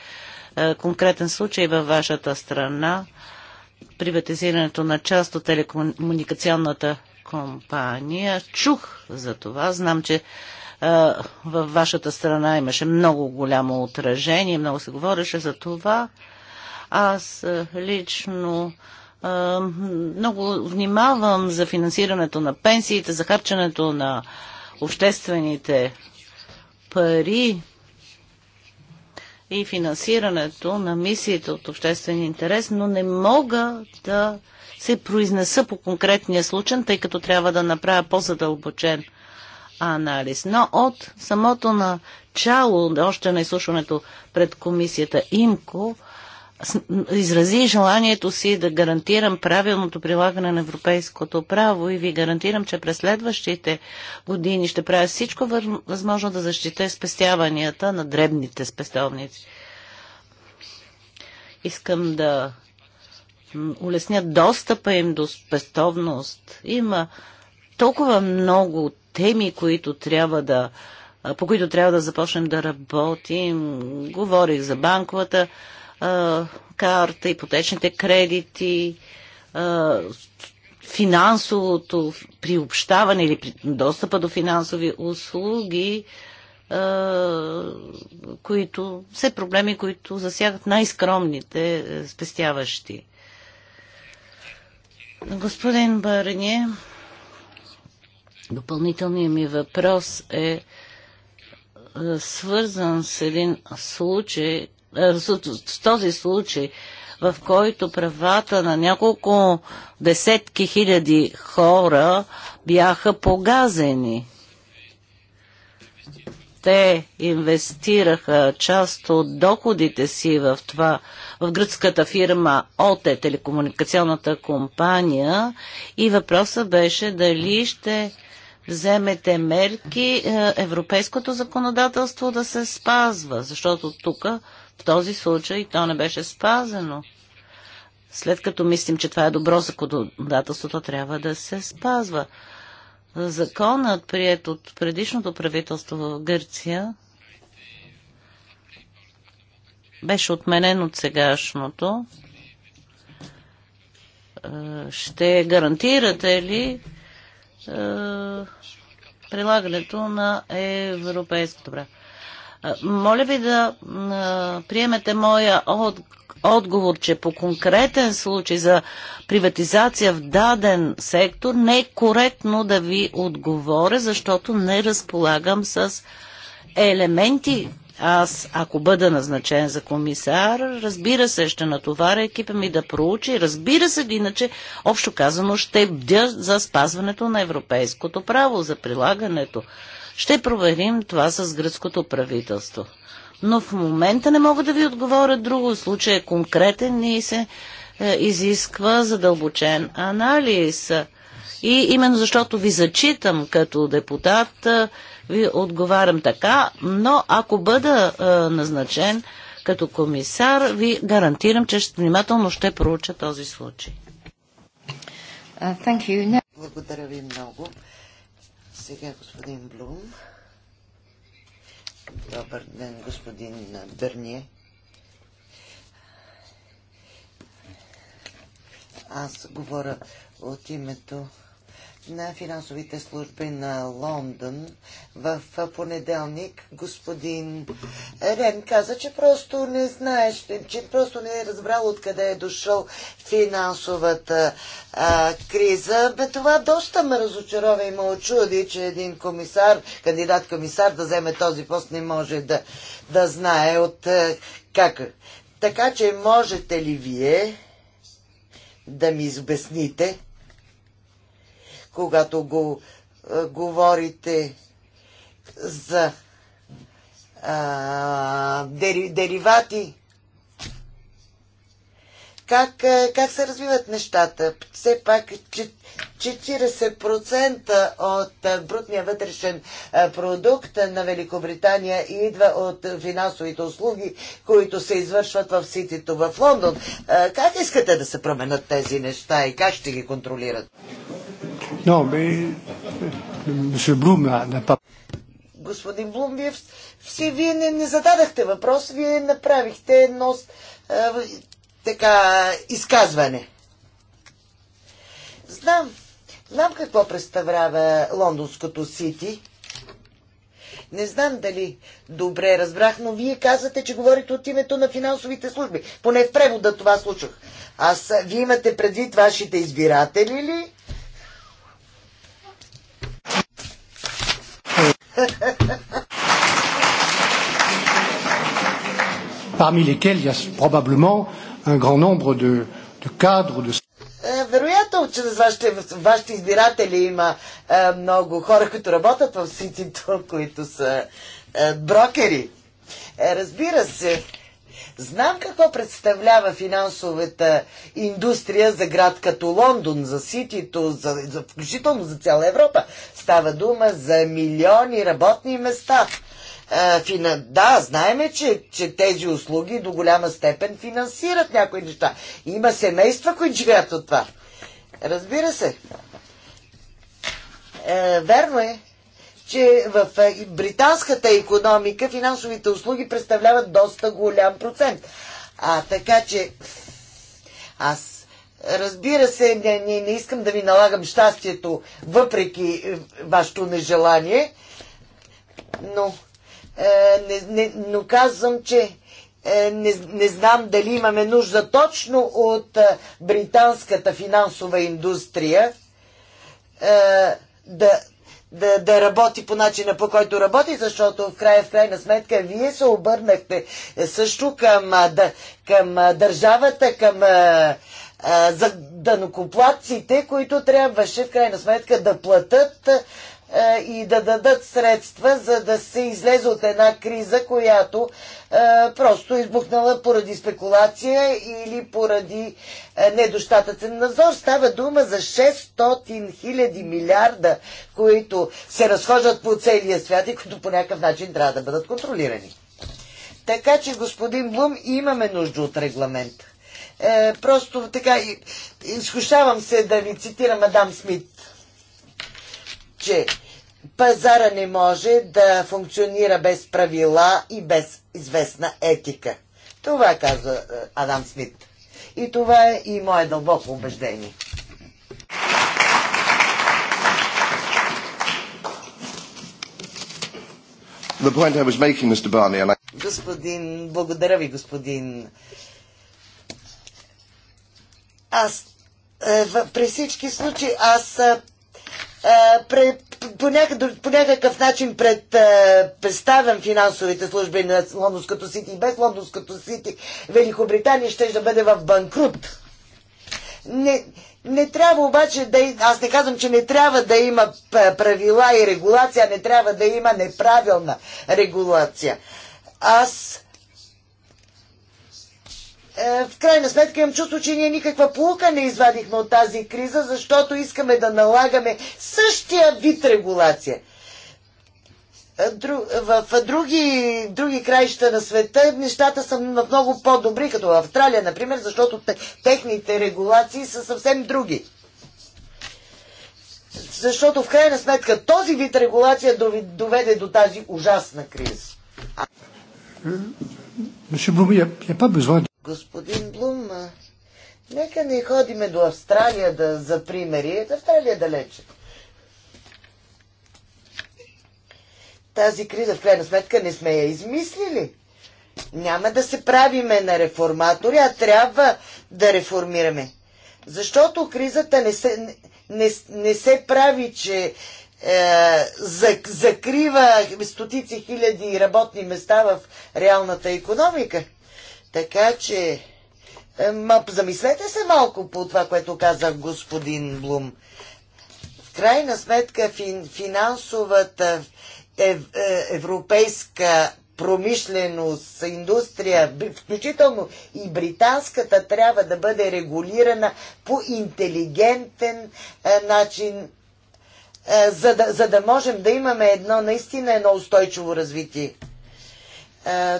конкретен случай във вашата страна, приватизирането на част от телекомуникационната компания. Чух за това. Знам, че във вашата страна имаше много голямо отражение, много се говореше за това. Аз лично много внимавам за финансирането на пенсиите, за харченето на обществените пари и финансирането на мисиите от обществен интерес, но не мога да се произнеса по конкретния случай, тъй като трябва да направя по-задълбочен анализ. Но от самото начало, още на изслушването пред комисията ИМКО, изрази желанието си да гарантирам правилното прилагане на европейското право и ви гарантирам, че през следващите години ще правя всичко възможно да защита спестяванията на дребните спестовници. Искам да улеснят достъпа им до спестовност. Има толкова много теми, които трябва да, по които трябва да започнем да работим. Говорих за банковата а, карта, ипотечните кредити, а, финансовото приобщаване или при достъпа до финансови услуги, а, които все проблеми, които засягат най-скромните е, спестяващи. Господин Барне, Допълнителният ми въпрос е, е свързан с един случай, е, с този случай, в който правата на няколко десетки хиляди хора бяха погазени. Те инвестираха част от доходите си в това, в гръцката фирма ОТЕ, телекомуникационната компания и въпросът беше дали ще вземете мерки е, европейското законодателство да се спазва, защото тук в този случай то не беше спазено. След като мислим, че това е добро законодателство, то трябва да се спазва. Законът, прият от предишното правителство в Гърция, беше отменен от сегашното. Е, ще гарантирате ли е, прилагането на европейското право. Е, моля ви да е, приемете моя от, отговор, че по конкретен случай за приватизация в даден сектор не е коректно да ви отговоря, защото не разполагам с елементи, аз, ако бъда назначен за комисар, разбира се, ще натоваря екипа ми да проучи. Разбира се, иначе, общо казано, ще бдя за спазването на европейското право, за прилагането. Ще проверим това с гръцкото правителство. Но в момента не мога да ви отговоря друго. Случай е конкретен и се е, изисква задълбочен анализ. И именно защото ви зачитам като депутат, е, ви отговарям така, но ако бъда е, назначен като комисар, ви гарантирам, че внимателно ще проуча този случай. Uh, Благодаря ви много. Сега господин Блум. Добър ден, господин Дърние. Аз говоря от името на финансовите служби на Лондон в понеделник. Господин Рен каза, че просто не знаеш, че просто не е разбрал откъде е дошъл финансовата а, криза. Бе, това доста ме разочарова и ме очуди, че един комисар, кандидат-комисар да вземе този пост не може да, да знае от а, как. Така че можете ли вие да ми обясните когато го а, говорите за а, дери, деривати. Как, а, как се развиват нещата? Все пак 40% от брутния вътрешен продукт на Великобритания идва от финансовите услуги, които се извършват в Ситито в Лондон. Как искате да се променят тези неща и как ще ги контролират? No, be, be, Господин Блум, вие, все, вие не, не зададахте въпрос, вие направихте едно така изказване. Знам, знам какво представлява лондонското Сити. Не знам дали добре разбрах, но вие казвате, че говорите от името на финансовите служби. Поне в превода това слушах. Аз, вие имате предвид вашите избиратели ли? Parmi lesquels il y a probablement un grand nombre de, de cadres de е, вероятно, че за вашите, вашите избиратели има е, много хора, които работят в Ситито, които са е, брокери. Е, разбира се, Знам какво представлява финансовата индустрия за град като Лондон, за Ситито, за, за, включително за цяла Европа. Става дума за милиони работни места. А, фина... Да, знаеме, че, че тези услуги до голяма степен финансират някои неща. Има семейства, които живеят от това. Разбира се. Е, верно е, че в е, британската економика финансовите услуги представляват доста голям процент. А така че аз разбира се, не, не, не искам да ви налагам щастието, въпреки е, вашето нежелание, но, е, не, не, но казвам, че е, не, не знам дали имаме нужда точно от е, британската финансова индустрия е, да да, да работи по начина по който работи, защото в края, в крайна сметка, вие се обърнахте е, също към, да, към държавата, към а, за данокоплатците, които трябваше в крайна сметка да платят е, и да дадат средства, за да се излезе от една криза, която е, просто избухнала поради спекулация или поради е, недостатъчен надзор. Става дума за 600 хиляди милиарда, които се разхождат по целия свят и които по някакъв начин трябва да бъдат контролирани. Така че, господин Блум, имаме нужда от регламент. Е, просто така, изкушавам се да ви цитирам Адам Смит че пазара не може да функционира без правила и без известна етика. Това каза е, Адам Смит. И това е и мое дълбоко убеждение. Making, Barney, I... Господин, благодаря ви, господин. Аз, е, в, при всички случаи, аз е, по, някакъв, по някакъв начин пред, а, представям финансовите служби на Лондонското Сити и без Лондонското Сити Великобритания ще да бъде в банкрут. Не, не трябва обаче да... Аз не казвам, че не трябва да има правила и регулация, не трябва да има неправилна регулация. Аз е, в крайна сметка имам чувство, че ние никаква полука не извадихме от тази криза, защото искаме да налагаме същия вид регулация. Е, в други, други краища на света нещата са много по-добри, като в Австралия, например, защото техните регулации са съвсем други. Защото в крайна сметка този вид регулация доведе до тази ужасна криза. Monsieur Blum, il n'y a, a pas besoin de... Господин Блум, нека не ходиме до Австралия да, за примери. Австралия е далече. Тази криза в крайна сметка не сме я измислили. Няма да се правиме на реформатори, а трябва да реформираме. Защото кризата не се, не, не, не се прави, че е, закрива стотици хиляди работни места в реалната економика. Така че, е, ма, замислете се малко по това, което каза господин Блум. В крайна сметка, фин, финансовата ев, е, европейска промишленост, индустрия, включително и британската, трябва да бъде регулирана по интелигентен е, начин, е, за, да, за да можем да имаме едно, наистина едно устойчиво развитие. Е,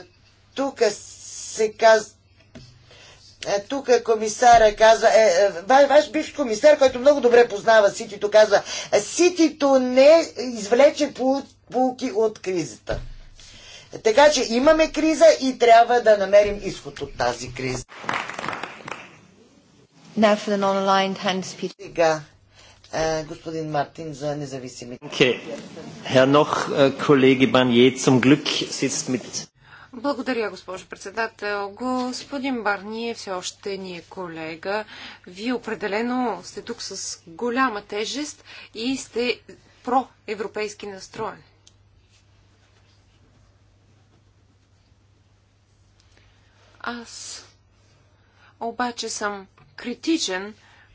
тук се казва е, тук комисара казва, е, е ваш бивш комисар, който много добре познава Ситито, казва, Ситито не извлече полуки от кризата. Така че имаме криза и трябва да намерим изход от тази криза. Сега, е, господин Мартин за независимите. Okay. Herr noch, Kollege е, Barnier, zum Glück sitzt mit благодаря, госпожо председател. Господин е все още ни е колега. Вие определено сте тук с голяма тежест и сте проевропейски настроен. Аз обаче съм критичен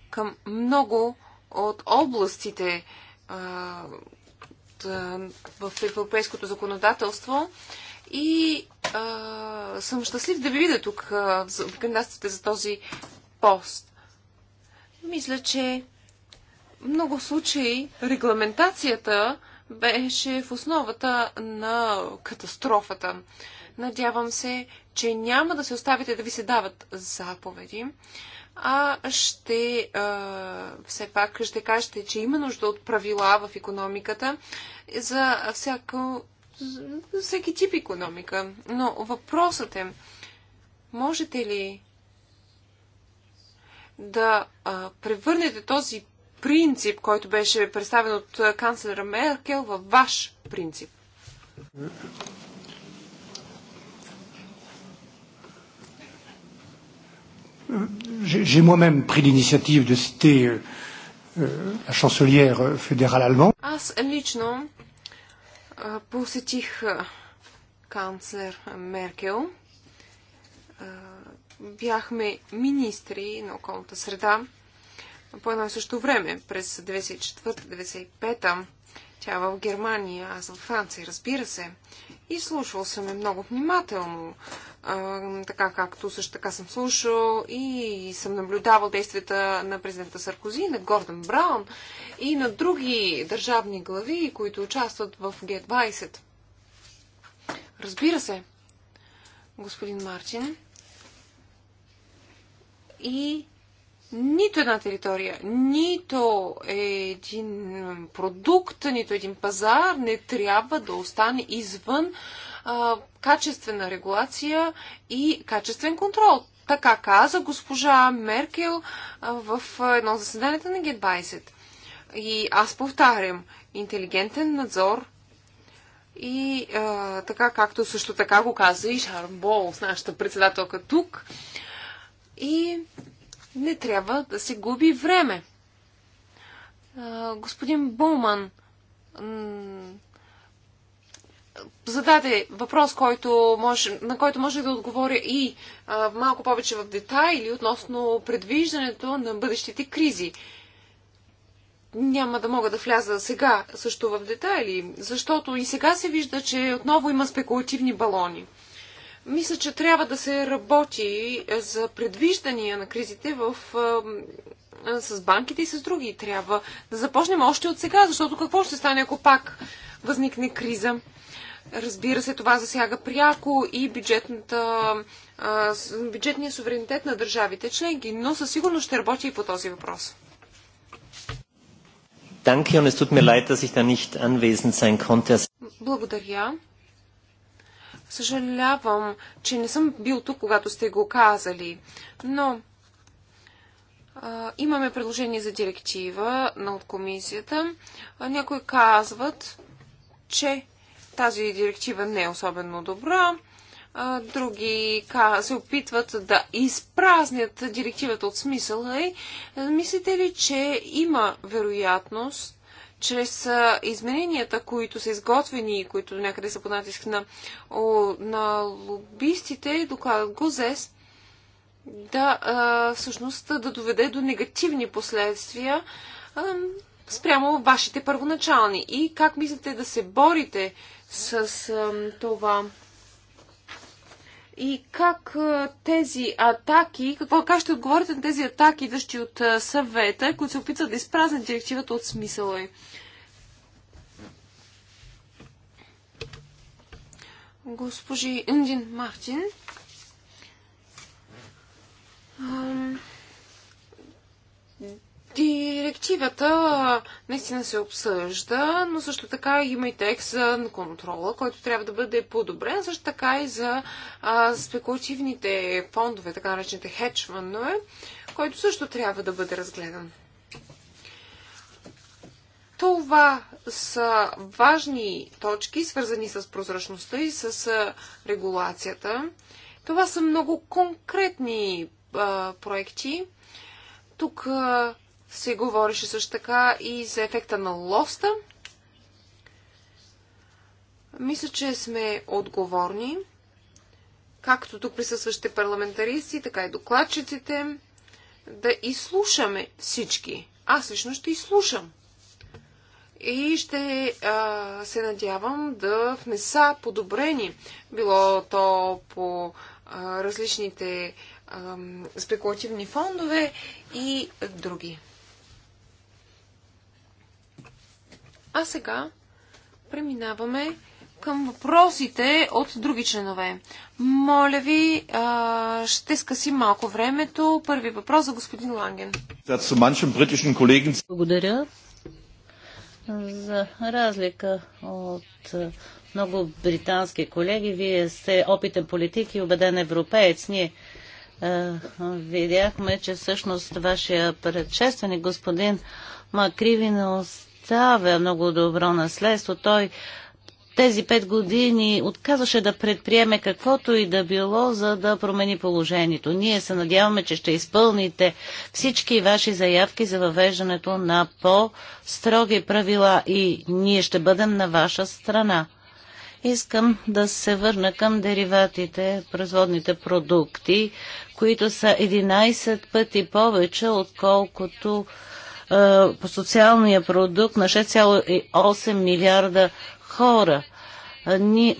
към много от областите а, в европейското законодателство, и а, съм щастлив да ви видя тук а, за кандидатствате за този пост. Мисля, че много случаи регламентацията беше в основата на катастрофата. Надявам се, че няма да се оставите да ви се дават заповеди, а ще а, все пак ще кажете, че има нужда от правила в економиката за всяко всеки тип економика. Но въпросът е, можете ли да а, превърнете този принцип, който беше представен от канцлера Меркел, във ваш принцип? J'ai moi-même pris l'initiative de citer euh, euh, la chancelière euh, fédérale allemande. Аз лично посетих канцлер Меркел. Бяхме министри на околната среда по едно и също време, през 1994-1995. Тя е в Германия, аз в Франция, разбира се. И слушал съм е много внимателно а, така както също така съм слушал и съм наблюдавал действията на президента Саркози, на Гордън Браун и на други държавни глави, които участват в Г-20. Разбира се, господин Мартин. И нито една територия, нито един продукт, нито един пазар не трябва да остане извън а, качествена регулация и качествен контрол. Така каза госпожа Меркел а, в едно заседанието на Г20. И аз повтарям, интелигентен надзор и а, така както също така го каза и Шарм с нашата председателка тук. И не трябва да се губи време. А, господин Булман зададе въпрос, който може, на който може да отговоря и а, малко повече в детайли относно предвиждането на бъдещите кризи. Няма да мога да вляза сега също в детайли, защото и сега се вижда, че отново има спекулативни балони. Мисля, че трябва да се работи за предвиждания на кризите в с банките и с други. Трябва да започнем още от сега, защото какво ще стане, ако пак възникне криза? Разбира се, това засяга пряко и бюджетната, бюджетния суверенитет на държавите членки, но със сигурност ще работи и по този въпрос. Благодаря. Съжалявам, че не съм бил тук, когато сте го казали, но имаме предложение за директива на от комисията. Някои казват, че тази директива не е особено добра. Други се опитват да изпразнят директивата от смисъла и мислите ли, че има вероятност чрез измененията, които са изготвени и които някъде са по натиск на, на лобистите, докладът ГОЗЕС, да, а, всъщност да доведе до негативни последствия а, спрямо вашите първоначални. И как мислите да се борите с а, това? И как тези атаки, какво, как ще отговорите на тези атаки, идващи от съвета, които се опитват да изпразнят директивата от смисъла й? Госпожи Индин Мартин. Директивата наистина се обсъжда, но също така има и текст за контрола, който трябва да бъде подобрен, също така и за а, спекулативните фондове, така наречените хедж който също трябва да бъде разгледан. Това са важни точки, свързани с прозрачността и с регулацията. Това са много конкретни проекти. Тук се говореше също така и за ефекта на лоста. Мисля, че сме отговорни, както тук присъстващите парламентаристи, така и докладчиците, да изслушаме всички. Аз лично ще изслушам. И ще а, се надявам да внеса подобрени, било то по а, различните спекулативни фондове и други. А сега преминаваме към въпросите от други членове. Моля ви, а, ще скаси малко времето. Първи въпрос за господин Ланген. Благодаря. За разлика от много британски колеги, вие сте опитен политик и убеден европеец. Ние видяхме, че всъщност вашия предшественик, господин Макриви, не оставя много добро наследство. Той тези пет години отказваше да предприеме каквото и да било, за да промени положението. Ние се надяваме, че ще изпълните всички ваши заявки за въвеждането на по-строги правила и ние ще бъдем на ваша страна. Искам да се върна към дериватите, производните продукти, които са 11 пъти повече, отколкото е, по социалния продукт на 6,8 милиарда хора. Е, ни,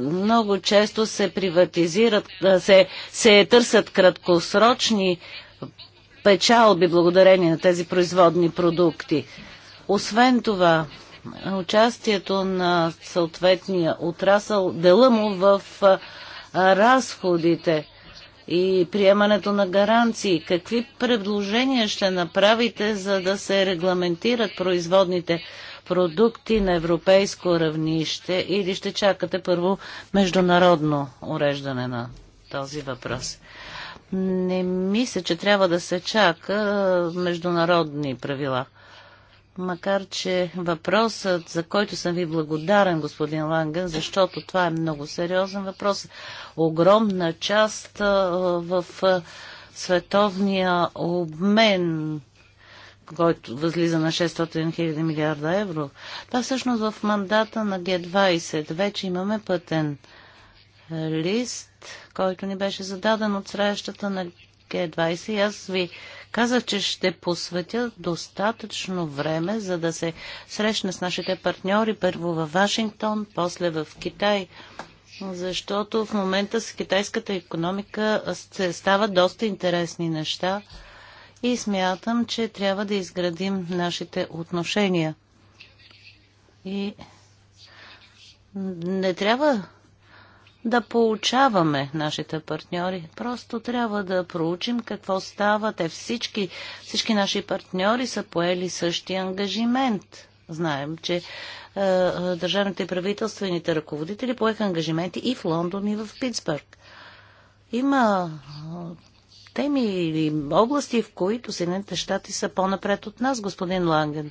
много често се приватизират, е, се, се търсят краткосрочни печалби благодарение на тези производни продукти. Освен това, участието на съответния отрасъл, дела му в разходите и приемането на гаранции. Какви предложения ще направите, за да се регламентират производните продукти на европейско равнище или ще чакате първо международно уреждане на този въпрос? Не мисля, че трябва да се чака международни правила. Макар, че въпросът, за който съм ви благодарен, господин Ланген, защото това е много сериозен въпрос, огромна част в световния обмен, който възлиза на 600 000 милиарда евро. Това всъщност в мандата на Г20 вече имаме пътен лист, който ни беше зададен от срещата на Г20. И аз ви Казах, че ще посветя достатъчно време, за да се срещна с нашите партньори, първо във Вашингтон, после в Китай, защото в момента с китайската економика се става доста интересни неща и смятам, че трябва да изградим нашите отношения. И не трябва да получаваме нашите партньори. Просто трябва да проучим какво става. Те всички, всички наши партньори са поели същия ангажимент. Знаем, че е, е, държавните правителствените ръководители поеха ангажименти и в Лондон, и в Питсбърг. Има е, теми или области, в които Съединените щати са по-напред от нас, господин Ланген.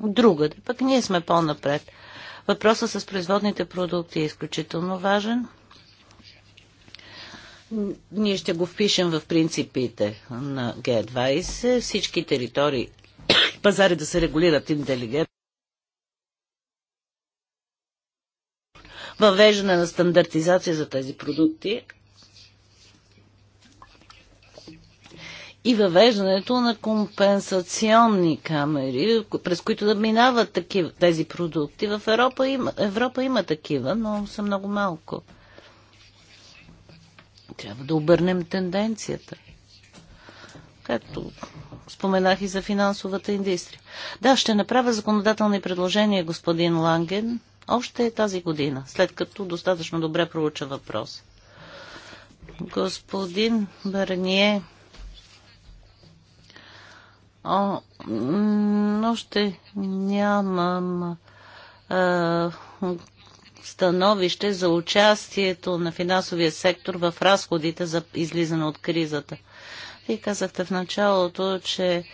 Другаде, пък ние сме по-напред. Въпросът с производните продукти е изключително важен. Ние ще го впишем в принципите на Г20. Всички територии, пазари да се регулират интелигентно. Въвеждане на стандартизация за тези продукти и въвеждането на компенсационни камери, през които да минават такива, тези продукти. В Европа има, Европа има такива, но са много малко. Трябва да обърнем тенденцията. Както споменах и за финансовата индустрия. Да, ще направя законодателни предложения, господин Ланген, още е тази година, след като достатъчно добре проуча въпрос. Господин Бърние, но още нямам а, становище за участието на финансовия сектор в разходите за излизане от кризата. Вие казахте в началото, че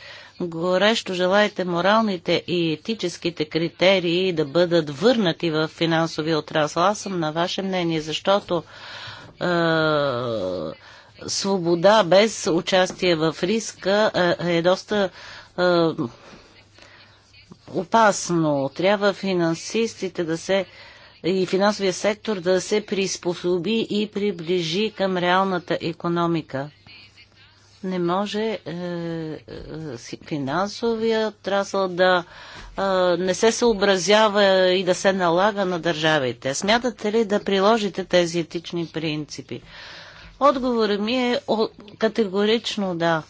горещо желаете моралните и етическите критерии да бъдат върнати в финансовия отрасъл. Аз съм на ваше мнение, защото а, свобода без участие в риска е, е доста е, опасно. Трябва финансистите да се и финансовия сектор да се приспособи и приближи към реалната економика. Не може е, е, финансовия трасъл да е, не се съобразява и да се налага на държавите. Смятате ли да приложите тези етични принципи? Е, Отговорът ми е категорично да.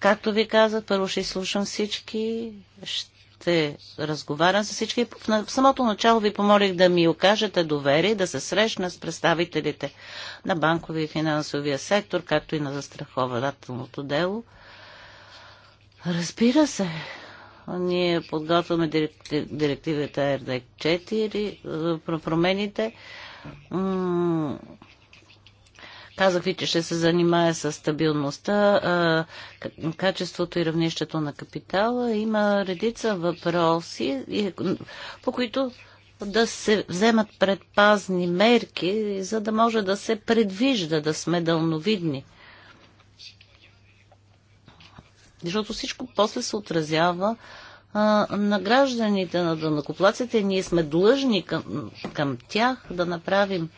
Както ви казах, първо ще изслушам всички, ще разговарям с всички. В самото начало ви помолих да ми окажете доверие, да се срещна с представителите на банковия и финансовия сектор, както и на застрахователното дело. Разбира се, ние подготвяме директивата РД 4, промените. Казах ви, че ще се занимая с стабилността, качеството и равнището на капитала. Има редица въпроси, по които да се вземат предпазни мерки, за да може да се предвижда, да сме дълновидни. Защото всичко после се отразява на гражданите, на дълнокоплаците. Ние сме длъжни към, към тях да направим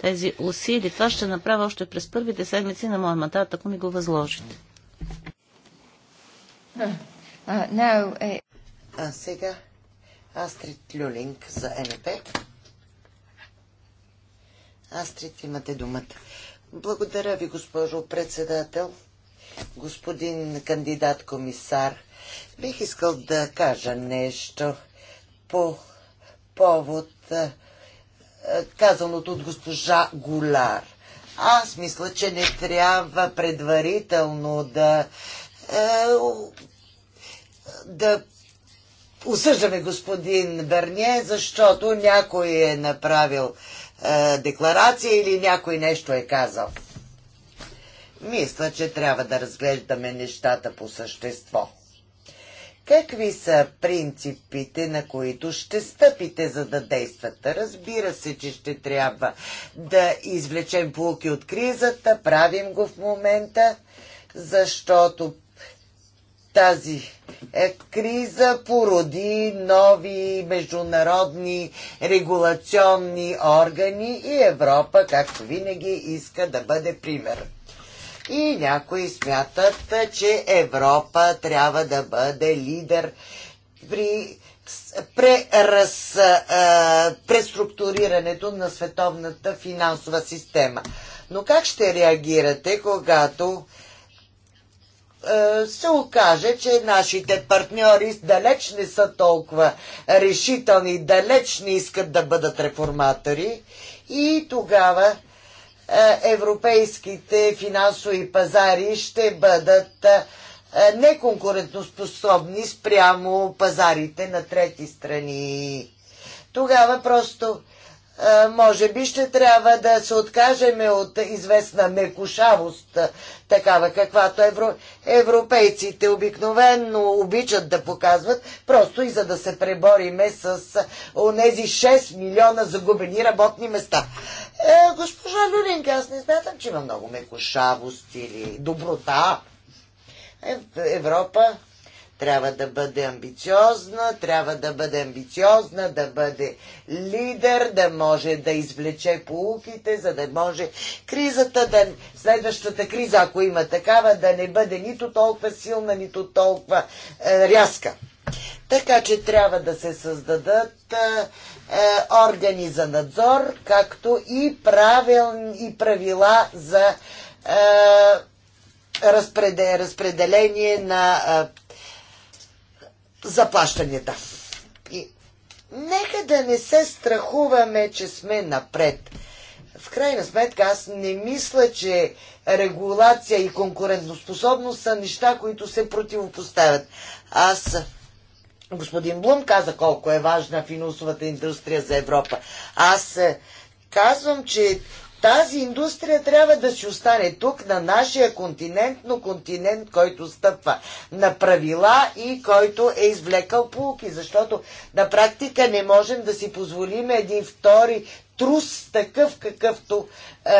тези усилия. Това ще направя още през първите седмици на моя мандат, ако ми го възложите. А, е- а сега Астрид Люлинг за НП. Астрид, имате думата. Благодаря ви, госпожо председател, господин кандидат комисар. Бих искал да кажа нещо по повод казаното от госпожа Голяр. Аз мисля, че не трябва предварително да е, да осъждаме господин Берне, защото някой е направил е, декларация или някой нещо е казал. Мисля, че трябва да разглеждаме нещата по същество. Какви са принципите, на които ще стъпите, за да действате? Разбира се, че ще трябва да извлечем полуки от кризата, правим го в момента, защото тази е, криза породи нови международни регулационни органи и Европа, както винаги, иска да бъде пример. И някои смятат, че Европа трябва да бъде лидер при прераз, а, преструктурирането на световната финансова система. Но как ще реагирате, когато се окаже, че нашите партньори далеч не са толкова решителни, далеч не искат да бъдат реформатори и тогава е, европейските финансови пазари ще бъдат е, неконкурентоспособни спрямо пазарите на трети страни. Тогава просто е, може би ще трябва да се откажеме от известна мекушавост, такава каквато евро... европейците обикновенно обичат да показват, просто и за да се пребориме с онези 6 милиона загубени работни места. Е, госпожа Люлинг, аз не смятам, че има много мекошавост или доброта. Е, Европа трябва да бъде амбициозна, трябва да бъде амбициозна, да бъде лидер, да може да извлече полуките, за да може кризата, да, следващата криза, ако има такава, да не бъде нито толкова силна, нито толкова е, рязка. Така че трябва да се създадат е, е, органи за надзор, както и, правил, и правила за е, разпреде, разпределение на е, заплащанията. И, нека да не се страхуваме, че сме напред. В крайна сметка аз не мисля, че регулация и конкурентоспособност са неща, които се противопоставят. Аз Господин Блум каза колко е важна финансовата индустрия за Европа. Аз е, казвам, че тази индустрия трябва да си остане тук, на нашия континент, но континент, който стъпва на правила и който е извлекал полки, защото на практика не можем да си позволим един втори трус, такъв какъвто, е,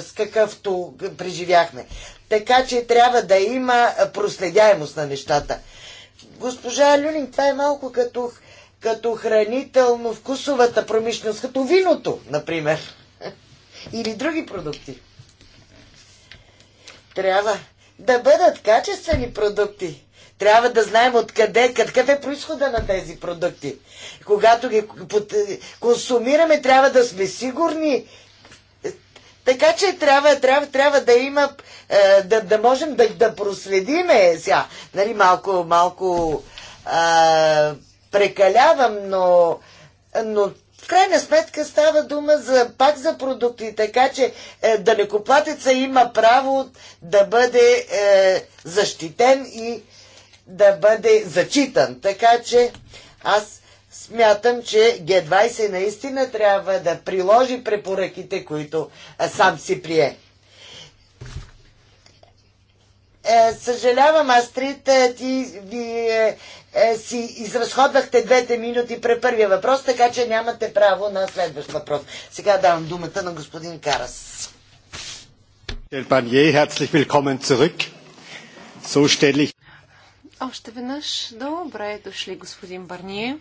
с какъвто преживяхме. Така че трябва да има проследяемост на нещата госпожа Люлин, това е малко като, като хранително вкусовата промишленост, като виното, например. Или други продукти. Трябва да бъдат качествени продукти. Трябва да знаем откъде, какъв е происхода на тези продукти. Когато ги консумираме, трябва да сме сигурни, така че трябва, трябва, трябва да има, е, да, да можем да, да проследиме сега. Нали, малко, малко е, прекалявам, но, но в крайна сметка става дума за, пак за продукти, така че е, далекоплатеца има право да бъде е, защитен и да бъде зачитан. Така че аз смятам, че Г20 наистина трябва да приложи препоръките, които сам си прие. Е, съжалявам, Астрид, е, ти ви, е, си изразходвахте двете минути при първия въпрос, така че нямате право на следващ въпрос. Сега давам думата на господин Карас. Още веднъж добре дошли, господин Барние.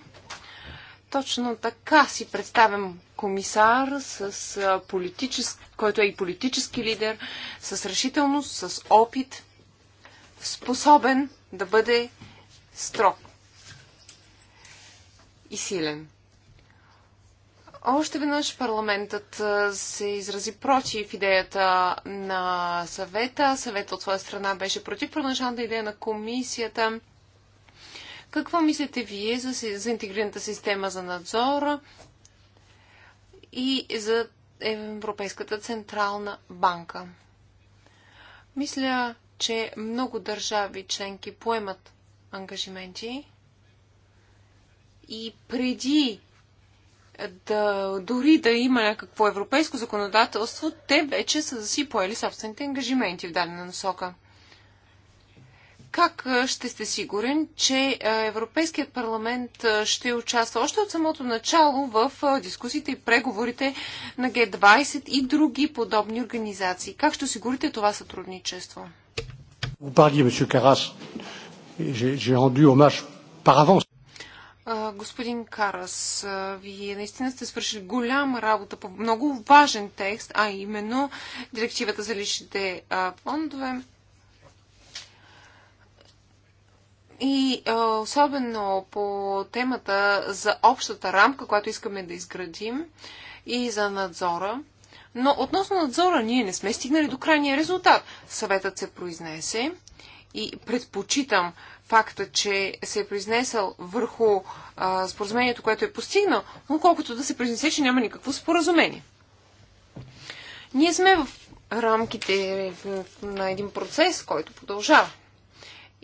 Точно така си представям комисар, с политически, който е и политически лидер, с решителност, с опит, способен да бъде строг и силен. Още веднъж парламентът се изрази против идеята на съвета. Съвета от своя страна беше против първоначалната идея на комисията. Какво мислите вие за, за интегрираната система за надзора и за Европейската централна банка? Мисля, че много държави членки поемат ангажименти и преди да, дори да има някакво европейско законодателство, те вече са си поели собствените ангажименти в дадена насока как ще сте сигурен, че Европейският парламент ще участва още от самото начало в дискусиите и преговорите на Г-20 и други подобни организации? Как ще осигурите това сътрудничество? Господин Карас, вие наистина сте свършили голяма работа по много важен текст, а именно директивата за личните фондове И а, особено по темата за общата рамка, която искаме да изградим и за надзора. Но относно надзора ние не сме стигнали до крайния резултат. Съветът се произнесе и предпочитам факта, че се е произнесъл върху а, споразумението, което е постигнал, но колкото да се произнесе, че няма никакво споразумение. Ние сме в рамките на един процес, който продължава.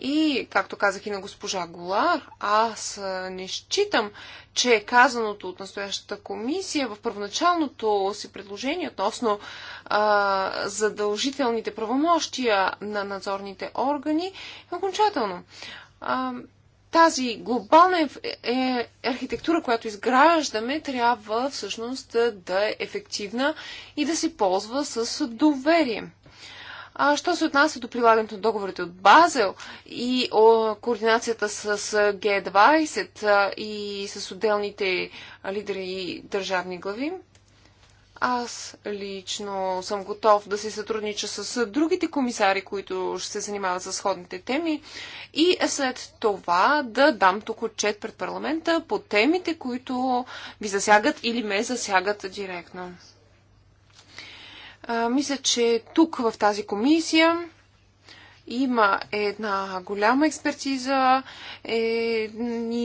И, както казах и на госпожа Голар, аз не считам, че е казаното от настоящата комисия в първоначалното си предложение относно а, задължителните правомощия на надзорните органи е окончателно. А, тази глобална е, е, архитектура, която изграждаме, трябва всъщност да е ефективна и да се ползва с доверие. А що се отнася до прилагането на договорите от Базел и о, координацията с, Г20 а, и с отделните лидери и държавни глави, аз лично съм готов да се сътруднича с другите комисари, които ще се занимават с сходните теми и е след това да дам тук отчет пред парламента по темите, които ви засягат или ме засягат директно. А, мисля, че тук в тази комисия има една голяма експертиза и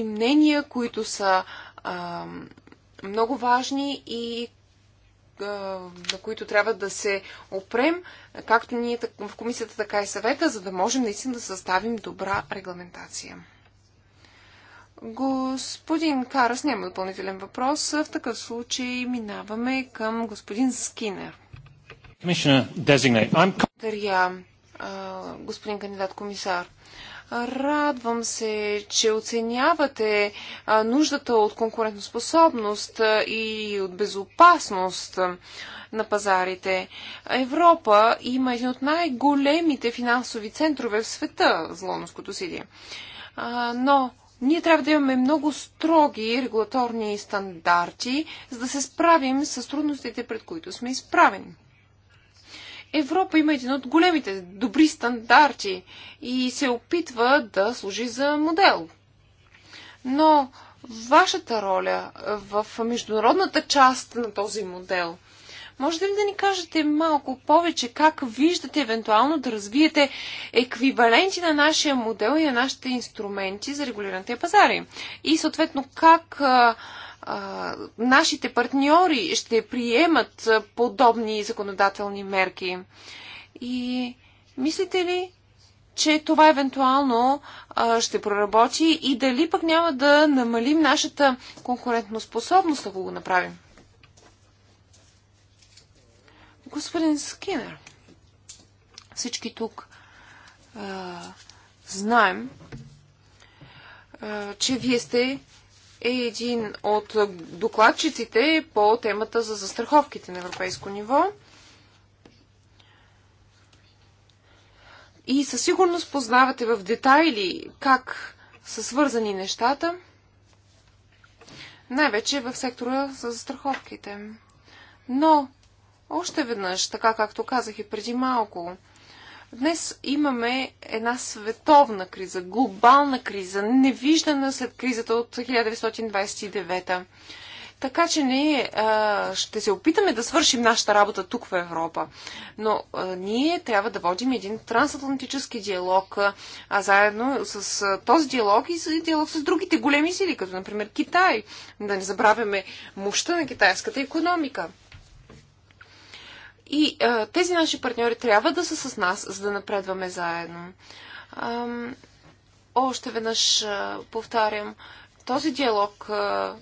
мнения, които са а, много важни и а, на които трябва да се опрем, както ние в комисията, така и съвета, за да можем наистина да съставим добра регламентация. Господин Карас няма допълнителен въпрос. В такъв случай минаваме към господин Скинер. Благодаря, господин кандидат комисар. Радвам се, че оценявате нуждата от конкурентоспособност и от безопасност на пазарите. Европа има един от най-големите финансови центрове в света злоноското лондонското сидие. Но ние трябва да имаме много строги регулаторни стандарти, за да се справим с трудностите, пред които сме изправени. Европа има един от големите добри стандарти и се опитва да служи за модел. Но вашата роля в международната част на този модел, можете ли да ни кажете малко повече как виждате евентуално да развиете еквиваленти на нашия модел и на нашите инструменти за регулираните пазари? И съответно как а, нашите партньори ще приемат подобни законодателни мерки. И мислите ли, че това евентуално а, ще проработи и дали пък няма да намалим нашата конкурентоспособност, ако го направим? Господин Скинер, всички тук а, знаем, а, че вие сте е един от докладчиците по темата за застраховките на европейско ниво. И със сигурност познавате в детайли как са свързани нещата, най-вече в сектора за застраховките. Но, още веднъж, така както казах и преди малко, Днес имаме една световна криза, глобална криза, невиждана след кризата от 1929. Така че ние а, ще се опитаме да свършим нашата работа тук в Европа. Но а, ние трябва да водим един трансатлантически диалог, а заедно с а, този диалог и с, диалог с другите големи сили, като например Китай. Да не забравяме мощта на китайската економика. И а, тези наши партньори трябва да са с нас, за да напредваме заедно. А, още веднъж а, повтарям, този диалог а,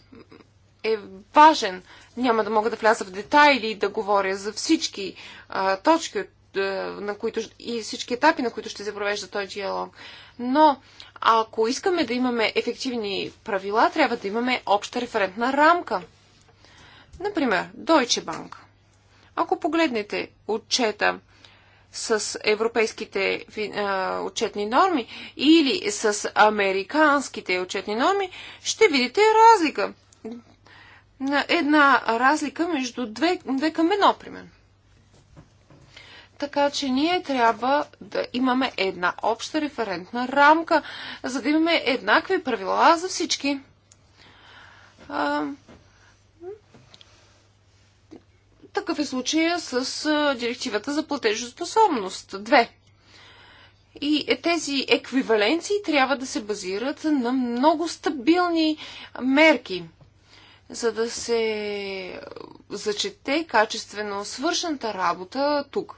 е важен. Няма да мога да вляза в детайли и да говоря за всички а, точки а, на които, и всички етапи, на които ще се провежда този диалог. Но ако искаме да имаме ефективни правила, трябва да имаме обща референтна рамка. Например, Deutsche Bank – ако погледнете отчета с европейските а, отчетни норми или с американските отчетни норми, ще видите разлика. Една разлика между две, две към едно, примерно. Така че ние трябва да имаме една обща референтна рамка, за да имаме еднакви правила за всички. Такъв е случая с директивата за платежоспособност 2. И е, тези еквиваленции трябва да се базират на много стабилни мерки, за да се зачете качествено свършената работа тук.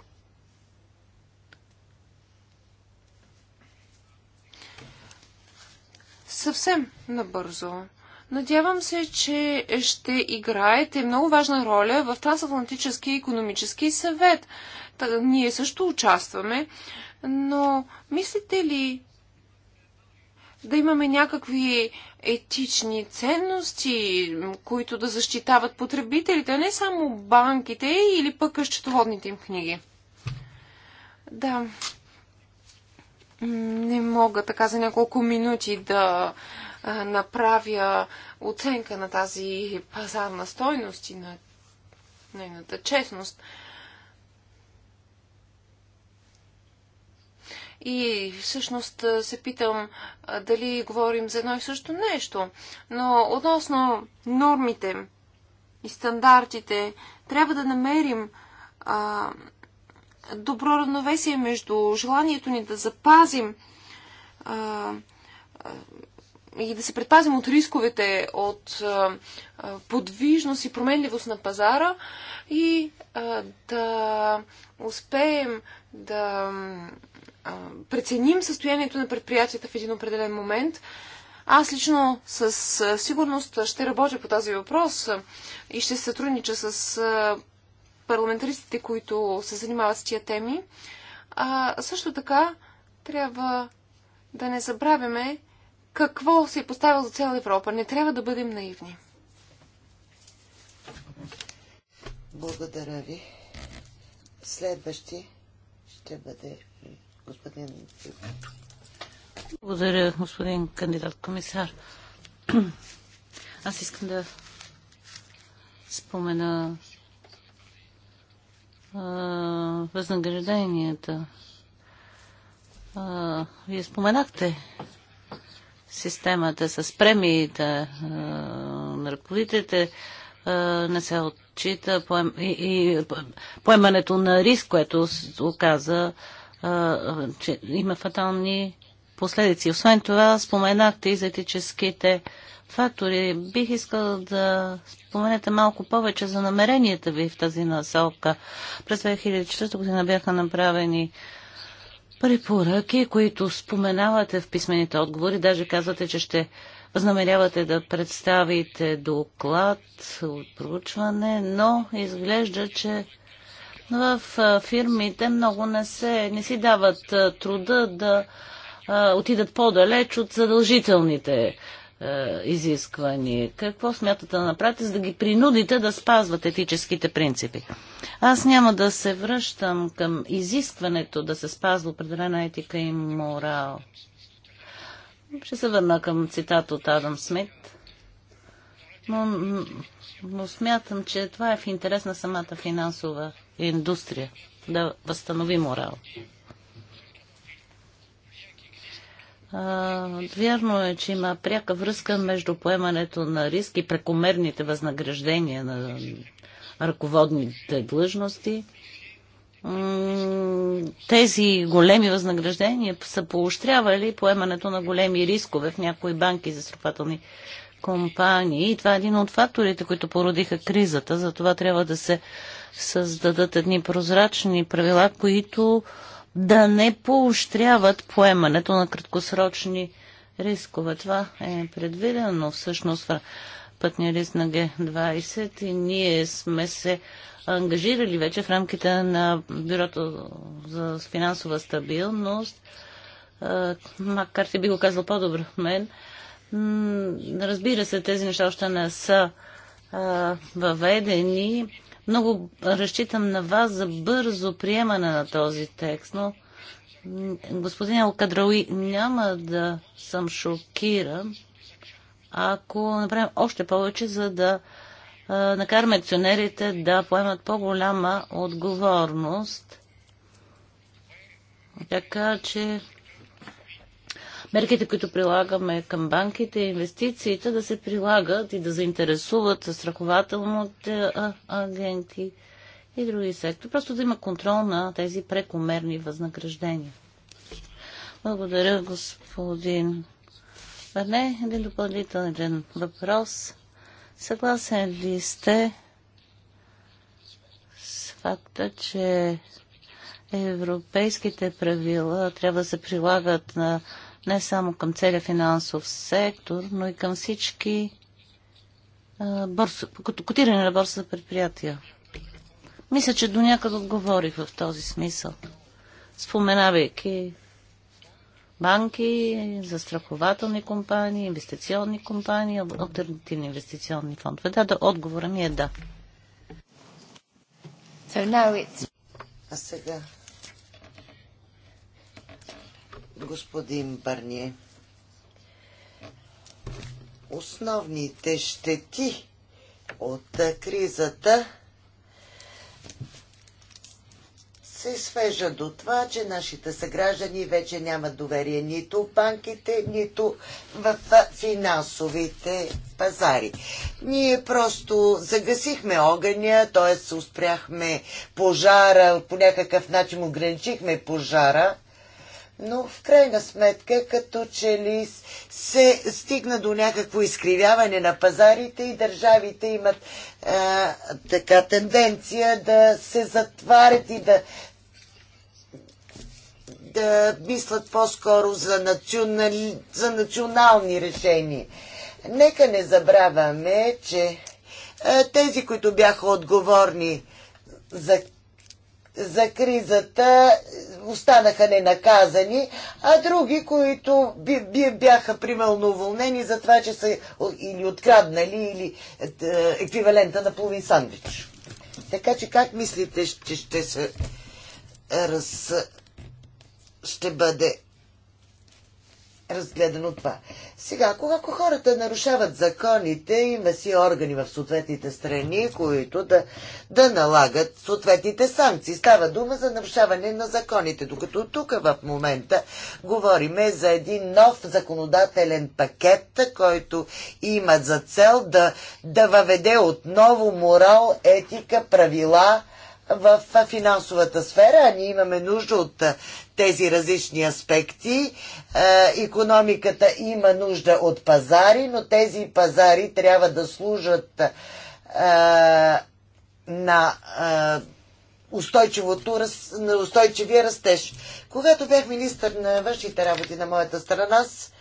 Съвсем набързо Надявам се, че ще играете много важна роля в Трансатлантически економически съвет. Та, ние също участваме, но мислите ли да имаме някакви етични ценности, които да защитават потребителите, а не само банките или пък счетоводните им книги? Да. Не мога така за няколко минути да направя оценка на тази пазарна стойност и на нейната честност. И всъщност се питам дали говорим за едно и също нещо. Но относно нормите и стандартите, трябва да намерим а, добро равновесие между желанието ни да запазим а, а, и да се предпазим от рисковете, от подвижност и променливост на пазара и да успеем да преценим състоянието на предприятията в един определен момент. Аз лично с сигурност ще работя по тази въпрос и ще се сътруднича с парламентаристите, които се занимават с тия теми. А, също така трябва да не забравяме, какво се е поставил за цяла Европа. Не трябва да бъдем наивни. Благодаря ви. Следващи ще бъде господин. Благодаря, господин кандидат комисар. Аз искам да спомена възнагражденията. вие споменахте системата с премиите на ръководителите не се отчита поем, и, и поемането на риск, което оказа, че има фатални последици. Освен това, споменахте и за етическите фактори. Бих искал да споменете малко повече за намеренията ви в тази насока. През 2004 година бяха направени препоръки, които споменавате в писмените отговори. Даже казвате, че ще възнамерявате да представите доклад от проучване, но изглежда, че в фирмите много не, се, не си дават труда да отидат по-далеч от задължителните е, изисквания. Какво смятате да направите, за да ги принудите да спазват етическите принципи? Аз няма да се връщам към изискването да се спазва определена етика и морал. Ще се върна към цитат от Адам Смит. Но, но смятам, че това е в интерес на самата финансова индустрия. Да възстанови морал. вярно е, че има пряка връзка между поемането на риск и прекомерните възнаграждения на ръководните длъжности. Тези големи възнаграждения са поощрявали поемането на големи рискове в някои банки за застрахователни компании. И това е един от факторите, които породиха кризата. Затова трябва да се създадат едни прозрачни правила, които да не поощряват поемането на краткосрочни рискове. Това е предвидено всъщност в пътния риск на Г20 и ние сме се ангажирали вече в рамките на Бюрото за финансова стабилност, макар ти би го казал по добро от мен, разбира се, тези неща още не са въведени много разчитам на вас за бързо приемане на този текст, но господин Алкадрауи, няма да съм шокиран, ако направим още повече, за да а, накараме акционерите да поемат по-голяма отговорност. Така че мерките, които прилагаме към банките, инвестициите да се прилагат и да заинтересуват страхователните агенти и други сектори. Просто да има контрол на тези прекомерни възнаграждения. Благодаря, господин. А не, един допълнителен въпрос. Съгласен ли сте с факта, че европейските правила трябва да се прилагат на не само към целия финансов сектор, но и към всички котирани котиране на борса за предприятия. Мисля, че до някъде отговорих в този смисъл, споменавайки банки, застрахователни компании, инвестиционни компании, альтернативни инвестиционни фондове. Да, да, отговора ми е да. So now it's... А сега господин Барние. Основните щети от кризата се свежа до това, че нашите съграждани вече нямат доверие нито в банките, нито в финансовите пазари. Ние просто загасихме огъня, т.е. успряхме пожара, по някакъв начин ограничихме пожара, но в крайна сметка като че ли се стигна до някакво изкривяване на пазарите и държавите имат а, така тенденция да се затварят и да да мислят по-скоро за, национали, за национални решения. Нека не забравяме, че а, тези, които бяха отговорни за за кризата останаха ненаказани, а други, които бяха примерно уволнени за това, че са или откраднали, или е, еквивалента на половин сандвич. Така че как мислите, че ще се раз... ще бъде разгледано това. Сега, когато хората нарушават законите, има си органи в съответните страни, които да, да налагат съответните санкции. Става дума за нарушаване на законите, докато тук в момента говориме за един нов законодателен пакет, който има за цел да, да въведе отново морал, етика, правила, в финансовата сфера, а ние имаме нужда от тези различни аспекти. Економиката има нужда от пазари, но тези пазари трябва да служат е, на е, устойчивото, на устойчивия растеж. Когато бях министър на външните работи на моята страна, аз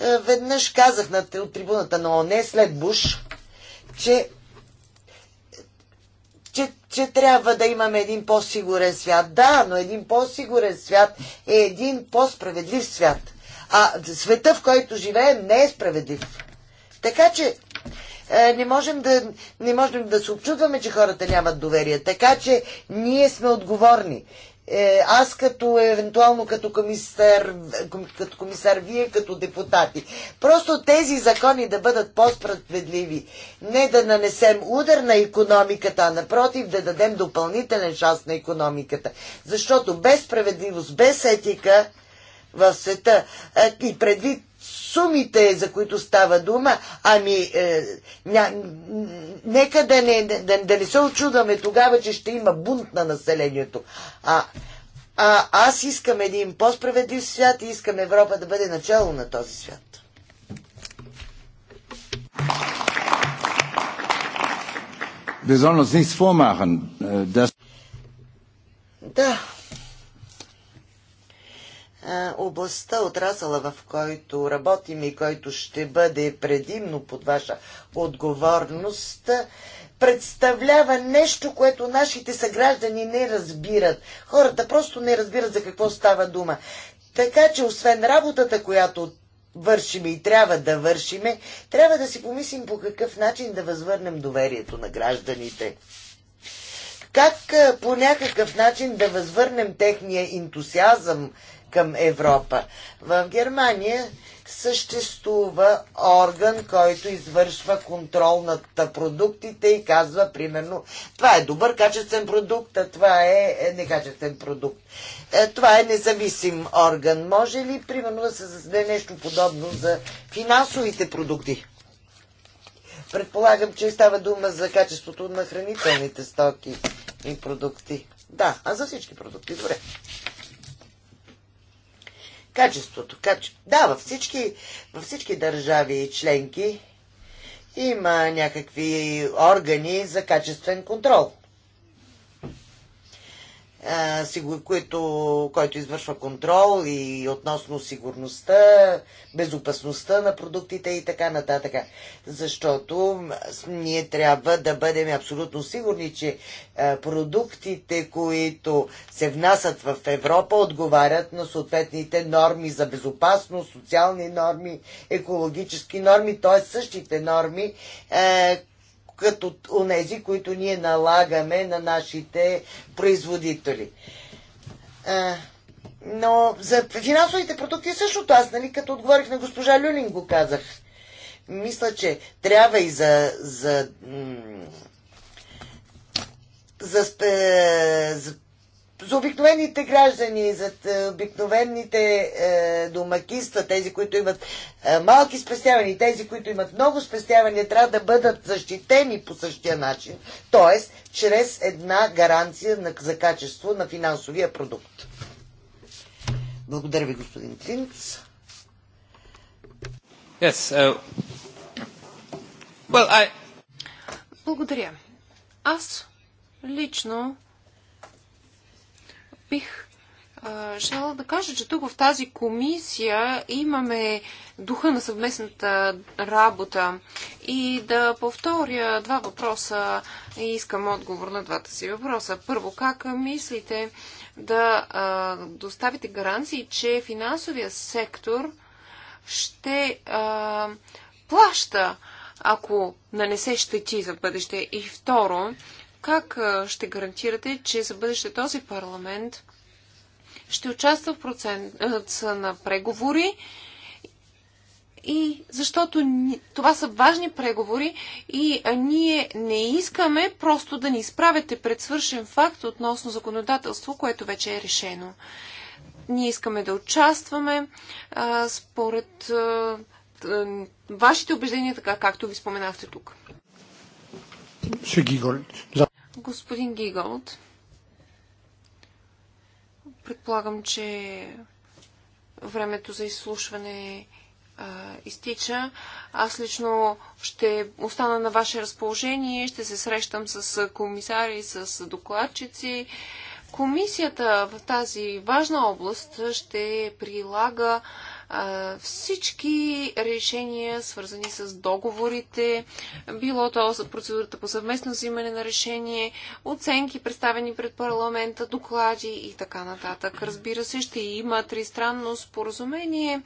е, веднъж казах на, трибуната на ОНЕ след Буш, че че, че трябва да имаме един по-сигурен свят. Да, но един по-сигурен свят е един по-справедлив свят. А света, в който живеем, не е справедлив. Така че е, не можем, да, не можем да се обчудваме, че хората нямат доверие. Така че ние сме отговорни е, аз като евентуално като комисар, като комисар, вие като депутати. Просто тези закони да бъдат по-справедливи. Не да нанесем удар на економиката, а напротив да дадем допълнителен шанс на економиката. Защото без справедливост, без етика, в света. И предвид сумите, за които става дума, ами, е, ня, нека да не, да, да не се очудваме тогава, че ще има бунт на населението. А, а аз искам един по-справедлив свят и искам Европа да бъде начало на този свят. Äh, да областта, отрасъла, в който работим и който ще бъде предимно под ваша отговорност, представлява нещо, което нашите съграждани не разбират. Хората просто не разбират за какво става дума. Така че, освен работата, която вършиме и трябва да вършиме, трябва да си помислим по какъв начин да възвърнем доверието на гражданите. Как по някакъв начин да възвърнем техния ентусиазъм към Европа. В Германия съществува орган, който извършва контрол над продуктите и казва, примерно, това е добър качествен продукт, а това е, е некачествен продукт. Е, това е независим орган. Може ли, примерно, да се създаде нещо подобно за финансовите продукти? Предполагам, че става дума за качеството на хранителните стоки и продукти. Да, а за всички продукти, добре качеството. Каче... Да, във всички, във всички държави и членки има някакви органи за качествен контрол който, който извършва контрол и относно сигурността, безопасността на продуктите и така нататък. Защото ние трябва да бъдем абсолютно сигурни, че продуктите, които се внасят в Европа, отговарят на съответните норми за безопасност, социални норми, екологически норми, т.е. същите норми, като онези, които ние налагаме на нашите производители. А, но за финансовите продукти е същото. Аз, нали, като отговорих на госпожа Люлин, го казах. Мисля, че трябва и за, за, за, е, за, за за обикновените граждани, за е, обикновените е, домакинства, тези, които имат е, малки спестявания, тези, които имат много спестявания, трябва да бъдат защитени по същия начин, т.е. чрез една гаранция на, за качество на финансовия продукт. Благодаря ви, господин Клинц. Yes, uh... well, I... Благодаря. Аз лично бих желала да кажа, че тук в тази комисия имаме духа на съвместната работа и да повторя два въпроса и искам отговор на двата си въпроса. Първо, как мислите да а, доставите гаранции, че финансовия сектор ще а, плаща, ако нанесе щети за бъдеще? И второ, как ще гарантирате, че за бъдеще този парламент ще участва в процеса на преговори и защото това са важни преговори и ние не искаме просто да ни изправяте пред свършен факт относно законодателство, което вече е решено. Ние искаме да участваме а, според а, вашите убеждения, така както ви споменахте тук. Господин Гигалт, предполагам, че времето за изслушване а, изтича. Аз лично ще остана на ваше разположение, ще се срещам с комисари, с докладчици. Комисията в тази важна област ще прилага всички решения, свързани с договорите, било то за процедурата по съвместно взимане на решение, оценки, представени пред парламента, доклади и така нататък. Разбира се, ще има тристранно споразумение.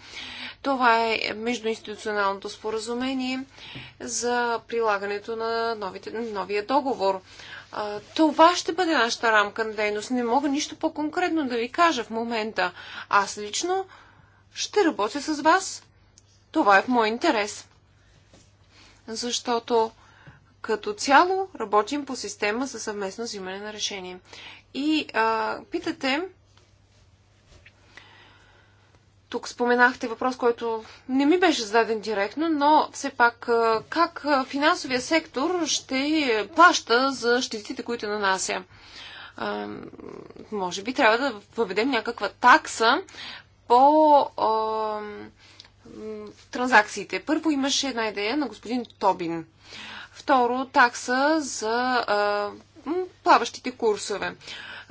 Това е междуинституционалното споразумение за прилагането на новите, новия договор. Това ще бъде нашата рамка на дейност. Не мога нищо по-конкретно да ви кажа в момента. Аз лично ще работя с вас. Това е в мой интерес. Защото като цяло работим по система за съвместно взимане на решение. И а, питате, тук споменахте въпрос, който не ми беше зададен директно, но все пак как финансовия сектор ще плаща за щетите, които нанася? може би трябва да въведем някаква такса по а, транзакциите. Първо имаше една идея на господин Тобин. Второ, такса за а, плаващите курсове.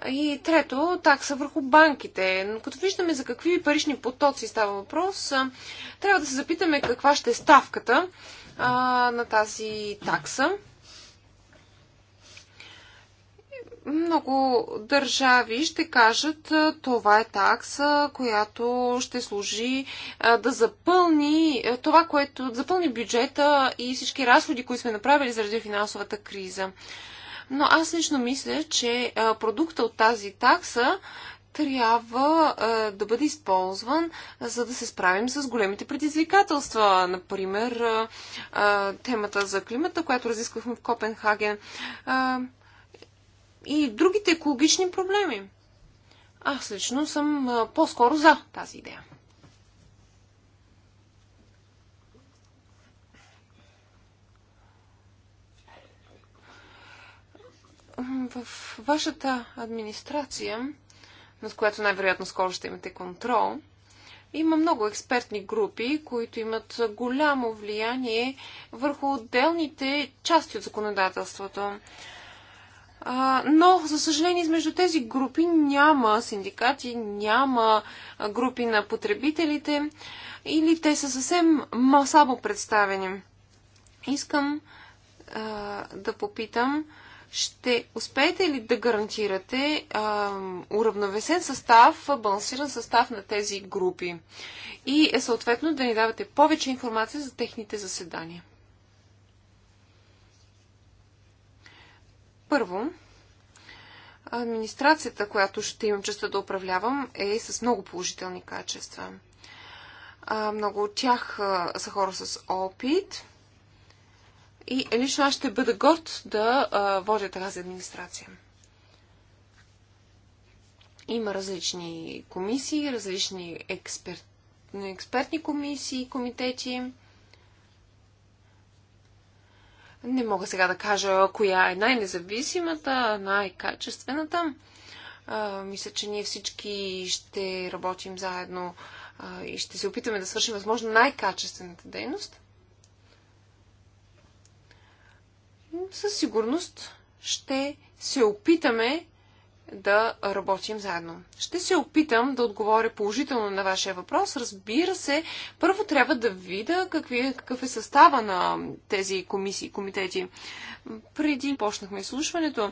И трето, такса върху банките. Но като виждаме за какви парични потоци става въпрос, трябва да се запитаме каква ще е ставката а, на тази такса. много държави ще кажат, това е такса, която ще служи да запълни това, което запълни бюджета и всички разходи, които сме направили заради финансовата криза. Но аз лично мисля, че продукта от тази такса трябва да бъде използван, за да се справим с големите предизвикателства. Например, темата за климата, която разисквахме в Копенхаген и другите екологични проблеми. Аз лично съм по-скоро за тази идея. В вашата администрация, над която най-вероятно скоро ще имате контрол, има много експертни групи, които имат голямо влияние върху отделните части от законодателството но, за съжаление, измежду тези групи няма синдикати, няма групи на потребителите или те са съвсем масабо представени. Искам а, да попитам, ще успеете ли да гарантирате а, уравновесен състав, балансиран състав на тези групи и е, съответно да ни давате повече информация за техните заседания? Първо, администрацията, която ще имам честа да управлявам, е с много положителни качества. Много от тях са хора с опит и лично аз ще бъда горд да водя тази администрация. Има различни комисии, различни експерт, експертни комисии, комитети. Не мога сега да кажа коя е най-независимата, най-качествената. мисля, че ние всички ще работим заедно а, и ще се опитаме да свършим възможно най-качествената дейност. Със сигурност ще се опитаме да работим заедно. Ще се опитам да отговоря положително на вашия въпрос. Разбира се, първо трябва да видя какви, какъв е състава на тези комисии, комитети. Преди почнахме изслушването,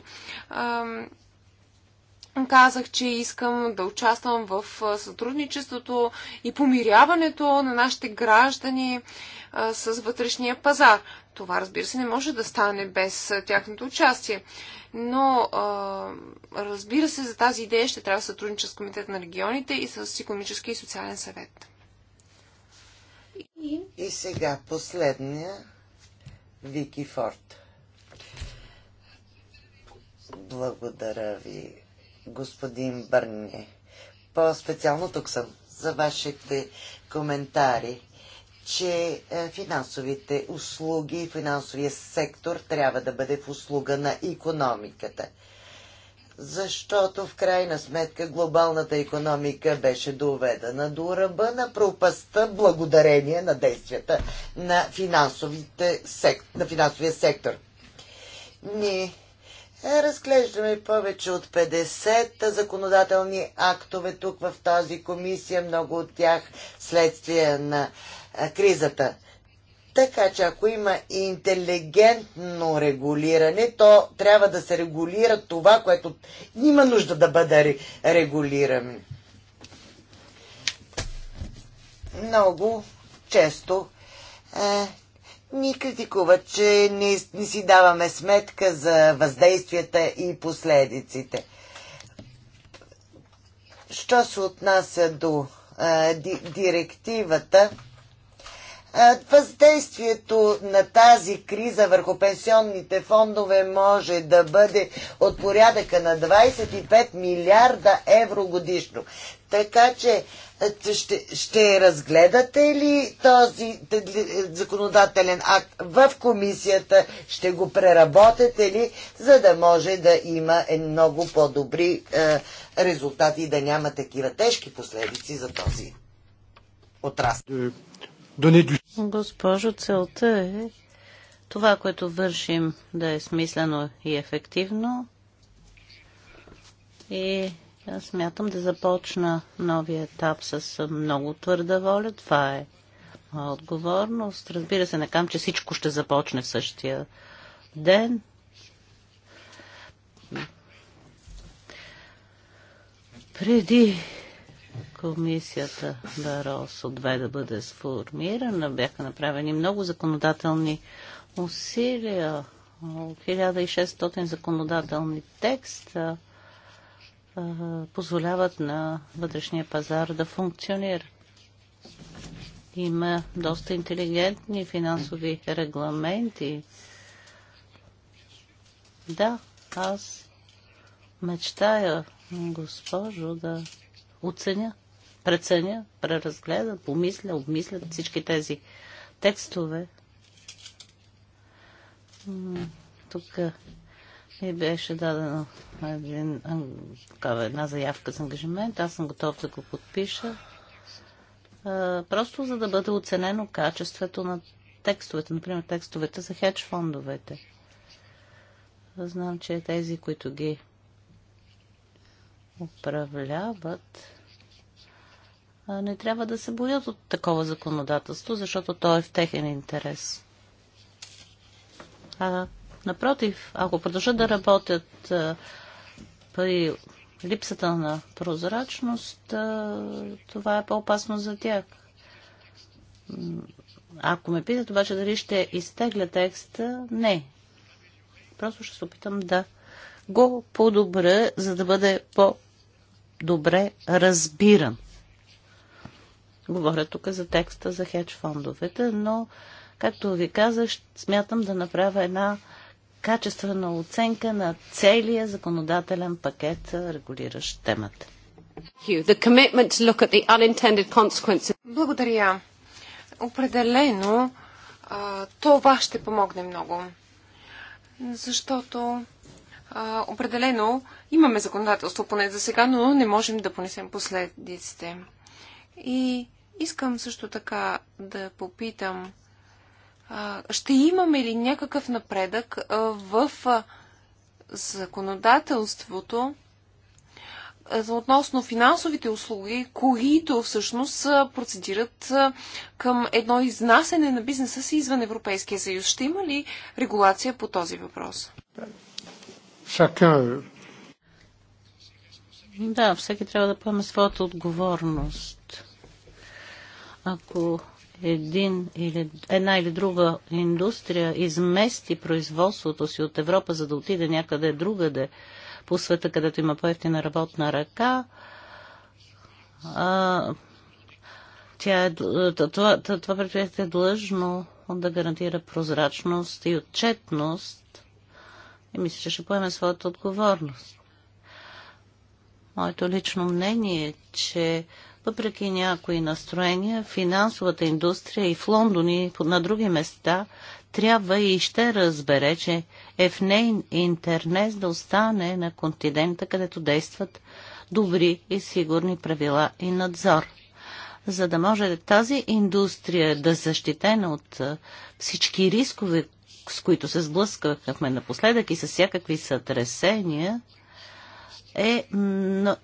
казах, че искам да участвам в сътрудничеството и помиряването на нашите граждани с вътрешния пазар. Това, разбира се, не може да стане без тяхното участие. Но, разбира се, за тази идея ще трябва сътрудничество с Комитет на регионите и с Економически и социален съвет. И, и сега последния Вики Форд. Благодаря ви, господин Бърни. По-специално тук съм за вашите коментари че е, финансовите услуги, и финансовия сектор трябва да бъде в услуга на економиката. Защото в крайна сметка глобалната економика беше доведена до ръба на пропаста благодарение на действията на, сек... на финансовия сектор. Ние разглеждаме повече от 50 законодателни актове тук в тази комисия, много от тях следствие на кризата. Така че ако има интелигентно регулиране, то трябва да се регулира това, което има нужда да бъде регулирано. Много често е, ни критикуват, че не, не си даваме сметка за въздействията и последиците. Що се отнася до е, директивата, Въздействието на тази криза върху пенсионните фондове може да бъде от порядъка на 25 милиарда евро годишно. Така че ще, ще разгледате ли този законодателен акт в комисията? Ще го преработете ли, за да може да има е много по-добри е, резултати и да няма такива тежки последици за този отрасъл? Е, Госпожо, целта е това, което вършим да е смислено и ефективно. И аз смятам да започна новия етап с много твърда воля. Това е моя отговорност. Разбира се, не че всичко ще започне в същия ден. Преди комисията Баросо 2 да бъде сформирана, бяха направени много законодателни усилия, 1600 законодателни текста позволяват на вътрешния пазар да функционира. Има доста интелигентни финансови регламенти. Да, аз мечтая, госпожо, да оценя преценя, преразгледа, помисля, обмисля всички тези текстове. Тук ми беше дадена един, такава, една заявка за ангажимент. Аз съм готов да го подпиша. просто за да бъде оценено качеството на текстовете, например текстовете за хедж фондовете. Знам, че тези, които ги управляват, не трябва да се боят от такова законодателство, защото то е в техен интерес. А, напротив, ако продължат да работят а, при липсата на прозрачност, а, това е по-опасно за тях. Ако ме питат обаче дали ще изтегля текста, не. Просто ще се опитам да го подобря, за да бъде по-добре разбиран. Говоря тук за текста за хедж фондовете, но, както ви казах, смятам да направя една качествена оценка на целия законодателен пакет, регулиращ темата. Благодаря. Определено това ще помогне много. Защото определено имаме законодателство поне за сега, но не можем да понесем последиците. И Искам също така да попитам, ще имаме ли някакъв напредък в законодателството относно финансовите услуги, които всъщност процедират към едно изнасене на бизнеса си извън Европейския съюз. Ще има ли регулация по този въпрос? Да, всеки трябва да поеме своята отговорност. Ако един или, една или друга индустрия измести производството си от Европа, за да отиде някъде другаде по света, където има по-ефтина работна ръка, а, тя е, това, това предприятие е длъжно да гарантира прозрачност и отчетност и мисля, че ще поеме своята отговорност. Моето лично мнение е, че въпреки някои настроения, финансовата индустрия и в Лондон и на други места трябва и ще разбере, че е в нейн интернет да остане на континента, където действат добри и сигурни правила и надзор. За да може тази индустрия да е защитена от всички рискове, с които се сблъскахме напоследък и с всякакви сътресения, е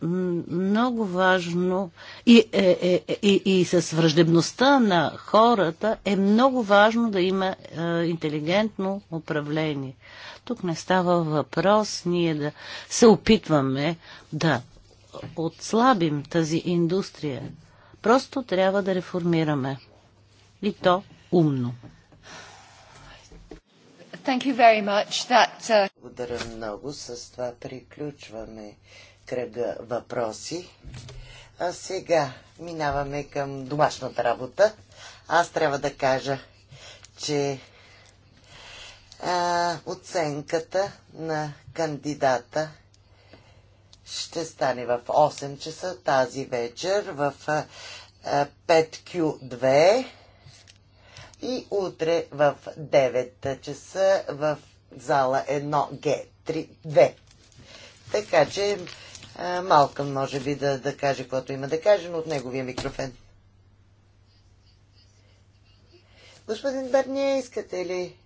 много важно и, е, е, е, и, и с враждебността на хората е много важно да има е, интелигентно управление. Тук не става въпрос ние да се опитваме да отслабим тази индустрия. Просто трябва да реформираме. И то умно. Thank you very much. That, uh... Благодаря много. С това приключваме кръга въпроси. А сега минаваме към домашната работа. Аз трябва да кажа, че а, оценката на кандидата ще стане в 8 часа тази вечер в а, 5Q2 и утре в 9 часа в зала 1G2. Така че Малкъм може би да, да каже каквото има да каже, но от неговия микрофен. Господин Барния, искате ли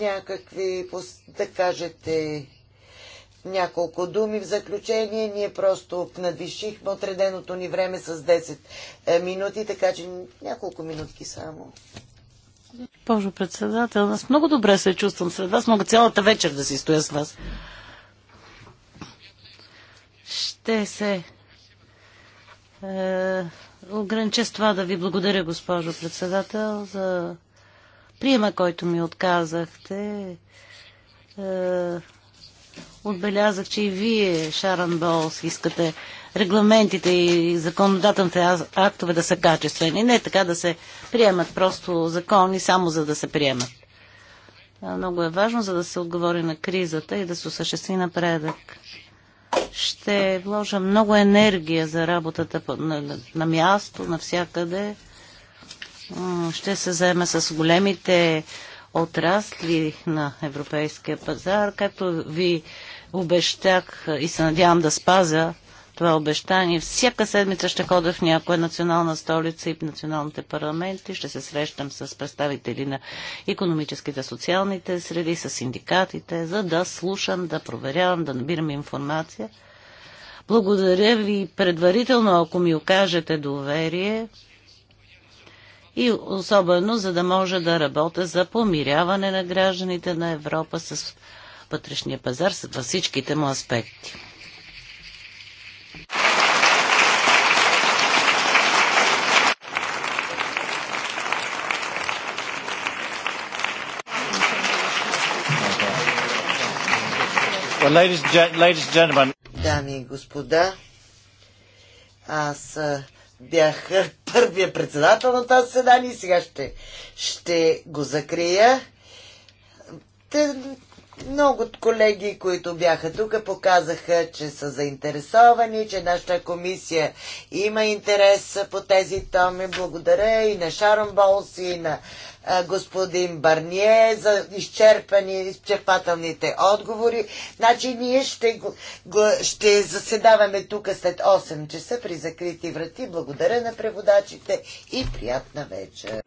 някакви да кажете няколко думи в заключение. Ние просто надвишихме отреденото ни време с 10 е, минути, така че няколко минутки само. Пожо председател, аз много добре се чувствам сред вас. Мога цялата вечер да си стоя с вас. Ще се е, огранича с това да ви благодаря, госпожо председател, за приема, който ми отказахте. Е, Отбелязах, че и вие, Шаран Болс, искате регламентите и законодателните актове да са качествени. Не така да се приемат просто закони, само за да се приемат. Много е важно, за да се отговори на кризата и да се осъществи напредък. Ще вложа много енергия за работата на, място, навсякъде. Ще се заема с големите отрасли на европейския пазар, както ви обещах и се надявам да спазя това обещание. Всяка седмица ще ходя в някоя национална столица и в националните парламенти. Ще се срещам с представители на економическите, социалните среди, с синдикатите, за да слушам, да проверявам, да набирам информация. Благодаря ви предварително, ако ми окажете доверие и особено за да може да работя за помиряване на гражданите на Европа с вътрешния пазар във всичките му аспекти. Дами и господа, аз бях първия председател на тази седание и сега ще, ще го закрия. Те, много от колеги, които бяха тук, показаха, че са заинтересовани, че нашата комисия има интерес по тези томи. Благодаря и на Шарон Болс, и на господин Барние за изчерпани, изчерпателните отговори. Значи ние ще, ще заседаваме тук след 8 часа при закрити врати. Благодаря на преводачите и приятна вечер.